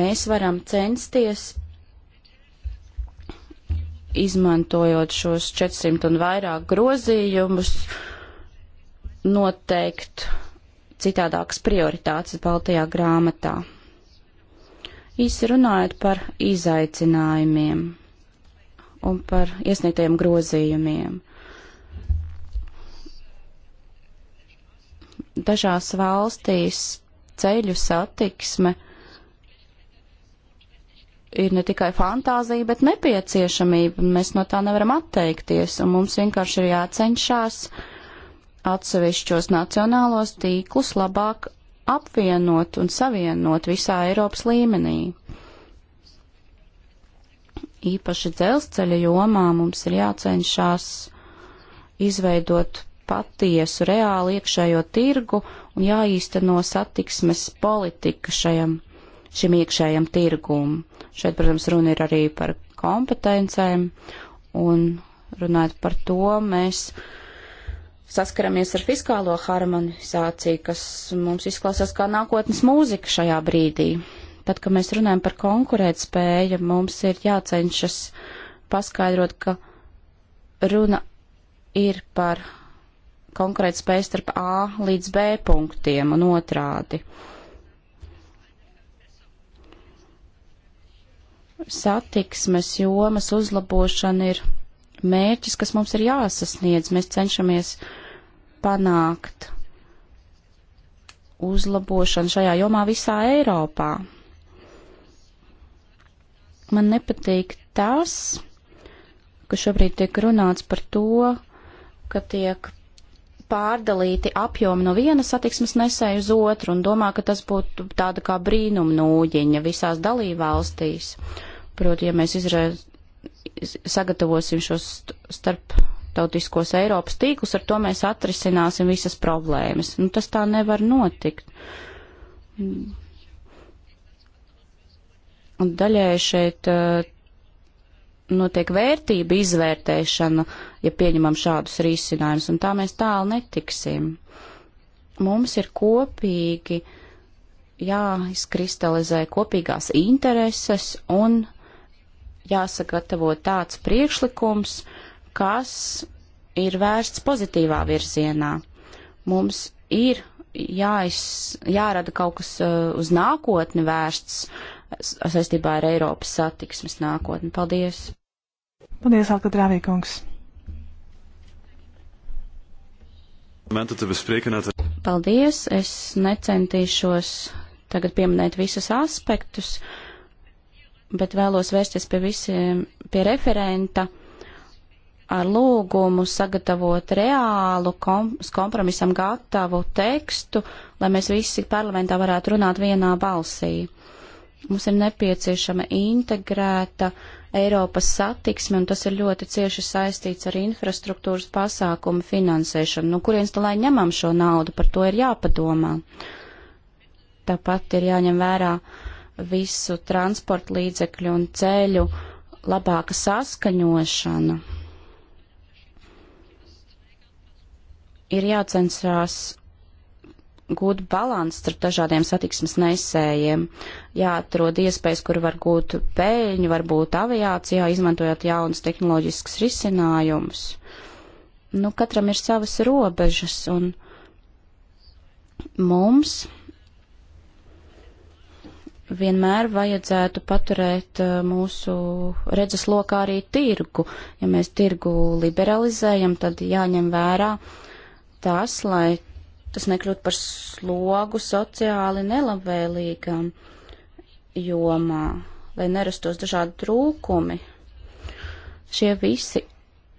Mēs varam censties izmantojot šos 400 un vairāk grozījumus, noteikt citādākas prioritātes Baltajā grāmatā. Īsi runājot par izaicinājumiem un par iesniegtiem grozījumiem. Dažās valstīs ceļu satiksme – ir ne tikai fantāzija, bet nepieciešamība. Mēs no tā nevaram atteikties, un mums vienkārši ir jācenšas atsevišķos nacionālos tīklus labāk apvienot un savienot visā Eiropas līmenī. Īpaši dzelzceļa jomā mums ir jācenšas izveidot patiesu, reāli iekšējo tirgu un jāīsteno satiksmes politika šajam šim iekšējam tirgum. Šeit, protams, runa ir arī par kompetencēm, un runājot par to, mēs saskaramies ar fiskālo harmonizāciju, kas mums izklausās kā nākotnes mūzika šajā brīdī. Tad, kad mēs runājam par konkurētspēju, mums ir jācenšas paskaidrot, ka runa ir par konkurētspēju starp A līdz B punktiem un otrādi. Uh, satiksmes jomas uzlabošana ir mērķis, kas mums ir jāsasniedz. Mēs cenšamies panākt uzlabošanu šajā jomā visā Eiropā. Man nepatīk tas, ka šobrīd tiek runāts par to, ka tiek pārdalīti apjomi no viena satiksmes nesēja uz otru un domā, ka tas būtu tāda kā brīnum nūģiņa visās dalībvalstīs. valstīs Proti, ja mēs izrē, sagatavosim šos starptautiskos Eiropas tīklus, ar to mēs atrisināsim visas problēmas. Nu, tas tā nevar notikt. Un daļēji šeit uh, notiek vērtība izvērtēšana, ja pieņemam šādus risinājumus, un tā mēs tālu netiksim. Mums ir kopīgi jāizkristalizē kopīgās intereses un jāsagatavo tāds priekšlikums, kas ir vērsts pozitīvā virzienā. Mums ir jāiz, jārada kaut kas uh, uz nākotni vērsts saistībā ar Eiropas satiksmes nākotni. Paldies! Paldies, Alka Drāvīkungs! Paldies! Es necentīšos tagad pieminēt visus aspektus. Uh, bet vēlos vērsties pie visiem, pie referenta ar lūgumu sagatavot reālu kom, kompromisam gatavu tekstu, lai mēs visi parlamentā varētu runāt vienā balsī. Mums ir nepieciešama integrēta Eiropas satiksme, un tas ir ļoti cieši saistīts ar infrastruktūras pasākumu finansēšanu. No kurienes tad lai ņemam šo naudu, par to ir jāpadomā. Tāpat ir jāņem vērā uh, visu transporta līdzekļu un ceļu labāka saskaņošana. Ir jācenšas gūt balansu starp dažādiem satiksmes nesējiem, jāatrod iespējas, kur var gūt pēļņu, varbūt aviācijā, izmantojot jaunas tehnoloģiskas risinājumus. Nu, katram ir savas robežas, un mums vienmēr vajadzētu paturēt eh, mūsu redzes lokā arī tirgu. Ja mēs tirgu liberalizējam, tad jāņem vērā tas, lai tas nekļūtu par slogu sociāli nelabvēlīgam jomā, lai nerastos dažādi trūkumi. Šie visi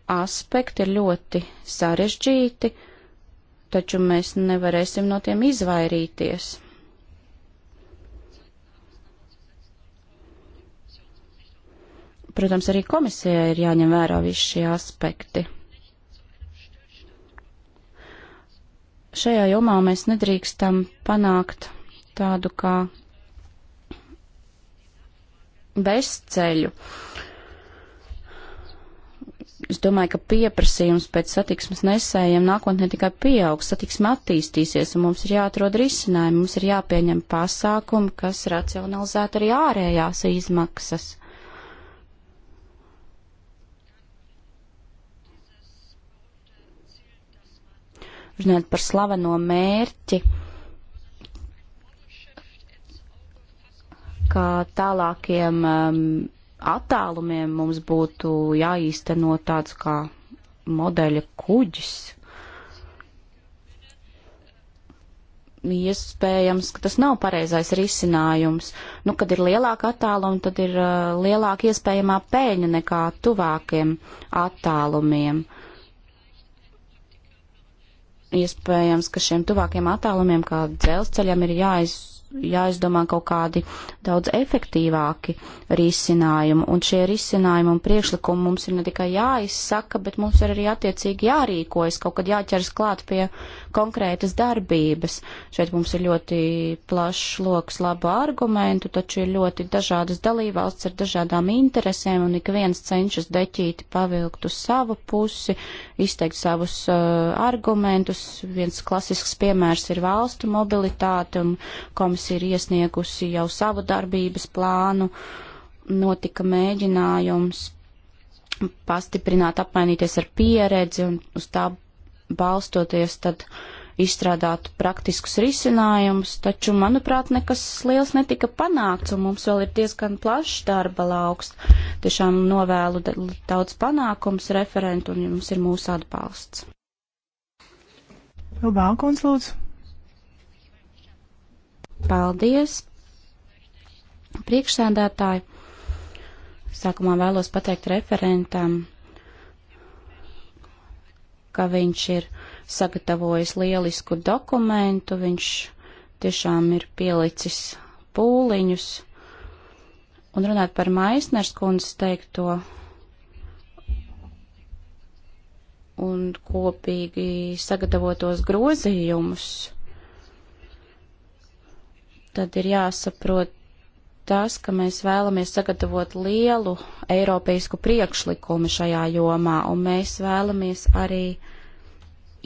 aspekti ir ļoti sarežģīti, taču mēs nevarēsim no tiem izvairīties. protams, arī komisijai ir jāņem vērā visi šie aspekti. Šajā jomā mēs nedrīkstam panākt tādu kā bezceļu. Es domāju, ka pieprasījums pēc satiksmes nesējiem nākotnē tikai pieaugs, satiksme attīstīsies, un mums ir jāatrod risinājumi, mums ir jāpieņem pasākumi, kas racionalizētu arī ārējās izmaksas. runājot par slaveno mērķi, kā tālākiem um, attālumiem mums būtu jāīsteno tāds kā modeļa kuģis. Iespējams, ka tas nav pareizais risinājums. Nu, kad ir lielāka attāluma, tad ir uh, lielāka iespējamā pēļņa nekā tuvākiem attālumiem. Uh, Iespējams, ka šiem tuvākiem attālumiem, kā dzelzceļam, ir jāiz, jāizdomā kaut kādi daudz efektīvāki risinājumi. Un šie risinājumi un priekšlikumi mums ir ne tikai jāizsaka, bet mums ir arī attiecīgi jārīkojas, kaut kad jāķers klāt pie konkrētas darbības. Šeit mums ir ļoti plašs lokus labu argumentu, taču ir ļoti dažādas dalībvalsts ar dažādām interesēm, un ik viens cenšas deķīti pavilkt uz savu pusi, izteikt savus uh, argumentus. Viens klasisks piemērs ir valstu mobilitāte, un komisija ir iesniegusi jau savu darbības plānu. Notika mēģinājums pastiprināt, apmainīties ar pieredzi, un uz tā balstoties tad izstrādāt praktiskus risinājumus, taču, manuprāt, nekas liels netika panākts, un mums vēl ir diezgan plašs darba lauks. Tiešām novēlu daudz panākums referentu, un jums ir mūsu atbalsts. Vilbākons, lūdzu. Paldies. Priekšsēdētāji, sākumā vēlos pateikt referentam ka viņš ir sagatavojis lielisku dokumentu, viņš tiešām ir pielicis pūliņus. Un runāt par Maisners kundzes teikto un kopīgi sagatavotos grozījumus, tad ir jāsaprot, tas, ka mēs vēlamies sagatavot lielu eiropeisku priekšlikumu šajā jomā, un mēs vēlamies arī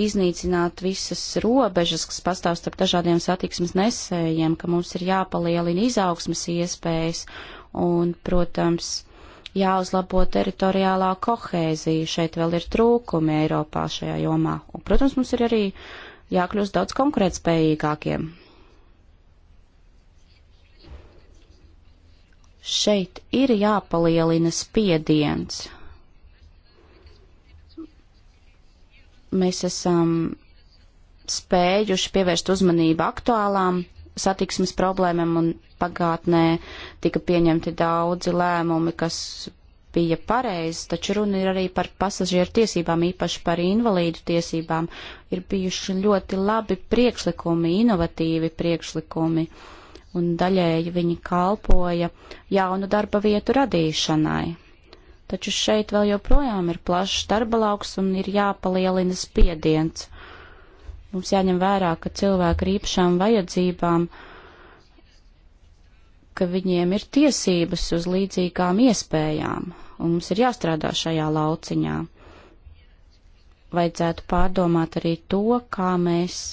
iznīcināt visas robežas, kas pastāv starp dažādiem satiksmes nesējiem, ka mums ir jāpalielina izaugsmas iespējas un, protams, jāuzlabo teritoriālā kohēzija. Šeit vēl ir trūkumi Eiropā šajā jomā. Un, protams, mums ir arī jākļūst daudz konkurētspējīgākiem. šeit ir jāpalielina spiediens. Mēs esam spējuši pievērst uzmanību aktuālām satiksmes problēmām un pagātnē tika pieņemti daudzi lēmumi, kas bija pareizi, taču runa ir arī par pasažieru tiesībām, īpaši par invalīdu tiesībām. Ir bijuši ļoti labi priekšlikumi, inovatīvi priekšlikumi. Uh, un daļēji viņi kalpoja jaunu darba vietu radīšanai. Taču šeit vēl joprojām ir plašs darba lauks un ir jāpalielina spiediens. Mums jāņem vērā, ka cilvēku ar īpašām vajadzībām, ka viņiem ir tiesības uz līdzīgām iespējām, un mums ir jāstrādā šajā lauciņā. Vajadzētu pārdomāt arī to, kā mēs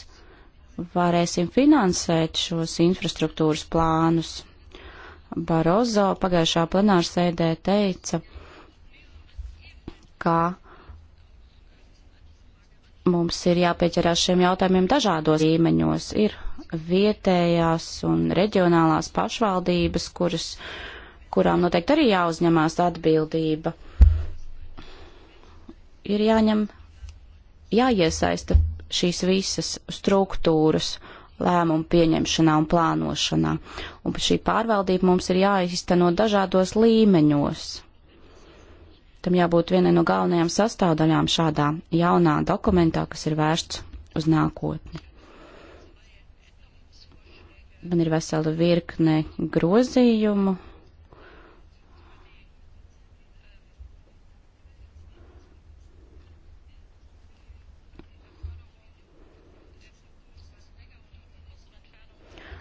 varēsim finansēt šos infrastruktūras plānus. Barozo pagājušā plenāra sēdē teica, ka mums ir jāpieķerās šiem jautājumiem dažādos līmeņos. Ir vietējās un reģionālās pašvaldības, kuras, kurām noteikti arī jāuzņemās atbildība. Ir jāņem, jāiesaista šīs visas struktūras lēmumu pieņemšanā un plānošanā. Un šī pārvaldība mums ir jāizteno dažādos līmeņos. Tam jābūt vienai no galvenajām sastāvdaļām šādā jaunā dokumentā, kas ir vērsts uz nākotni. Man ir vesela virkne grozījumu,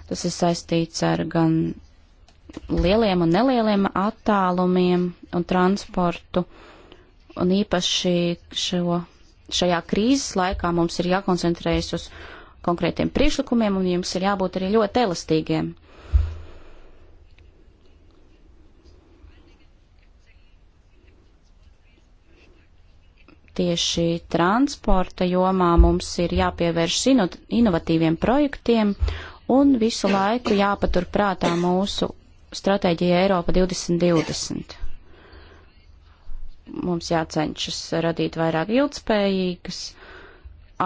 Tas ir saistīts ar gan lieliem un nelieliem attālumiem un transportu. Un īpaši šo, šajā krīzes laikā mums ir jākoncentrējas uz konkrētiem priekšlikumiem, un jums ir jābūt arī ļoti elastīgiem. Tieši transporta jomā mums ir jāpievērš inovatīviem projektiem un visu laiku jāpatur prātā mūsu stratēģija Eiropa 2020. Mums jācenšas radīt vairāk ilgspējīgas,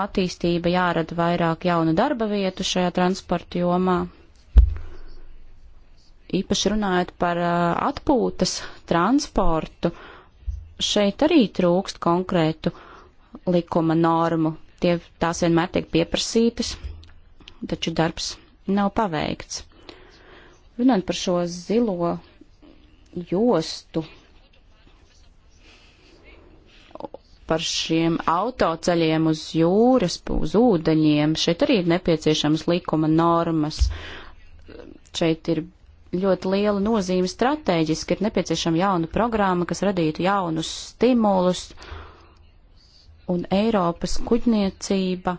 attīstība jārada vairāk jaunu darba vietu šajā transporta jomā. Īpaši runājot par atpūtas transportu, šeit arī trūkst konkrētu likuma normu. Tie, tās vienmēr tiek pieprasītas, taču darbs nav paveikts. Runājot par šo zilo jostu, par šiem autoceļiem uz jūras, uz ūdeņiem, šeit arī ir nepieciešamas likuma normas. Šeit ir ļoti liela nozīme strateģiski, ir nepieciešama jauna programma, kas radītu jaunus stimulus, un Eiropas kuģniecība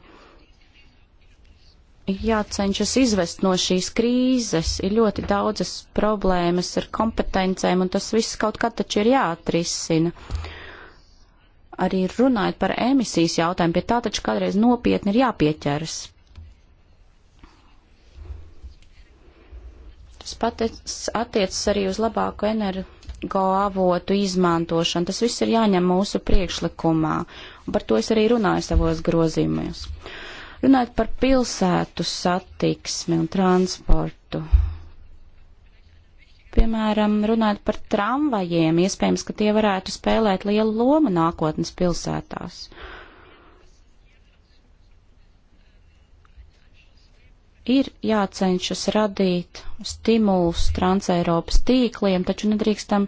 ir jācenšas izvest no šīs krīzes, ir ļoti daudzas problēmas ar kompetencēm, un tas viss kaut kā taču ir jāatrisina. Arī runājot par emisijas jautājumu, pie tā taču kādreiz nopietni ir jāpieķeras. Tas pats attiecas arī uz labāku energo avotu izmantošanu. Tas viss ir jāņem mūsu priekšlikumā, un par to es arī runāju savos grozījumos. Uh, Runājot par pilsētu satiksmi un transportu. Piemēram, runājot par tramvajiem, iespējams, ka tie varētu spēlēt lielu lomu nākotnes pilsētās. ir jācenšas radīt stimulus transeiropas tīkliem, taču nedrīkstam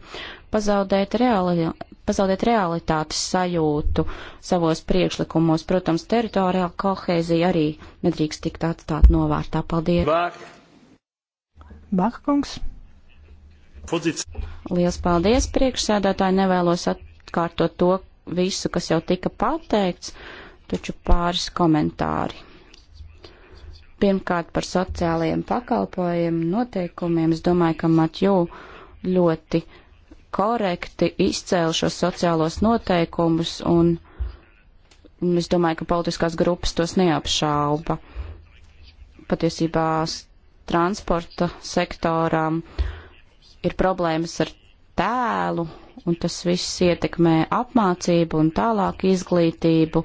pazaudēt, reali, pazaudēt realitātes sajūtu savos priekšlikumos. Protams, teritoriāla kohēzija arī nedrīkst tikt atstāt novārtā. Paldies! Bakkungs! Lielas paldies priekšsēdētāji, nevēlos atkārtot to visu, kas jau tika pateikts, taču pāris komentāri pirmkārt par sociālajiem pakalpojumiem, noteikumiem. Es domāju, ka Matjū ļoti korekti izcēla šos sociālos noteikumus, un, un es domāju, ka politiskās grupas tos neapšauba. Patiesībā transporta sektoram ir problēmas ar tēlu, un tas viss ietekmē apmācību un tālāk izglītību,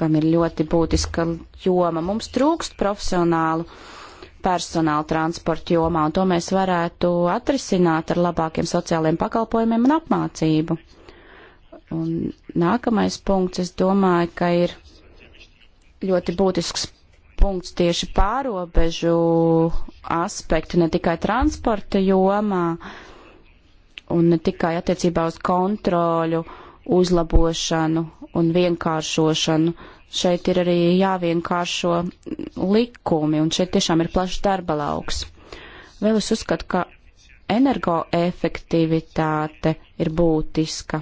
kam ir ļoti būtiska joma. Mums trūkst profesionālu personāla transporta jomā, un to mēs varētu atrisināt ar labākiem sociāliem pakalpojumiem un apmācību. Un nākamais punkts, es domāju, ka ir ļoti būtisks punkts tieši pārobežu aspekti, ne tikai transporta jomā un ne tikai attiecībā uz kontroļu uzlabošanu un vienkāršošanu, Šeit ir arī jāvienkāršo likumi, un šeit tiešām ir plašs darba lauks. Vēl es uzskatu, ka energoefektivitāte ir būtiska.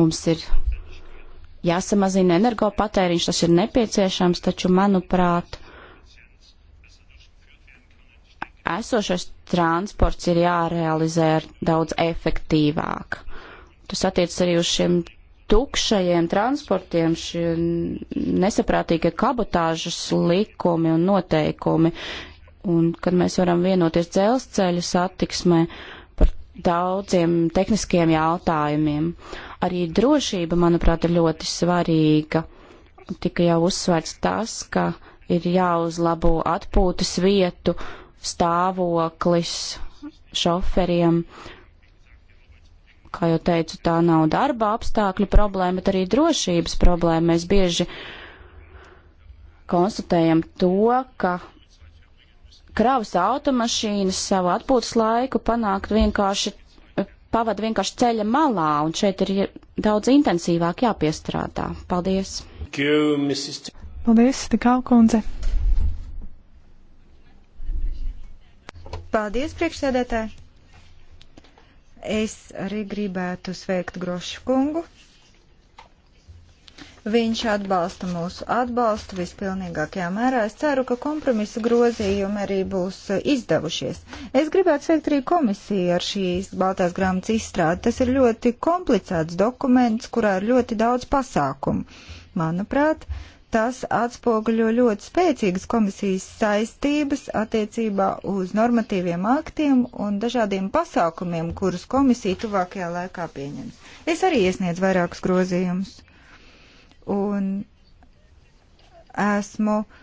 Mums ir jāsamazina energopatēriņš, tas ir nepieciešams, taču, manuprāt, esošais transports ir jārealizē daudz efektīvāk. Tas attiecas arī uz šiem tukšajiem transportiem, šie nesaprātīgie kabatāžas likumi un noteikumi, un kad mēs varam vienoties dzelzceļu satiksmē par daudziem tehniskiem jautājumiem. Arī drošība, manuprāt, ir ļoti svarīga. Tika jau uzsvērts tas, ka ir jāuzlabo atpūtas vietu stāvoklis šoferiem. Uh, kā jau teicu, tā nav darba apstākļu problēma, bet arī drošības problēma. Mēs bieži konstatējam to, ka kravas automašīnas savu atpūtas laiku panākt vienkārši, pavad vienkārši ceļa malā, un šeit ir daudz intensīvāk jāpiestrādā. Paldies! Paldies, Tikau kundze! Paldies, priekšsēdētāji! Es arī gribētu sveikt Grošu kungu. Viņš atbalsta mūsu atbalstu vispilnīgākajā mērā. Es ceru, ka kompromisa grozījumi arī būs izdevušies. Es gribētu sveikt arī komisiju ar šīs Baltās grāmatas izstrādi. Tas ir ļoti komplicēts dokuments, kurā ir ļoti daudz pasākumu. Manuprāt, uh, tas atspoguļo ļoti spēcīgas komisijas saistības attiecībā uz normatīviem aktiem un dažādiem pasākumiem, kurus komisija tuvākajā laikā pieņems. Es arī iesniedzu vairākus grozījumus un esmu uh,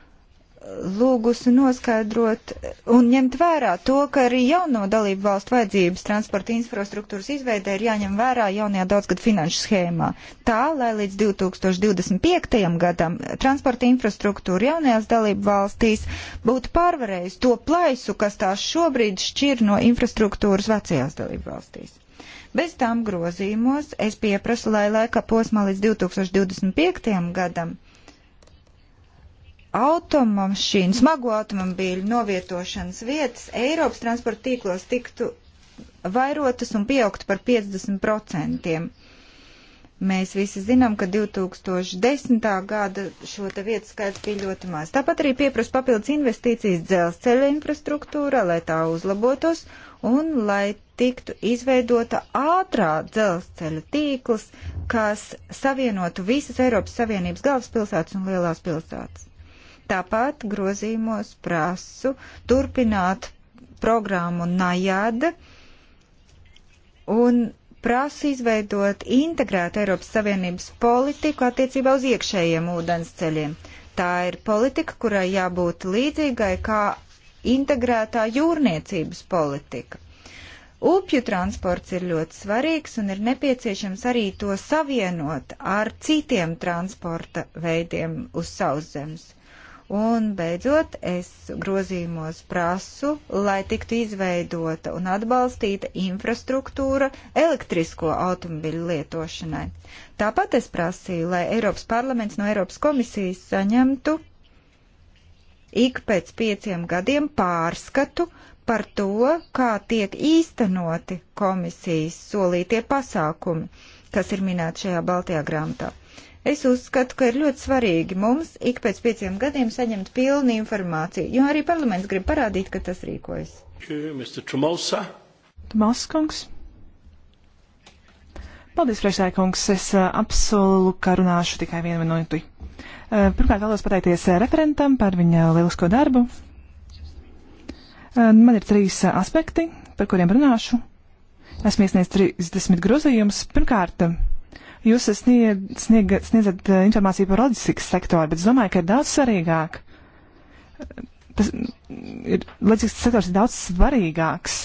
lūgusi noskaidrot un ņemt vērā to, ka arī jauno dalību valstu vajadzības transporta infrastruktūras izveidē ir jāņem vērā jaunajā daudzgadu finanšu schēmā. Tā, lai līdz 2025. gadam transporta infrastruktūra jaunajās dalību valstīs būtu pārvarējusi to plaisu, kas tās šobrīd šķir no infrastruktūras vecajās dalību valstīs. Bez tām grozījumos es pieprasu, lai laika posmā līdz 2025. gadam automašīnu, smagu automobīļu novietošanas vietas Eiropas transporta tīklos tiktu vairotas un pieaugt par 50%. Mēs visi zinām, ka 2010. gada šo te vietu skaits bija ļoti maz. Tāpat arī pieprasa papildus investīcijas dzelzceļa infrastruktūra, lai tā uzlabotos un lai tiktu izveidota ātrā dzelzceļa tīkls, kas savienotu visas Eiropas Savienības galvaspilsētas un lielās pilsētas. Tāpat grozījumos prasu turpināt programmu Najāda un prasa izveidot integrētu Eiropas Savienības politiku attiecībā uz iekšējiem ūdensceļiem. Tā ir politika, kurai jābūt līdzīgai kā integrētā jūrniecības politika. Upju transports ir ļoti svarīgs un ir nepieciešams arī to savienot ar citiem transporta veidiem uz sauszemes. Un, beidzot, es grozījumos prasu, lai tiktu izveidota un atbalstīta infrastruktūra elektrisko automobiļu lietošanai. Tāpat es prasīju, lai Eiropas parlaments no Eiropas komisijas saņemtu ik pēc pieciem gadiem pārskatu par to, kā tiek īstenoti komisijas solītie pasākumi, kas ir minēti šajā Baltijā grāmatā. Es uzskatu, ka ir ļoti svarīgi mums ik pēc pieciem gadiem saņemt pilnu informāciju, jo arī parlaments grib parādīt, ka tas rīkojas. Tumauskungs. Paldies, priekšsēkungs. Es eh, apsolu, ka runāšu tikai vienu minūti. Eh, pirmkārt, vēlos pateikties eh, referentam par viņa lielisko darbu. Man ir trīs aspekti, par kuriem runāšu. Esmu iesniedzis 30 grozījumus. Pirmkārt, Jūs sniedz, sniedz, sniedzat eh, informāciju par loģistikas sektoru, bet es domāju, ka ir daudz svarīgāk. Tas mm, ir, loģistikas sektors ir daudz svarīgāks.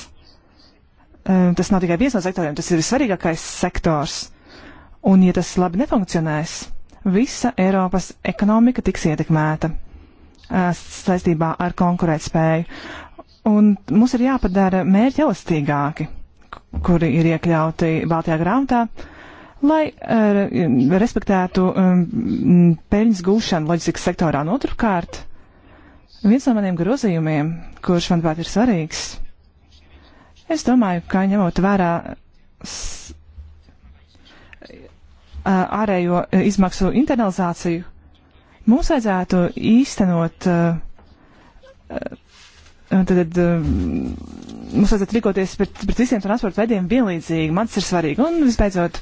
Eh, tas nav tikai viens no sektoriem, tas ir visvarīgākais sektors. Un ja tas labi nefunkcionēs, visa Eiropas ekonomika tiks ietekmēta eh, saistībā ar konkurētspēju. Un mums ir jāpadara mērķi elastīgāki, kuri ir iekļauti Baltijā grāmatā. Uh, lai uh, respektētu um, peļņas gūšanu loģistikas sektorā. Un otrkārt, viens no maniem grozījumiem, kurš manuprāt ir svarīgs, es domāju, ka ņemot vērā s, uh, ārējo izmaksu internalizāciju, mums vajadzētu īstenot uh, tad mums vajadzētu rīkoties pret, pret visiem transporta veidiem vienlīdzīgi. Man tas ir svarīgi. Un visbeidzot,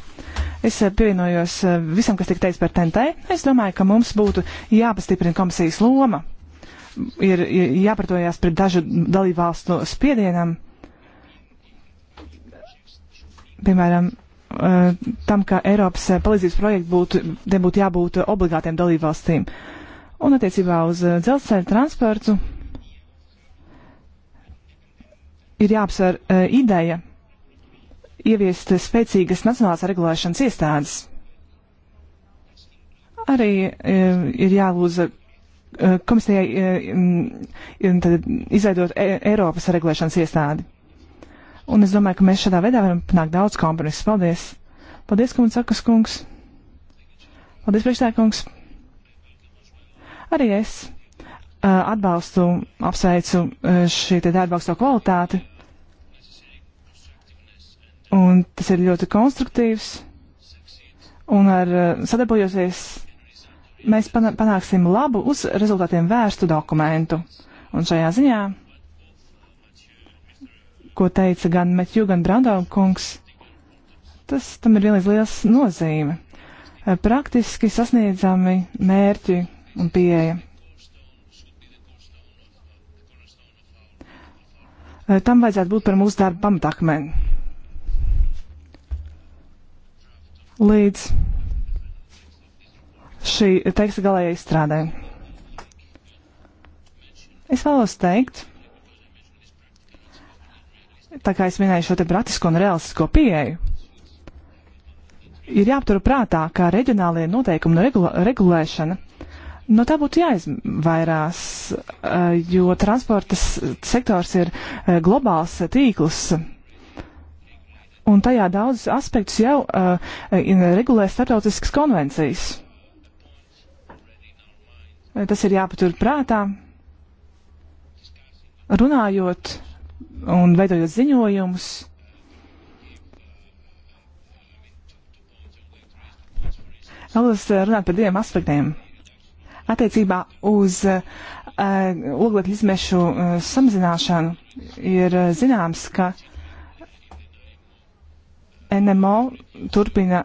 es pievienojos visam, kas tika teikts par TNT. Es domāju, ka mums būtu jāpastiprina komisijas loma. Ir, ir jāpratojās pret dažu dalību valstu spiedienam. Piemēram, tam, ka Eiropas palīdzības projekti būtu, tiem būtu jābūt obligātiem dalībvalstīm. Un attiecībā uz dzelzceļa transportu ir jāapsver uh, ideja ieviest spēcīgas nacionālās regulēšanas iestādes. Arī uh, ir jālūdza uh, e, komisijai uh, izveidot e Eiropas regulēšanas iestādi. Un es domāju, ka mēs šādā veidā varam panākt daudz kompromisu. Paldies! Paldies, kundze, sakas kungs! Paldies, priekšstākungs! Arī es atbalstu, apsveicu šī darba augsto kvalitāti. Un tas ir ļoti konstruktīvs. Un ar eh, sadarbojosies, mēs panāksim labu uz rezultātiem vērstu dokumentu. Un šajā ziņā, ko teica gan Metju, gan Brandau kungs, tas tam ir vienlīdz liels nozīme. Eh, praktiski sasniedzami mērķi un pieeja. Eh, tam vajadzētu būt par mūsu darbu pamatakmeni. līdz šī teksta galējai izstrādē. Es vēlos teikt, tā kā es minēju šo te pratisko un realistisko pieeju, ir jāaptur prātā, ka reģionālajie noteikumi un regula regulēšana No tā būtu jāizvairās, eh, jo transportas sektors ir eh, globāls tīkls, un tajā daudzus aspektus jau uh, regulē starptautiskas konvencijas. Tas ir jāpatur prātā, runājot un veidojot ziņojumus. Vēlos runāt par diviem aspektiem. Attiecībā uz uh, oglekļa izmešu uh, samazināšanu ir uh, zināms, ka uh, NMO turpina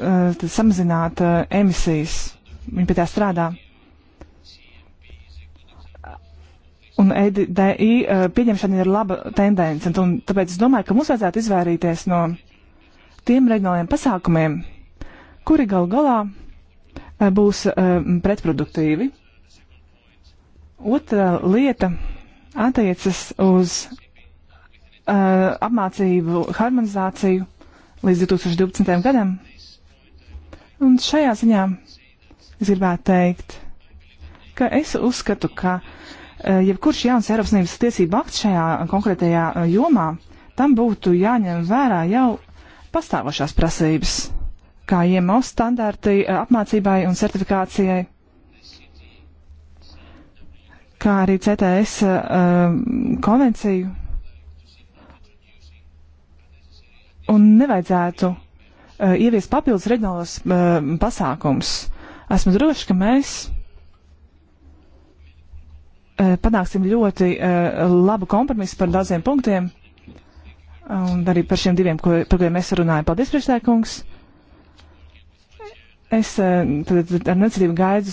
uh, samazināt uh, emisijas. Viņi pie tā strādā. Un EDI uh, pieņemšana ir laba tendence, un, un tāpēc es domāju, ka mums vajadzētu izvairīties no tiem reģionāliem pasākumiem, kuri gal galā uh, būs uh, pretproduktīvi. Otra lieta attiecas uz uh, apmācību harmonizāciju līdz 2012. gadam. Un šajā ziņā es gribētu teikt, ka es uzskatu, ka e, jebkurš jauns Eiropas Savienības tiesību akts šajā konkrētajā e, jomā, tam būtu jāņem vērā jau pastāvošās prasības, kā IMO standarti e, apmācībai un certifikācijai kā arī CTS uh, konvenciju un nevajadzētu uh, ieviest papildus reģionālos uh, pasākums. Esmu droši, ka mēs uh, panāksim ļoti uh, labu kompromisu par daudziem punktiem un arī par šiem diviem, ko, par kuriem mēs runājam. Paldies, priekšsēkungs! Es tad, ar necerību gaidu,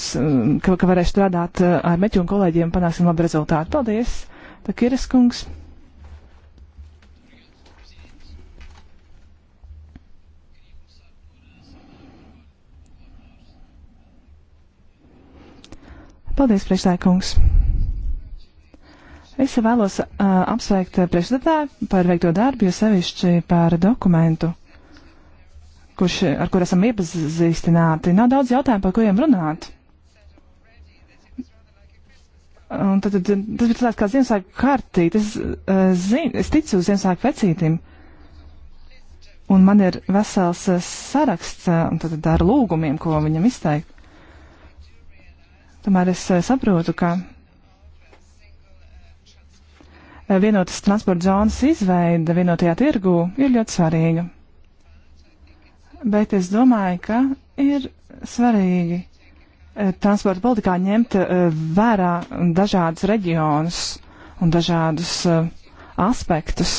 ka, ka varēšu strādāt ar meķu un kolēģiem un panāksim labu rezultātu. Paldies! Tā ir Kiriskungs! Paldies, priekšsēkungs! Es vēlos uh, apsveikt priekšstādātāju par veikto darbu, jo sevišķi par dokumentu, kurš, ar kur esam iepazīstināti. Nav daudz jautājumu, par kuriem runāt. Un tad, tad tas bija tāds kā Ziemassvētku kartīt. Es, uh, zin, es ticu Ziemassvētku vecītim. Un man ir vesels uh, saraksts uh, tad, ar lūgumiem, ko viņam izteikt. Tomēr es eh, saprotu, ka eh, vienotas transporta zonas izveida vienotajā tirgū ir ļoti svarīga. Bet es domāju, ka ir svarīgi eh, transporta politikā ņemt vērā dažādus reģionus un dažādus aspektus.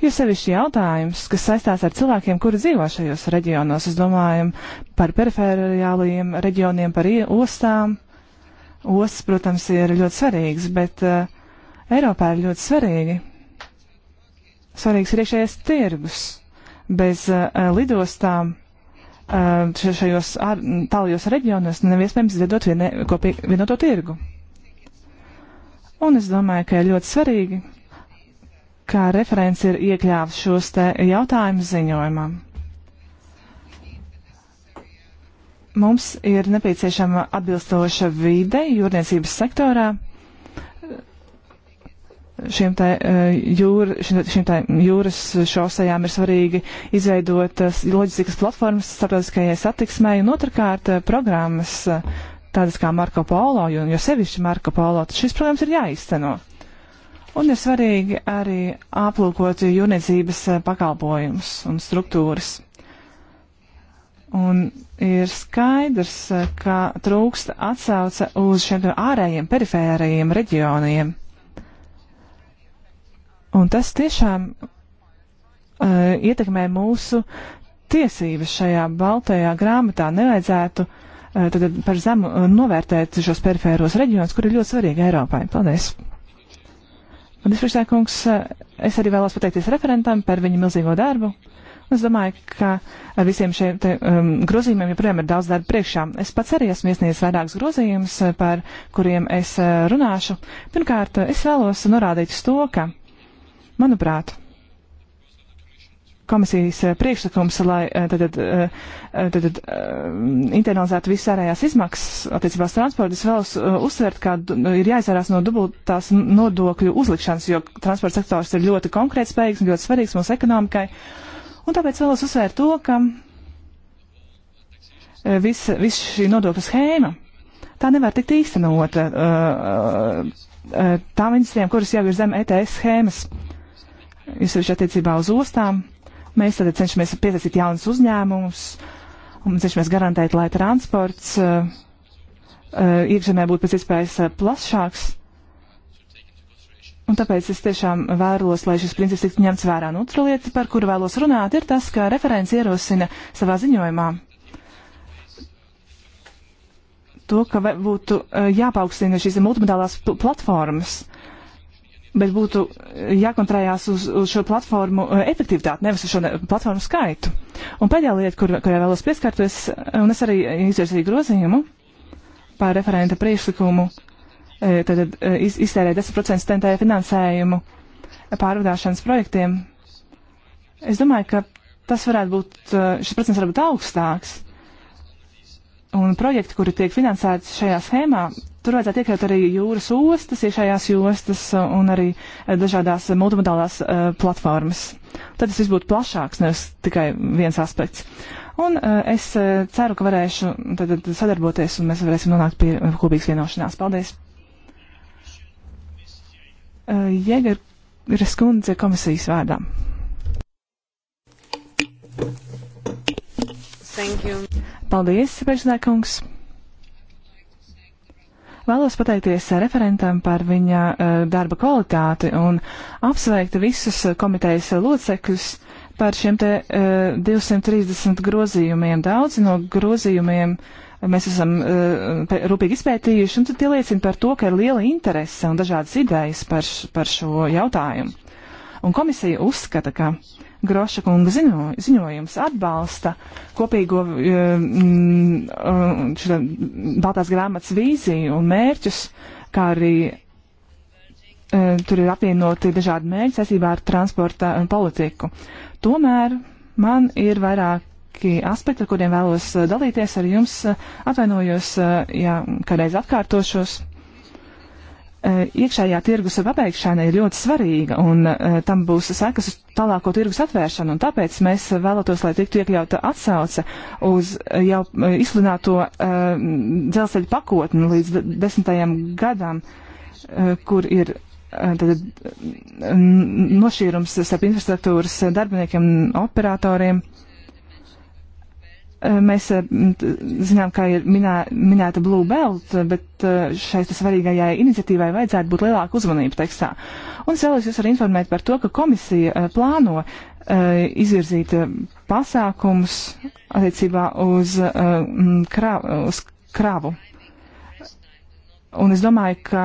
Jo sevišķi jautājums, kas saistās ar cilvēkiem, kuri dzīvo šajos reģionos, es domāju par perifēriālajiem reģioniem, par ostām Ostas, protams, ir ļoti svarīgas, bet uh, Eiropā ir ļoti svarīgi. Svarīgs ir iekšējais tirgus. Bez uh, lidostām uh, šajos ar, tālajos reģionos nav iespējams izveidot vienē, kopī, vienoto tirgu. Un es domāju, ka ir ļoti svarīgi, kā referents ir iekļāvis šos te jautājumus ziņojumam. Mums ir nepieciešama atbilstoša vide jūrniecības sektorā šiem tā, e, jūr, šiem tā jūras šosejām ir svarīgi izveidot e, loģistikas platformas starptautiskajai satiksmai un otrkārt e, programmas tādas kā Marko Polo, jo, jo sevišķi Marko Polo, šis, protams, ir jāizteno. Un ir svarīgi arī aplūkot jūrniecības pakalpojumus un struktūras. Un ir skaidrs, ka trūksta atsauce uz šiem ārējiem, perifērajiem reģioniem. Un tas tiešām uh, ietekmē mūsu tiesības šajā baltajā grāmatā. Nevajadzētu uh, tad par zemu uh, novērtēt šos perifēros reģionus, kur ir ļoti svarīgi Eiropai. Paldies! Paldies, priekšsēkungs! Es arī vēlos pateikties referentam par viņa milzīgo darbu. Uh, Es domāju, ka ar visiem šiem te, um, grozījumiem joprojām ir daudz darba priekšā. Es pats arī esmu iesniedzis vairākus grozījumus, uh, par kuriem es uh, runāšu. Pirmkārt, es vēlos norādīt uz to, ka, manuprāt, komisijas uh, priekšlikums, lai uh, tad, tad, tad, internalizētu visas ārējās izmaksas attiecībā uz transportu, es vēlos uzsvērt, ka ir jāizvērās no dubultās nodokļu uzlikšanas, jo transporta sektors ir ļoti konkrētspējīgs un ļoti svarīgs mūsu ekonomikai. Uh, Un tāpēc vēlos uzsvērt to, ka visa e, vis šī nodokļu schēma, tā nevar tikt īstenota uh, uh, tām ministriem, kuras jau ir zem ETS schēmas. Jūs sevišķi attiecībā uz ostām. Mēs tad cenšamies piesaistīt jaunus uzņēmumus un cenšamies garantēt, lai transports uh, iekšēnē būtu pēc iespējas plašāks. Un tāpēc es tiešām vēlos, lai šis princips tiktu ņemts vērā. Un nu, otra lieta, par kuru vēlos runāt, ir tas, ka referents ierosina savā ziņojumā to, ka būtu e, jāpaukstina šīs multimodālās pl platformas, bet būtu e, jākontrējās uz, uz šo platformu e, efektivitāti, nevis uz šo platformu skaitu. Un pēdējā lieta, kur, kurai vēlos pieskarties, un es arī izvirsīju grozījumu par referenta priekšlikumu tātad, e, e, iz, iztērē 10% TNT finansējumu pārvadāšanas projektiem. Es domāju, ka tas varētu būt, e, šis procents varētu būt augstāks. Un projekti, kuri tiek finansēti šajā schēmā, tur vajadzētu iekļaut arī jūras ostas, iešējās jostas un arī dažādās multimodālās uh, platformas. Tad tas viss būtu plašāks, nevis tikai viens aspekts. Un uh, es ceru, ka varēšu tad, tad sadarboties un mēs varēsim nonākt pie kopīgas vienošanās. Paldies! Jēgeres kundze komisijas vārdā. Paldies, priekšnēkungs! Vēlos pateikties referentam par viņa eh, darba kvalitāti un apsveikt visus komitejas locekļus par šiem te 230 eh, grozījumiem. Daudzi no grozījumiem uh, mēs esam uh, rūpīgi izpētījuši, un tie liecina par to, ka ir liela interese un dažādas idejas par, š, par šo jautājumu. Un komisija uzskata, ka Groša kunga ziņo, ziņojums atbalsta kopīgo um, eh, mm, šitā, Baltās grāmatas vīziju un mērķus, kā arī uh, tur ir apvienoti dažādi mērķi saistībā ar transporta politiku. Tomēr man ir vairāk vairāki aspekti, ar kuriem vēlos eh, dalīties ar jums. Eh, atvainojos, eh, ja kādreiz atkārtošos. Iekšējā tirgus pabeigšana ir ļoti svarīga, un tam būs sekas uz tālāko tirgus atvēršanu, un tāpēc mēs vēlētos, lai tiktu iekļauta atsauce uz jau izsludināto dzelzceļa pakotni līdz desmitajam gadam, kur ir tad, nošķīrums starp infrastruktūras darbiniekiem un operatoriem. Eh, mēs eh, zinām, kā ir minā, minēta Blue Belt, eh, bet šai svarīgajai iniciatīvai vajadzētu būt lielāka uzmanība tekstā. Un es vēlos jūs arī informēt par to, ka komisija plāno izvirzīt pasākums attiecībā uz, krā, uz kravu. Un es domāju, ka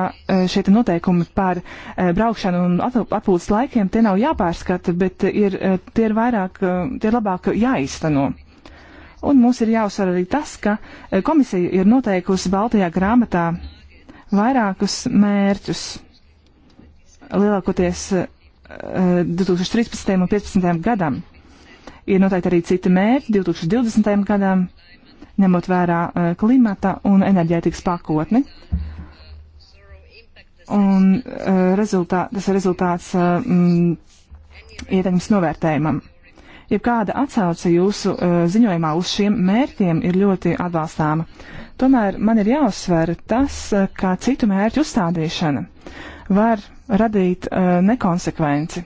šie noteikumi par braukšanu un atpūtas laikiem tie nav jāpārskata, bet ir, tie ir vairāk, tie ir labāk jāizteno. Un mums ir jāuzsver arī tas, ka eh, komisija ir noteikusi Baltajā grāmatā vairākus mērķus. Lielākoties 2013. Eh, un 2015. gadam ir noteikti arī citi mērķi 2020. gadam, ņemot vērā eh, klimata un enerģētikas pakotni. Un rezultāt, tas ir rezultāts mm, ietekmes novērtējumam. Jebkāda atsauce jūsu uh, ziņojumā uz šiem mērķiem ir ļoti atbalstāma. Tomēr man ir jāuzsver tas, eh, kā citu mērķu uzstādīšana var radīt uh, nekonsekvenci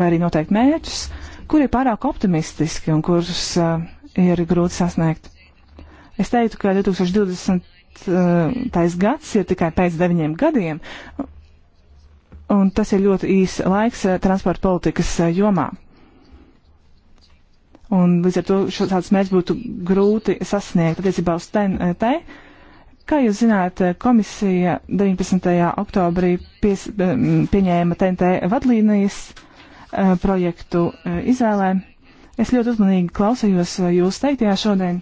vai arī noteikti mērķus, kuri ir pārāk optimistiski un kurus uh, ir grūti sasniegt. Es teiktu, ka 2020. gads ir tikai pēc deviņiem gadiem, un tas ir ļoti īs laiks transporta politikas jomā. Un līdz ar to šāds mērķis būtu grūti sasniegt attiecībā uz TNT. Eh, Kā jūs zināt, eh, komisija 19. oktobrī pies, eh, pieņēma TNT vadlīnijas projektu izvēlē. Es ļoti uzmanīgi klausījos jūs teiktajā šodien,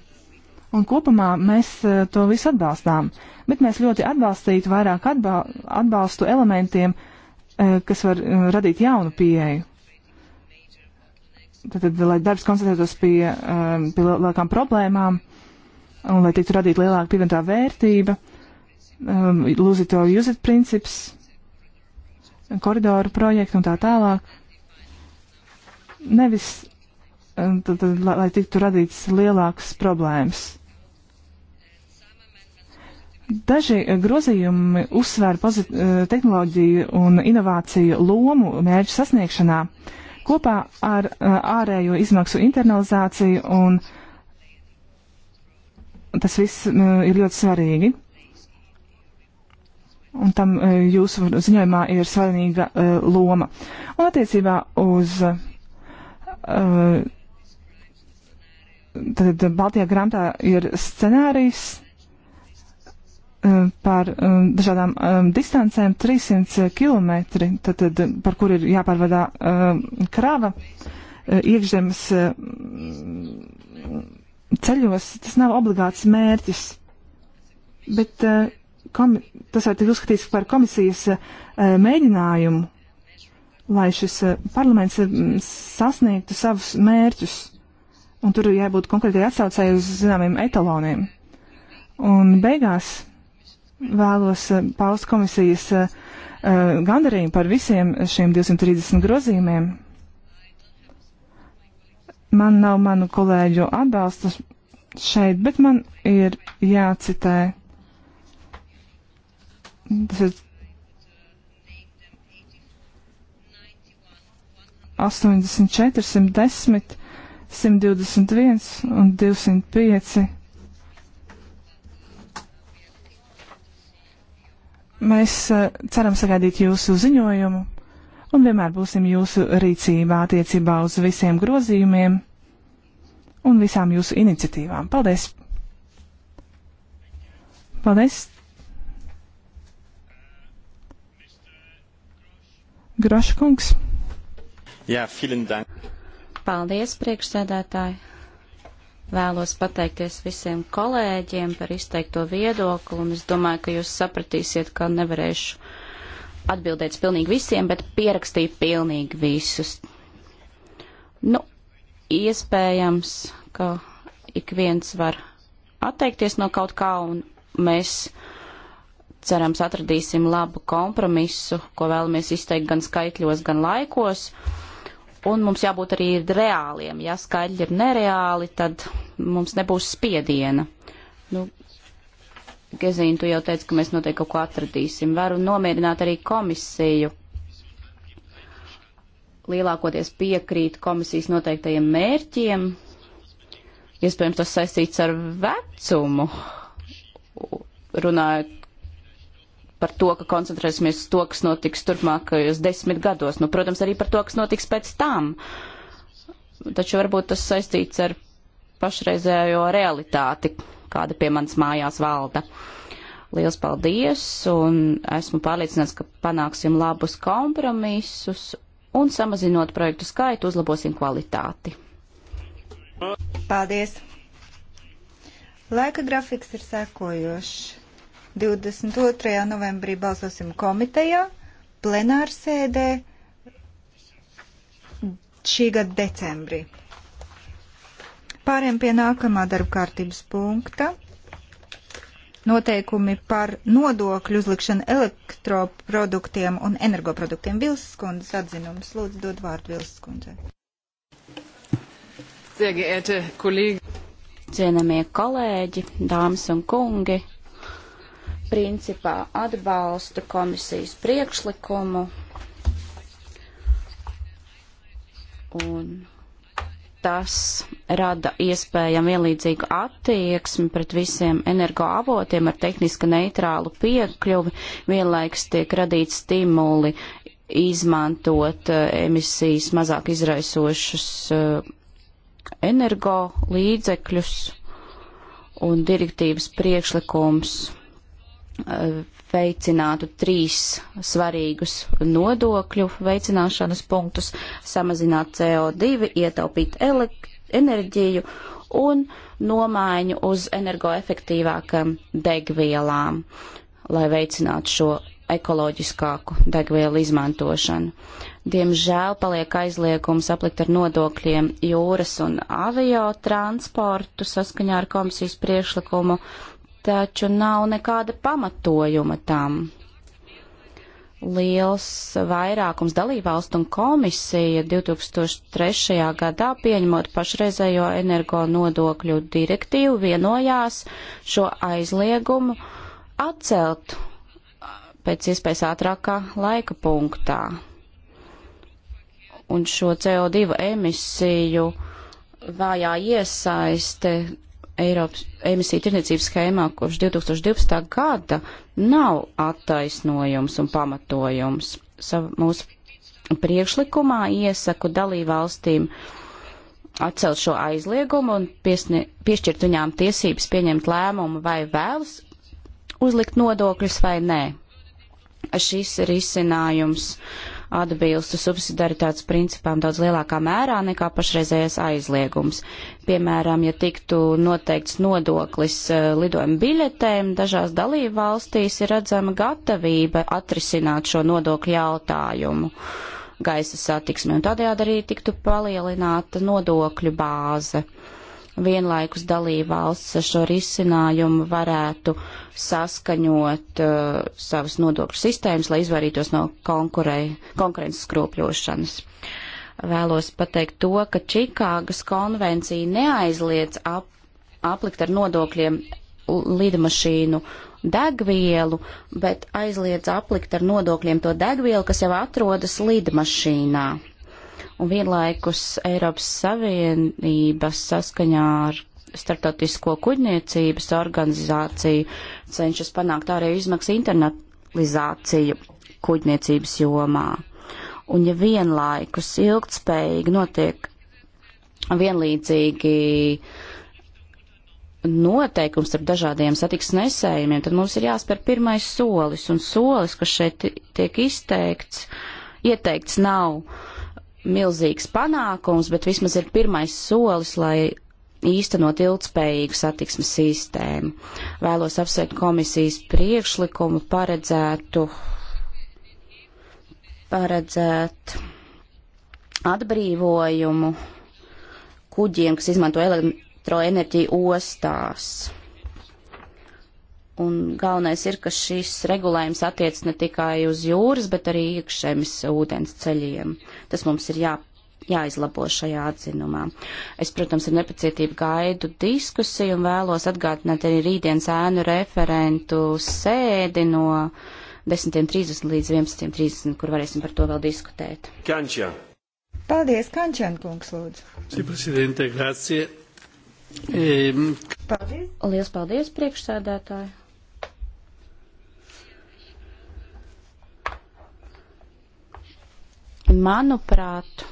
un kopumā mēs to visu atbalstām, bet mēs ļoti atbalstītu vairāk atbal atbalstu elementiem, kas var radīt jaunu pieeju tad, lai darbs koncentrētos pie, um, pie lielākām problēmām un lai tiktu radīta lielāka pievienotā vērtība, um, lose it or use it princips, koridoru projektu un tā tālāk. Nevis, um, tad, tad, lai, lai tiktu radīts lielākas problēmas. Daži eh, grozījumi uzsver eh, tehnoloģiju un inovāciju lomu mērķu sasniegšanā. Uh, Kopā ar uh, ārējo izmaksu internalizāciju un tas viss uh, ir ļoti svarīgi. Un tam uh, jūsu ziņojumā ir svarīga loma. Un attiecībā uz tad Baltijā grāmatā ir scenārijs Eh, par um, dažādām um, distancēm 300 km, tad, tad, par kur ir jāpārvadā um, krava iekšzemes um, ceļos, tas nav obligāts mērķis. Bet uh, komi, tas var tikt uzskatīts par komisijas uh, mēģinājumu, lai šis uh, parlaments uh, sasniegtu savus mērķus. Un tur jābūt konkrētai atsaucēji uz zināmiem etaloniem. Un beigās vēlos eh, paust komisijas eh, eh, gandarījumu par visiem šiem 230 grozījumiem. Man nav manu kolēģu atbalsta šeit, bet man ir jācitē. Tas ir 84, 110, 121 un 205. Mēs eh, ceram sagaidīt jūsu ziņojumu un vienmēr būsim jūsu rīcībā attiecībā uz visiem grozījumiem un visām jūsu iniciatīvām. Paldies! Paldies! Graškungs. Jā, vielen dank. Paldies, priekšsēdētāji. Vēlos pateikties visiem kolēģiem par izteikto viedokli, un es domāju, ka jūs sapratīsiet, ka nevarēšu atbildēt pilnīgi visiem, bet pierakstīju pilnīgi visus. Nu, iespējams, ka ik viens var atteikties no kaut kā, un mēs cerams atradīsim labu kompromisu, ko vēlamies izteikt gan skaitļos, gan laikos. Uh, un mums jābūt arī reāliem. Ja skaidri ir nereāli, tad mums nebūs spiediena. Nu, Gezīna, tu jau teici, ka mēs noteikti kaut ko atradīsim. Varu nomierināt arī komisiju. Lielākoties piekrīt komisijas noteiktajiem mērķiem. Iespējams, tas saistīts ar vecumu runājot par to, ka koncentrēsimies uz to, kas notiks turpmākajos desmit gados. Nu, protams, arī par to, kas notiks pēc tam. Taču varbūt tas saistīts ar pašreizējo realitāti, kāda pie manas mājās valda. Liels paldies, un esmu pārliecināts, ka panāksim labus kompromisus un samazinot projektu skaitu, uzlabosim kvalitāti. Paldies! Laika grafiks ir sekojošs. 22. novembrī balsosim komitejā, plenārsēdē šī gada decembrī. Pāriem pie nākamā darba kārtības punkta. Noteikumi par nodokļu uzlikšanu elektroproduktiem un energoproduktiem. Vilsas kundzes atzinums. Lūdzu, dod vārdu Vilsas kundzei. Cienamie kolēģi, dāmas un kungi, principā atbalstu komisijas priekšlikumu un tas rada iespējami vienlīdzīgu attieksmi pret visiem energoavotiem ar tehniski neitrālu piekļuvi, vienlaiks tiek radīti stimuli izmantot eh, emisijas mazāk izraisošus eh, energo līdzekļus un direktīvas priekšlikums veicinātu trīs svarīgus nodokļu veicināšanas punktus - samazināt CO2, ietaupīt enerģiju un nomaiņu uz energoefektīvākam degvielām, lai veicinātu šo ekoloģiskāku degvielu izmantošanu. Diemžēl paliek aizliegums aplikt ar nodokļiem jūras un avio transportu saskaņā ar komisijas priekšlikumu, taču nav nekāda pamatojuma tam. Liels vairākums dalībvalstu un komisija 2003. gadā pieņemot pašreizējo energo nodokļu direktīvu vienojās šo aizliegumu atcelt pēc iespējas ātrākā laika punktā. Un šo CO2 emisiju vājā iesaiste Eiropas emisiju tirniecības schēmā kopš 2012. gada nav attaisnojums un pamatojums. Sav, mūsu priekšlikumā iesaku dalībvalstīm atcelt šo aizliegumu un piesni, piešķirt viņām tiesības pieņemt lēmumu, vai vēlas uzlikt nodokļus vai nē. Šis risinājums uh, atbilstu subsidaritātes principām daudz lielākā mērā nekā pašreizējais aizliegums. Piemēram, ja tiktu noteikts nodoklis eh, lidojuma biļetēm, dažās dalību valstīs ir redzama gatavība atrisināt šo nodokļu jautājumu gaisa satiksmi, un tādējādi arī tiktu palielināta nodokļu bāze. Uh, vienlaikus dalībvalsts šo risinājumu varētu saskaņot uh, savas nodokļu sistēmas, lai izvairītos no konkurences skropļošanas. Vēlos pateikt to, ka Čikāgas konvencija neaizliedz ap, aplikt ar nodokļiem lidmašīnu degvielu, bet aizliedz aplikt ar nodokļiem to degvielu, kas jau atrodas lidmašīnā un vienlaikus Eiropas Savienība saskaņā ar Startautisko kuģniecības organizāciju cenšas panākt arī izmaksu internalizāciju kuģniecības jomā. Un ja vienlaikus ilgtspējīgi notiek vienlīdzīgi noteikums starp dažādiem satiks nesējumiem, tad mums ir jāspēr pirmais solis, un solis, kas šeit tiek izteikts, ieteikts nav uh, milzīgs panākums, bet vismaz ir pirmais solis, lai īstenot ilgspējīgu satiksmes sistēmu. Vēlos apsveikt komisijas priekšlikumu paredzētu, paredzēt atbrīvojumu kuģiem, kas izmanto elektroenerģiju ostās. Un galvenais ir, ka šis regulējums attiec ne tikai uz jūras, bet arī iekšēmis ūdens ceļiem. Tas mums ir jā, jāizlabo šajā atzinumā. Es, protams, ar nepacietību gaidu diskusiju un vēlos atgādināt arī rītdienas ēnu referentu sēdi no 10.30 līdz 11.30, kur varēsim par to vēl diskutēt. Kančā. Paldies, Kančēn kungs, lūdzu. Sí, presidente, grazie. E... Paldies. Lielas paldies, priekšsēdētāji. Manuprāt,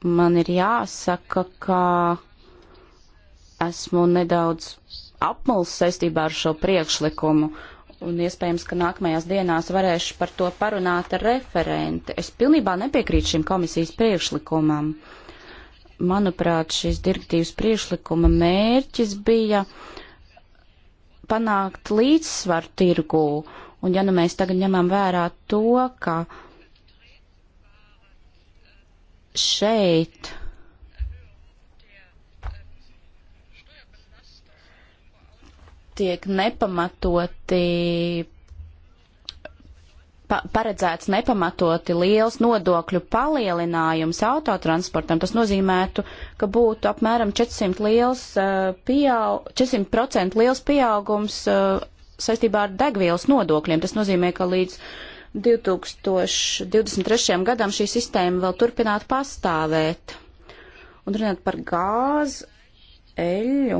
man ir jāsaka, ka esmu nedaudz apmuls saistībā ar šo priekšlikumu, un iespējams, ka nākamajās dienās varēšu par to parunāt ar referenti. Es pilnībā nepiekrītu šim komisijas priekšlikumam. Manuprāt, šis direktīvas priekšlikuma mērķis bija panākt līdzsvaru tirgū Un ja nu mēs tagad ņemam vērā to, ka šeit tiek nepamatoti pa, paredzēts nepamatoti liels nodokļu palielinājums autotransportam, tas nozīmētu, ka būtu apmēram 400% liels, uh, pieaug, 400 liels pieaugums uh, saistībā ar degvielas nodokļiem. Tas nozīmē, ka līdz 2023. gadam šī sistēma vēl turpinātu pastāvēt. Un runāt par gāzi, eļu.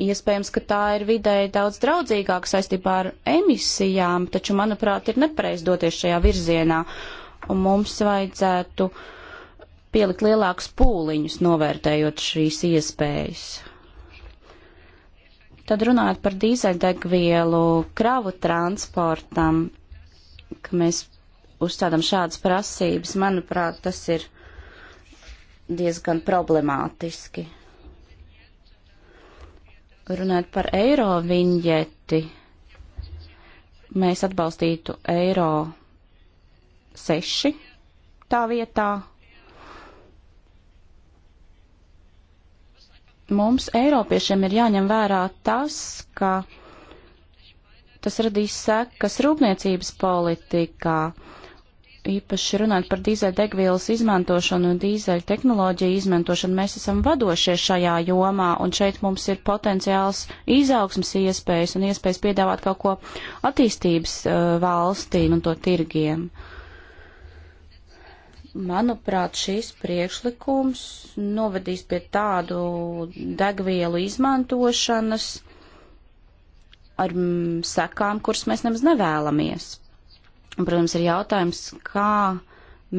Iespējams, ka tā ir vidēji daudz draudzīgāka saistībā ar emisijām, taču, manuprāt, ir nepareiz doties šajā virzienā, un mums vajadzētu pielikt lielākus pūliņus, novērtējot šīs iespējas. Tad runājot par dīzeļdegvielu kravu transportam, ka mēs uzstādām šādas prasības, manuprāt, tas ir diezgan problemātiski. Runājot par eiro viņģeti, mēs atbalstītu eiro seši tā vietā, mums, Eiropiešiem, ir jāņem vērā tas, ka tas radīs sekas rūpniecības politikā. Īpaši runājot par dīzeļdegvielas izmantošanu un dīzeļu tehnoloģiju izmantošanu, mēs esam vadošie šajā jomā, un šeit mums ir potenciāls izaugsmas iespējas un iespējas piedāvāt kaut ko attīstības uh, valstīm un to tirgiem. Uh, Manuprāt, šīs priekšlikums novedīs pie tādu degvielu izmantošanas ar mm, sekām, kuras mēs nemaz nevēlamies. Un, protams, ir jautājums, kā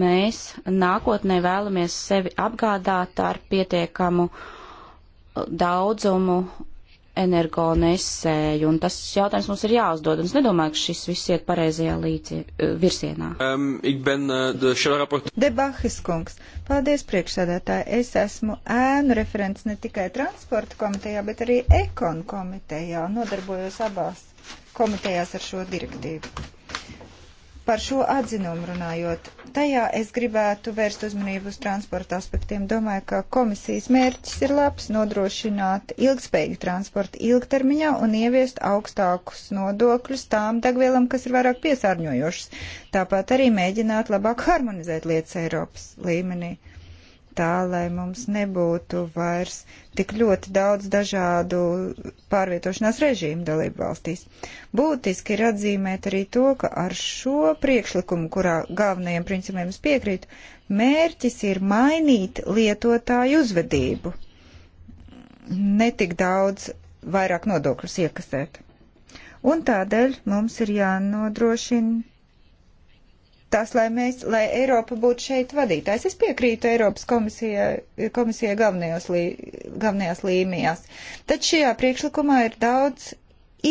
mēs nākotnē vēlamies sevi apgādāt ar pietiekamu daudzumu energonesēju, un tas jautājums mums ir jāuzdod, un es nedomāju, ka šis viss iet pareizajā līdzi, eh, virsienā. Um, ben, uh, eh, Debahis kungs, paldies priekšsēdētāji, es esmu ēnu referents ne tikai transporta komitejā, bet arī ekonu komitejā, nodarbojos abās komitejās ar šo direktīvu. Par šo atzinumu runājot, tajā es gribētu vērst uzmanību uz transporta aspektiem. Domāju, ka komisijas mērķis ir labs - nodrošināt ilgspējīgu transportu ilgtermiņā un ieviest augstākus nodokļus tām degvielam, kas ir vairāk piesārņojošas. Tāpat arī mēģināt labāk harmonizēt lietas Eiropas līmenī tā, lai mums nebūtu vairs tik ļoti daudz dažādu pārvietošanās režīmu dalību valstīs. Būtiski ir atzīmēt arī to, ka ar šo priekšlikumu, kurā galvenajiem principiem es piekrītu, mērķis ir mainīt lietotāju uzvedību. Netik daudz vairāk nodokļus iekasēt. Un tādēļ mums ir jānodrošina tas, lai mēs, lai Eiropa būtu šeit vadītājs. Es piekrītu Eiropas komisijai, komisijai galvenajos, lī, galvenajās līmijās. Tad šajā priekšlikumā ir daudz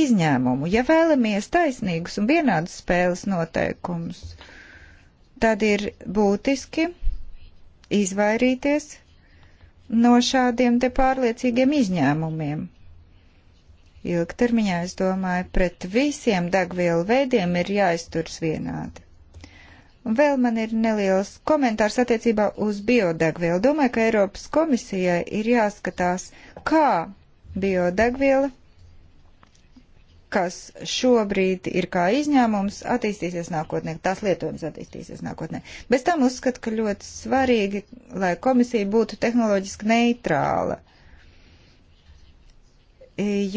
izņēmumu. Ja vēlamies taisnīgus un vienādus spēles noteikumus, tad ir būtiski izvairīties no šādiem te pārliecīgiem izņēmumiem. Ilgtermiņā, es domāju, pret visiem degvielu veidiem ir jāizturas vienādi. Un vēl man ir neliels komentārs attiecībā uz biodegvielu. Domāju, ka Eiropas komisijai ir jāskatās, kā biodegviela, kas šobrīd ir kā izņēmums, attīstīsies nākotnē, tās lietojums attīstīsies nākotnē. Bez tam uzskatu, ka ļoti svarīgi, lai komisija būtu tehnoloģiski neitrāla,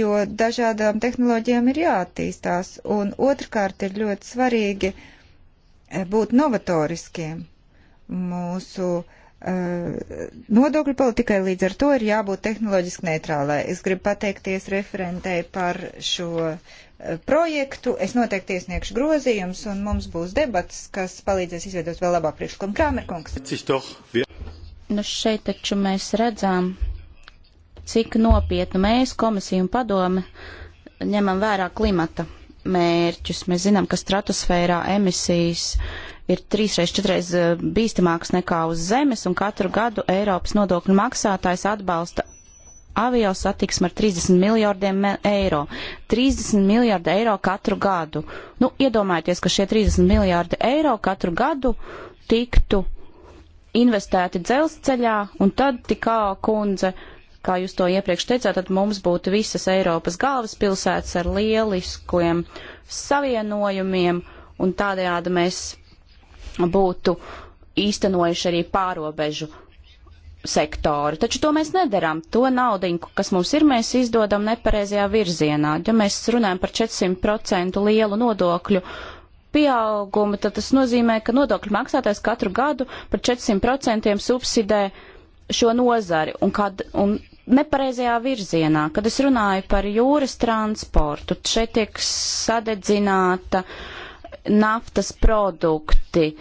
jo dažādām tehnoloģijām ir jāattīstās. Un otrkārt ir ļoti svarīgi, uh, būt novatoriskiem. Mūsu eh, nodokļu politikai līdz ar to ir jābūt tehnoloģiski neitrālai. Es gribu pateikties referentei par šo eh, projektu. Es noteikti iesniegšu grozījumus, un mums būs debats, kas palīdzēs izveidot vēl labā priekšlikumu. Krāmerkungs. Nu šeit taču mēs redzam, cik nopietnu mēs, komisija un padome, ņemam vērā klimata mērķus. Mēs zinām, ka stratosfērā emisijas ir trīsreiz, četreiz eh, bīstamākas nekā uz Zemes, un katru gadu Eiropas nodokļu maksātājs atbalsta avio satiksmi ar 30 miljardiem eiro. 30 miljardi eiro katru gadu. Nu, iedomājieties, ka šie 30 miljardi eiro katru gadu tiktu investēti dzelzceļā, un tad tikā kundze uh, Kā jūs to iepriekš teicāt, tad mums būtu visas Eiropas galvaspilsētas ar lieliskiem savienojumiem, un tādējādi mēs būtu īstenojuši arī pārobežu sektoru. Taču to mēs nedaram. To naudiņu, kas mums ir, mēs izdodam nepareizajā virzienā. Ja mēs runājam par 400% lielu nodokļu pieaugumu, tad tas nozīmē, ka nodokļu maksātājs katru gadu par 400% subsidē šo nozari. Un, kad, un nepareizajā virzienā. Kad es runāju par jūras transportu, šeit tiek sadedzināta naftas produkti.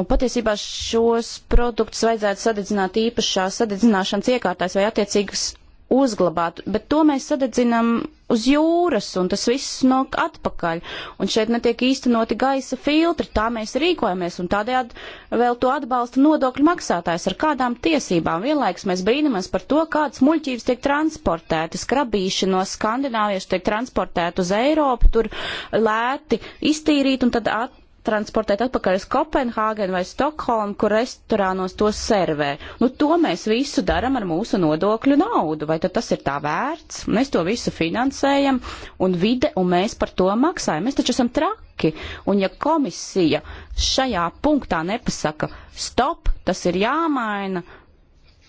Un patiesībā šos produktus vajadzētu sadedzināt īpašā sadedzināšanas iekārtās vai attiecīgas uzglabāt, bet to mēs sadedzinām uz jūras, un tas viss nāk atpakaļ. Un šeit netiek īstenoti gaisa filtri, tā mēs rīkojamies, un tādējādi vēl to atbalsta nodokļu maksātājs ar kādām tiesībām. Vienlaiks mēs brīnamies par to, kādas muļķības tiek transportētas, krabīši no skandināviešu tiek transportēti uz Eiropu, tur lēti iztīrīt un tad at transportēt atpakaļ uz Kopenhāgenu vai Stokholmu, kur restorānos to servē. Nu, to mēs visu daram ar mūsu nodokļu naudu. Vai tad tas ir tā vērts? Mēs to visu finansējam un vide, un mēs par to maksājam. Mēs taču esam traki. Un ja komisija šajā punktā nepasaka stop, tas ir jāmaina,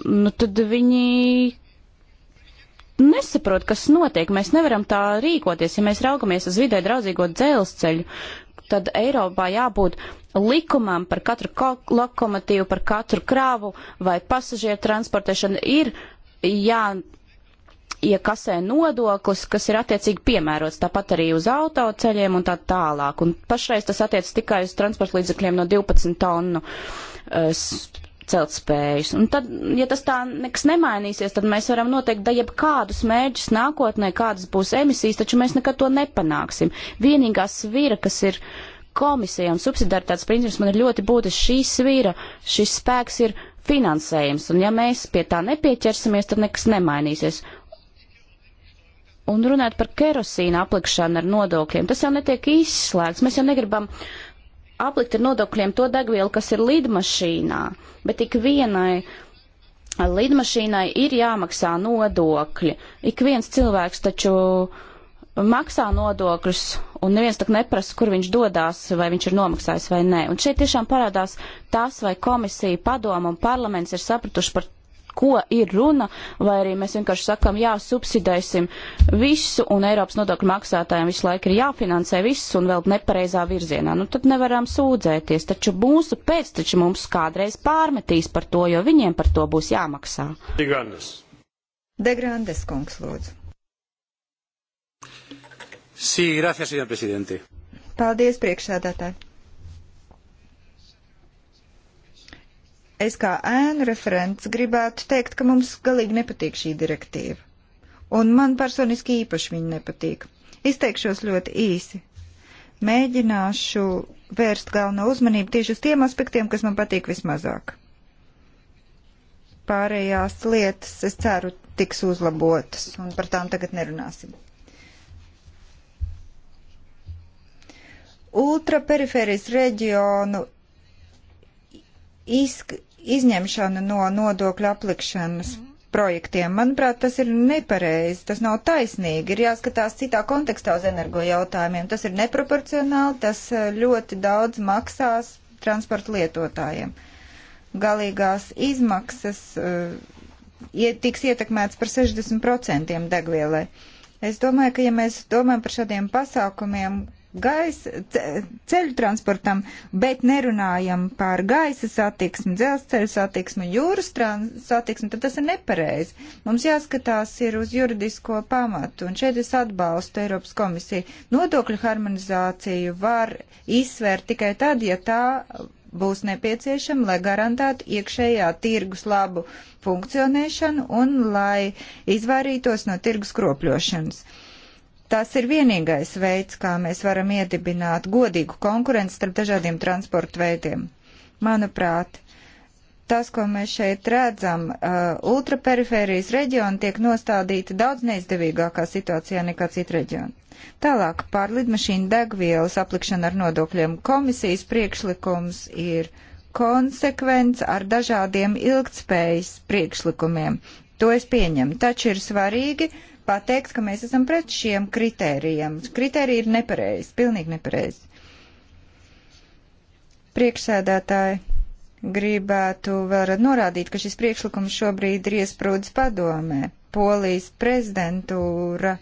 nu tad viņi nesaprot, kas notiek. Mēs nevaram tā rīkoties, ja mēs raugamies uz vidē draudzīgo dzelzceļu tad Eiropā jābūt likumam par katru lokomotīvu, par katru kravu vai pasažieru transportēšanu ir jā iekasē nodoklis, kas ir attiecīgi piemērots tāpat arī uz autoceļiem un tā tālāk. Un pašreiz tas attiec tikai uz transporta līdzekļiem no 12 tonnu uh, celtspējus. Un tad, ja tas tā nekas nemainīsies, tad mēs varam noteikt, da jebkādus mērķus nākotnē, kādas būs emisijas, taču mēs nekad to nepanāksim. Vienīgā svira, kas ir komisija un subsidaritātes princips, man ir ļoti būtiski šī svira, šis spēks ir finansējums, un ja mēs pie tā nepieķersimies, tad nekas nemainīsies. Un runāt par kerosīnu aplikšanu ar nodokļiem, tas jau netiek izslēgts. Mēs jau negribam uh, aplikt ar nodokļiem to degvielu, kas ir lidmašīnā, bet ik vienai lidmašīnai ir jāmaksā nodokļi. Ik viens cilvēks taču maksā nodokļus, un neviens tak neprasa, kur viņš dodās, vai viņš ir nomaksājis vai nē. Un šeit tiešām parādās tas, vai komisija, padoma un parlaments ir sapratuši par ko ir runa, vai arī mēs vienkārši sakam, jā, subsidēsim visu, un Eiropas nodokļu maksātājiem visu laiku ir jāfinansē viss un vēl nepareizā virzienā. Nu, tad nevaram sūdzēties, taču mūsu pēcteči mums kādreiz pārmetīs par to, jo viņiem par to būs jāmaksā. Digrandes. Degrandes kungs, lūdzu. Sī, sí, gracias, senor presidente. Paldies, priekšsēdētāji. Es kā ēnu referents gribētu teikt, ka mums galīgi nepatīk šī direktīva. Un man personiski īpaši viņa nepatīk. Izteikšos ļoti īsi. Mēģināšu vērst galveno uzmanību tieši uz tiem aspektiem, kas man patīk vismazāk. Pārējās lietas, es ceru, tiks uzlabotas, un par tām tagad nerunāsim. Ultraperiferijas reģionu izk izņemšana no nodokļu aplikšanas projektiem. Manuprāt, tas ir nepareizi, tas nav taisnīgi, ir jāskatās citā kontekstā uz energo jautājumiem. Tas ir neproporcionāli, tas e, ļoti daudz maksās transporta lietotājiem. Galīgās izmaksas uh, tiks ietekmēts par 60% degvielai. Es domāju, ka ja mēs domājam par šādiem pasākumiem, gaisa, ceļu transportam, bet nerunājam par gaisa satiksmi, dzelzceļu satiksmi, jūras satiksmi, tad tas ir nepareizi. Mums jāskatās ir uz juridisko pamatu, un šeit es atbalstu Eiropas komisiju. Nodokļu harmonizāciju var izsvērt tikai tad, ja tā būs nepieciešama, lai garantētu iekšējā tirgus labu funkcionēšanu un lai izvairītos no tirgus kropļošanas. Tas ir vienīgais veids, kā mēs varam iedibināt godīgu konkurenci starp dažādiem transporta veidiem. Manuprāt, tas, ko mēs šeit redzam, uh, ultraperifērijas reģioni tiek nostādīti daudz neizdevīgākā situācijā nekā citi reģioni. Tālāk pār lidmašīnu degvielas aplikšanu ar nodokļiem komisijas priekšlikums ir konsekvents ar dažādiem ilgtspējas priekšlikumiem. To es pieņemu. Taču ir svarīgi, uh, pateikt, ka mēs esam pret šiem kritērijiem. Kritērija ir nepareizi, pilnīgi nepareizi. Priekšsēdētāji gribētu vēlreiz norādīt, ka šis priekšlikums šobrīd ir iesprūdis padomē. Polijas prezidentūra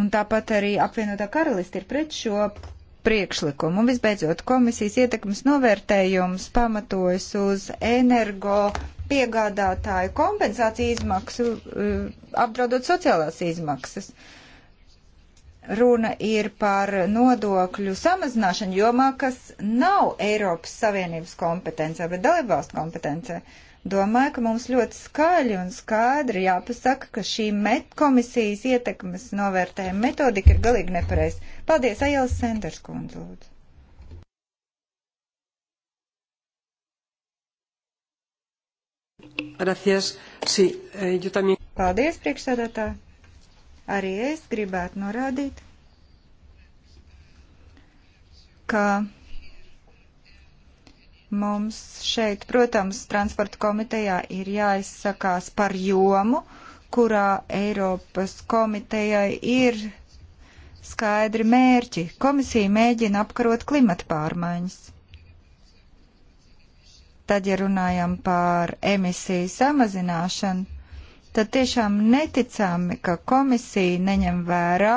un tāpat arī apvienotā karaliste ir pret šo priekšlikumu. Un visbeidzot, komisijas ietekmes novērtējums pamatojas uz energo piegādātāju kompensāciju izmaksu, eh, apdraudot sociālās izmaksas. Runa ir par nodokļu samazināšanu jomā, kas nav Eiropas Savienības kompetencē, bet dalībvalstu kompetencē. Domāju, ka mums ļoti skaļi un skaidri jāpasaka, ka šī met komisijas ietekmes novērtējuma metodika ir galīgi nepareiza Paldies, Ailes Sanders kundze, lūdzu. Gracias. Sí, eh, yo también. Paldies, priekšsēdētā. Arī es gribētu norādīt, ka mums šeit, protams, transporta komitejā ir jāizsakās par jomu, kurā Eiropas komitejai ir skaidri mērķi. Komisija mēģina apkarot klimata pārmaiņas. Tad, ja runājam par emisiju samazināšanu, tad tiešām neticami, ka komisija neņem vērā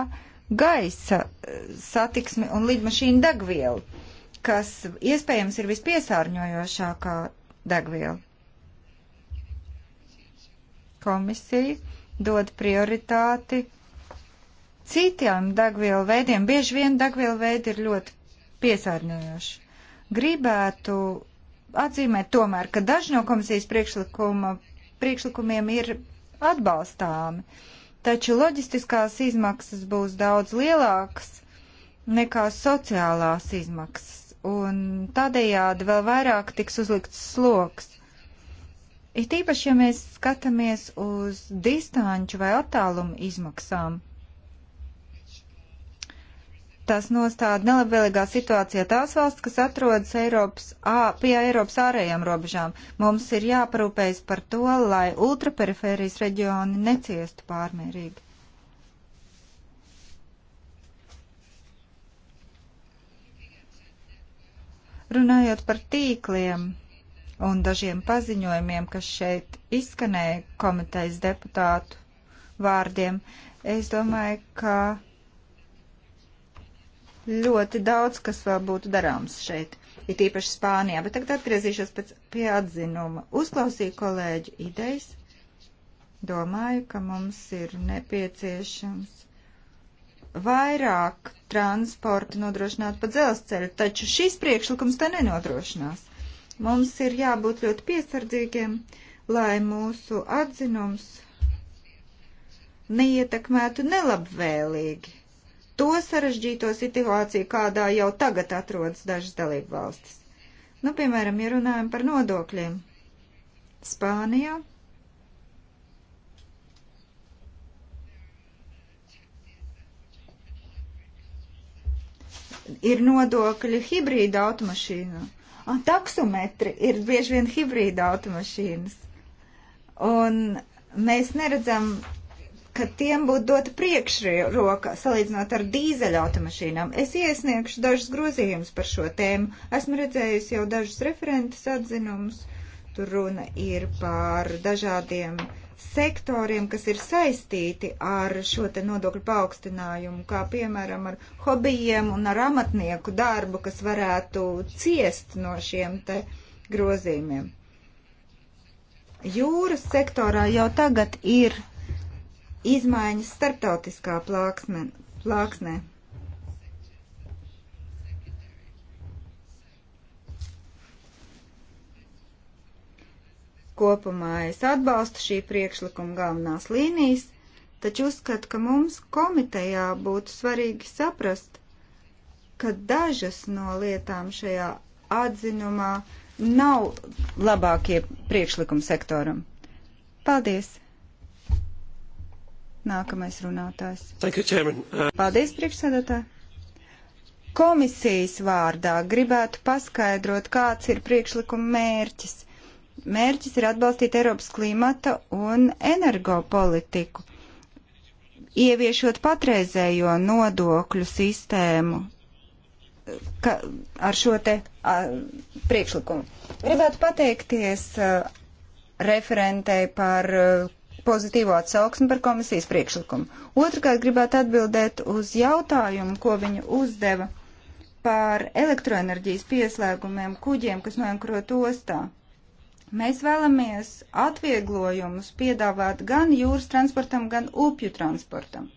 gaisa eh, satiksmi un lidmašīnu degvielu, kas iespējams ir vispiesārņojošākā degviela. Komisija dod prioritāti citiem degvielu veidiem. Bieži vien degvielu veidi ir ļoti piesārņojoši. Gribētu atzīmēt tomēr, ka daži no komisijas priekšlikuma, priekšlikumiem ir atbalstāmi, taču loģistiskās izmaksas būs daudz lielākas nekā sociālās izmaksas, un tādējādi vēl vairāk tiks uzlikts sloks. It īpaši, ja mēs skatāmies uz distanču vai attālumu izmaksām tas nostāda nelabvēlīgā situācijā tās valsts, kas atrodas Eiropas, ā, pie Eiropas ārējām robežām. Mums ir jāparūpējas par to, lai ultraperiferijas reģioni neciestu pārmērīgi. Runājot par tīkliem un dažiem paziņojumiem, kas šeit izskanēja komitejas deputātu vārdiem, es domāju, ka ļoti daudz, kas vēl būtu darāms šeit, ir tīpaši Spānijā, bet tagad atgriezīšos pēc, pie atzinuma. Uzklausīju kolēģu idejas, domāju, ka mums ir nepieciešams vairāk transporta nodrošināt pa dzelzceļu, taču šis priekšlikums te nenodrošinās. Mums ir jābūt ļoti piesardzīgiem, lai mūsu atzinums neietekmētu nelabvēlīgi to sarežģīto situāciju, kādā jau tagad atrodas dažas dalību valstis. Nu, piemēram, ja runājam par nodokļiem. Spānijā ir nodokļi hibrīda automašīnu. Taksometri ir bieži vien hibrīda automašīnas. Un mēs neredzam ka tiem būtu dota priekšroka salīdzinot ar dīzeļa automašīnām. Es iesniegšu dažus grozījumus par šo tēmu. Esmu redzējusi jau dažus referentes atzinumus. Tur runa ir par dažādiem sektoriem, kas ir saistīti ar šo te nodokļu paaugstinājumu, kā piemēram ar hobijiem un ar amatnieku darbu, kas varētu ciest no šiem te grozījumiem. Jūras sektorā jau tagad ir izmaiņas starptautiskā plāksne, plāksnē. Kopumā es atbalstu šī priekšlikuma galvenās līnijas, taču uzskatu, ka mums komitejā būtu svarīgi saprast, ka dažas no lietām šajā atzinumā nav labākie priekšlikumi sektoram. Paldies! Nākamais runātājs. Uh, Paldies, priekšsēdētāji! Komisijas vārdā gribētu paskaidrot, kāds ir priekšlikuma mērķis. Mērķis ir atbalstīt Eiropas klimata un energopolitiku, ieviešot patreizējo nodokļu sistēmu ka, ar šo te a, priekšlikumu. Gribētu pateikties a, referentei par a, pozitīvu atsauksmi par komisijas priekšlikumu. Otrakārt gribētu atbildēt uz jautājumu, ko viņa uzdeva par elektroenerģijas pieslēgumiem kuģiem, kas noenkrot ostā. Mēs vēlamies atvieglojumus piedāvāt gan jūras transportam, gan upju transportam.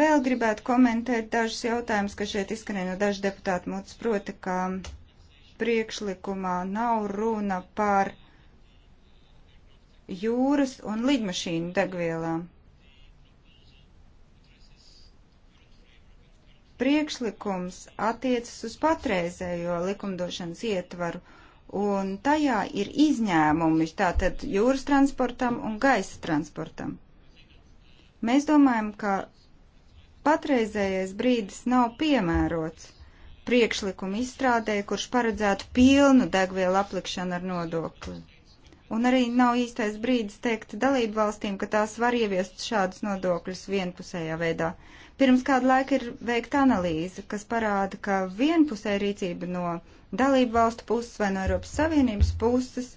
Vēl gribētu komentēt dažus jautājumus, kas šeit izskanēja no dažu deputātu mūtas, proti, ka priekšlikumā nav runa par jūras un lidmašīnu degvielām. Priekšlikums attiecas uz patreizējo likumdošanas ietvaru, un tajā ir izņēmumi tātad jūras transportam un gaisa transportam. Mēs domājam, ka patreizējais brīdis nav piemērots priekšlikumu izstrādē, kurš paredzētu pilnu degvielu aplikšanu ar nodokli. Un arī nav īstais brīdis teikt dalību valstīm, ka tās var ieviest šādus nodokļus vienpusējā veidā. Pirms kādu laiku ir veikta analīze, kas parāda, ka vienpusēja rīcība no dalību valstu puses vai no Eiropas Savienības puses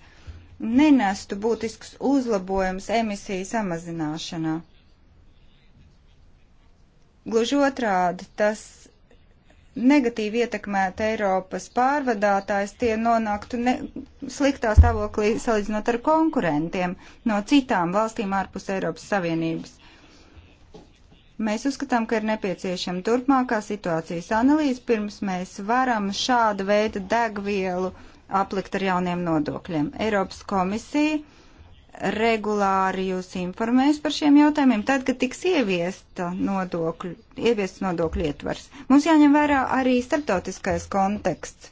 nenestu būtisks uzlabojums emisiju samazināšanā. Gluži otrādi, tas negatīvi ietekmētu Eiropas pārvadātājs, tie nonāktu ne, sliktā stāvoklī salīdzinot ar konkurentiem no citām valstīm ārpus Eiropas Savienības. Mēs uzskatām, ka ir nepieciešama turpmākā situācijas analīze, pirms mēs varam šādu veidu degvielu aplikt ar jauniem nodokļiem. Eiropas komisija regulāri jūs informēs par šiem jautājumiem, tad, kad tiks ieviesta nodokļu, ieviests nodokļu ietvars. Mums jāņem vērā arī starptautiskais konteksts.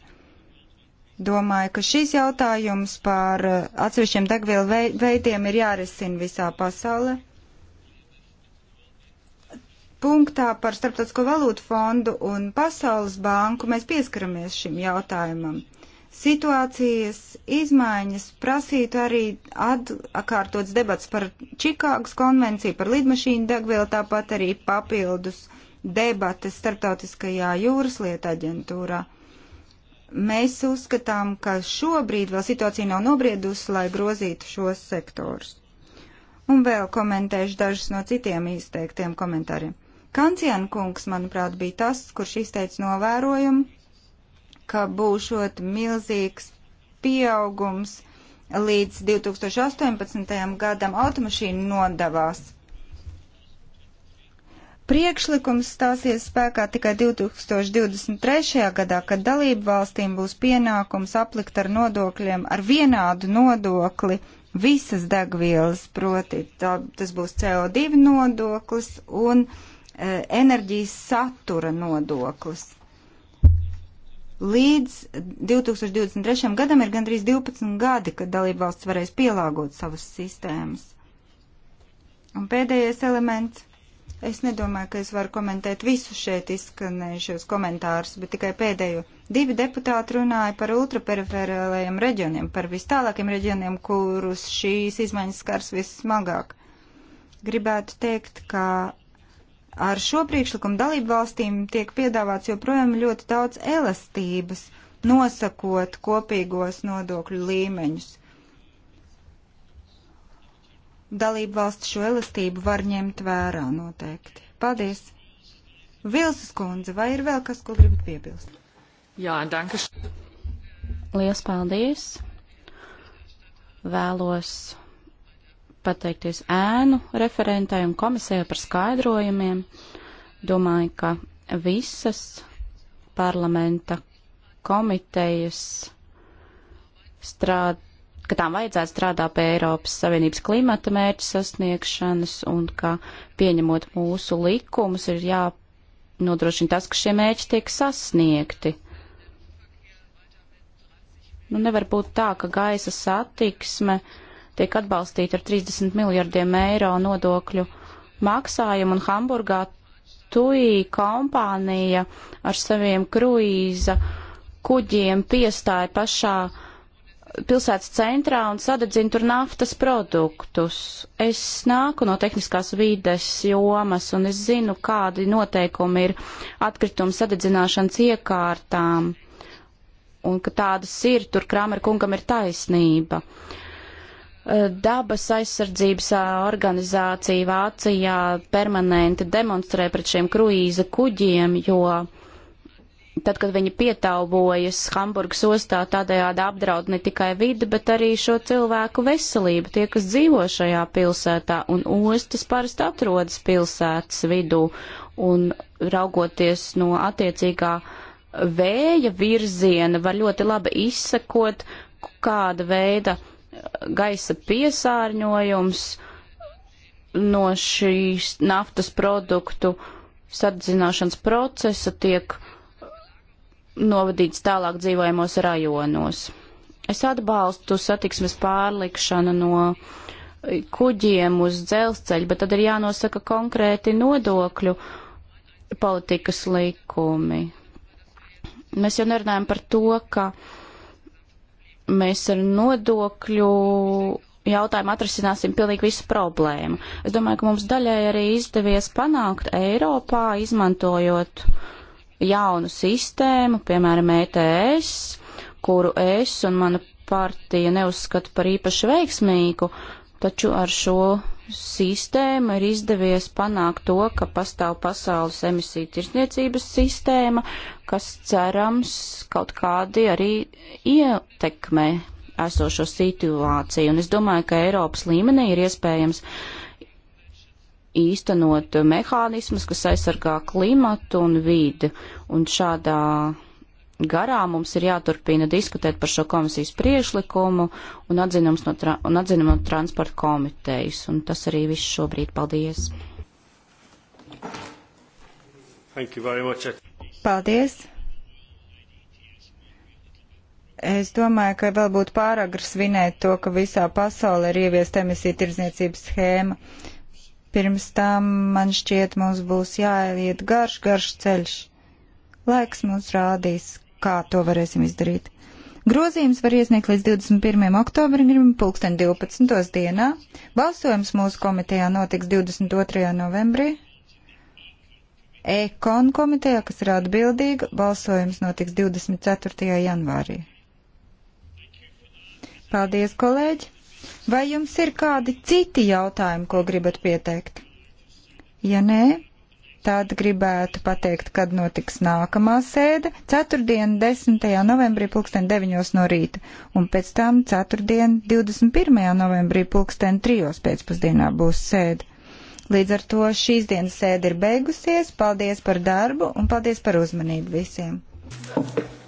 Domāju, ka šīs jautājums par uh, atsevišķiem degvielu veidiem ir jārisina visā pasaulē. Punktā par starptautisko valūtu fondu un Pasaules banku mēs pieskaramies šim jautājumam. Situācijas izmaiņas prasītu arī atkārtots debats par Čikāgas konvenciju, par lidmašīnu degvielu, tāpat arī papildus debates starptautiskajā jūras lieta aģentūrā. Mēs uzskatām, ka šobrīd vēl situācija nav nobriedusi, lai grozītu šos sektorus. Un vēl komentēšu dažus no citiem izteiktiem komentāriem. Kancijan kungs, manuprāt, bija tas, kurš izteica novērojumu, ka būšot milzīgs pieaugums līdz 2018. gadam automašīnu nodavās. Priekšlikums stāsies spēkā tikai 2023. gadā, kad dalību valstīm būs pienākums aplikt ar nodokļiem ar vienādu nodokli visas degvielas, proti tā, tas būs CO2 nodoklis un e, enerģijas satura nodoklis. Līdz 2023. gadam ir gandrīz 12 gadi, kad dalībvalsts varēs pielāgot savas sistēmas. Un pēdējais elements. Es nedomāju, ka es varu komentēt visu šeit izskanējušos komentārus, bet tikai pēdējo. Divi deputāti runāja par ultraperiferālajiem reģioniem, par vistālākiem reģioniem, kurus šīs izmaiņas skars vissmagāk. Gribētu teikt, ka Ar šo priekšlikumu dalību valstīm tiek piedāvāts joprojām ļoti daudz elastības, nosakot kopīgos nodokļu līmeņus. Dalību valsts šo elastību var ņemt vērā noteikti. Paldies! Vilsas kundze, vai ir vēl kas, ko gribat piebilst? Jā, dankas. Lielas paldies! Vēlos pateikties ēnu referentai un komisijai par skaidrojumiem. Domāju, ka visas parlamenta komitejas strādā, ka tām vajadzētu strādāt pie Eiropas Savienības klimata mērķa sasniegšanas un ka pieņemot mūsu likumus ir jānodrošina tas, ka šie mērķi tiek sasniegti. Nu, nevar būt tā, ka gaisa satiksme uh, tiek atbalstīti ar 30 miljardiem eiro nodokļu maksājumu, un Hamburgā TUI kompānija ar saviem kruīza kuģiem piestāja pašā pilsētas centrā un sadedzina tur naftas produktus. Es nāku no tehniskās vides jomas un es zinu, kādi noteikumi ir atkrituma sadedzināšanas iekārtām un ka tādas ir, tur Kramer kungam ir taisnība. Uh, dabas aizsardzības organizācija Vācijā permanenti demonstrē pret šiem kruīza kuģiem, jo tad, kad viņi pietaubojas Hamburgas ostā, tādējādi apdraud ne tikai vidi, bet arī šo cilvēku veselību, tie, kas dzīvo šajā pilsētā, un ostas parasti atrodas pilsētas vidū, un raugoties no attiecīgā vēja virziena, var ļoti labi izsekot, kāda veida gaisa piesārņojums no šīs naftas produktu sardzināšanas procesa tiek novadīts tālāk dzīvojamos rajonos. Es atbalstu satiksmes pārlikšanu no kuģiem uz dzelzceļu, bet tad ir jānosaka konkrēti nodokļu politikas likumi. Mēs jau nerunājam par to, ka uh, mēs ar nodokļu jautājumu atrisināsim pilnīgi visu problēmu. Es domāju, ka mums daļai arī izdevies panākt Eiropā, izmantojot jaunu sistēmu, piemēram, ETS, kuru es un mana partija neuzskata par īpaši veiksmīgu, taču ar šo sistēma ir izdevies panākt to, ka pastāv pasaules emisiju tirsniecības sistēma, kas cerams kaut kādi arī ietekmē esošo situāciju. Un es domāju, ka Eiropas līmenī ir iespējams īstenot mehānismus, kas aizsargā klimatu un vidi. Un šādā garā mums ir jāturpina diskutēt par šo komisijas priešlikumu un atzinums no, tra un atzinumu no transporta komitejas. Un tas arī viss šobrīd. Paldies! Paldies! Es domāju, ka vēl būtu pārāk svinēt to, ka visā pasaulē ir ieviest emisiju tirdzniecības schēma. Pirms tam man šķiet mums būs jāiet garš, garš ceļš. Laiks mums rādīs, kā to varēsim izdarīt. Grozījums var iesniegt līdz 21. oktobrim, pulksten 12. dienā. Balsojums mūsu komitejā notiks 22. novembrī. Ekon komitejā, kas ir atbildīga, balsojums notiks 24. janvārī. Paldies, kolēģi! Vai jums ir kādi citi jautājumi, ko gribat pieteikt? Ja nē, tad gribētu pateikt, kad notiks nākamā sēde. Ceturtdien, 10. novembrī, pulksten 9. no rīta, un pēc tam ceturtdien, 21. novembrī, pulksten 3. pēcpusdienā būs sēde. Līdz ar to šīs dienas sēde ir beigusies. Paldies par darbu un paldies par uzmanību visiem! Thank you.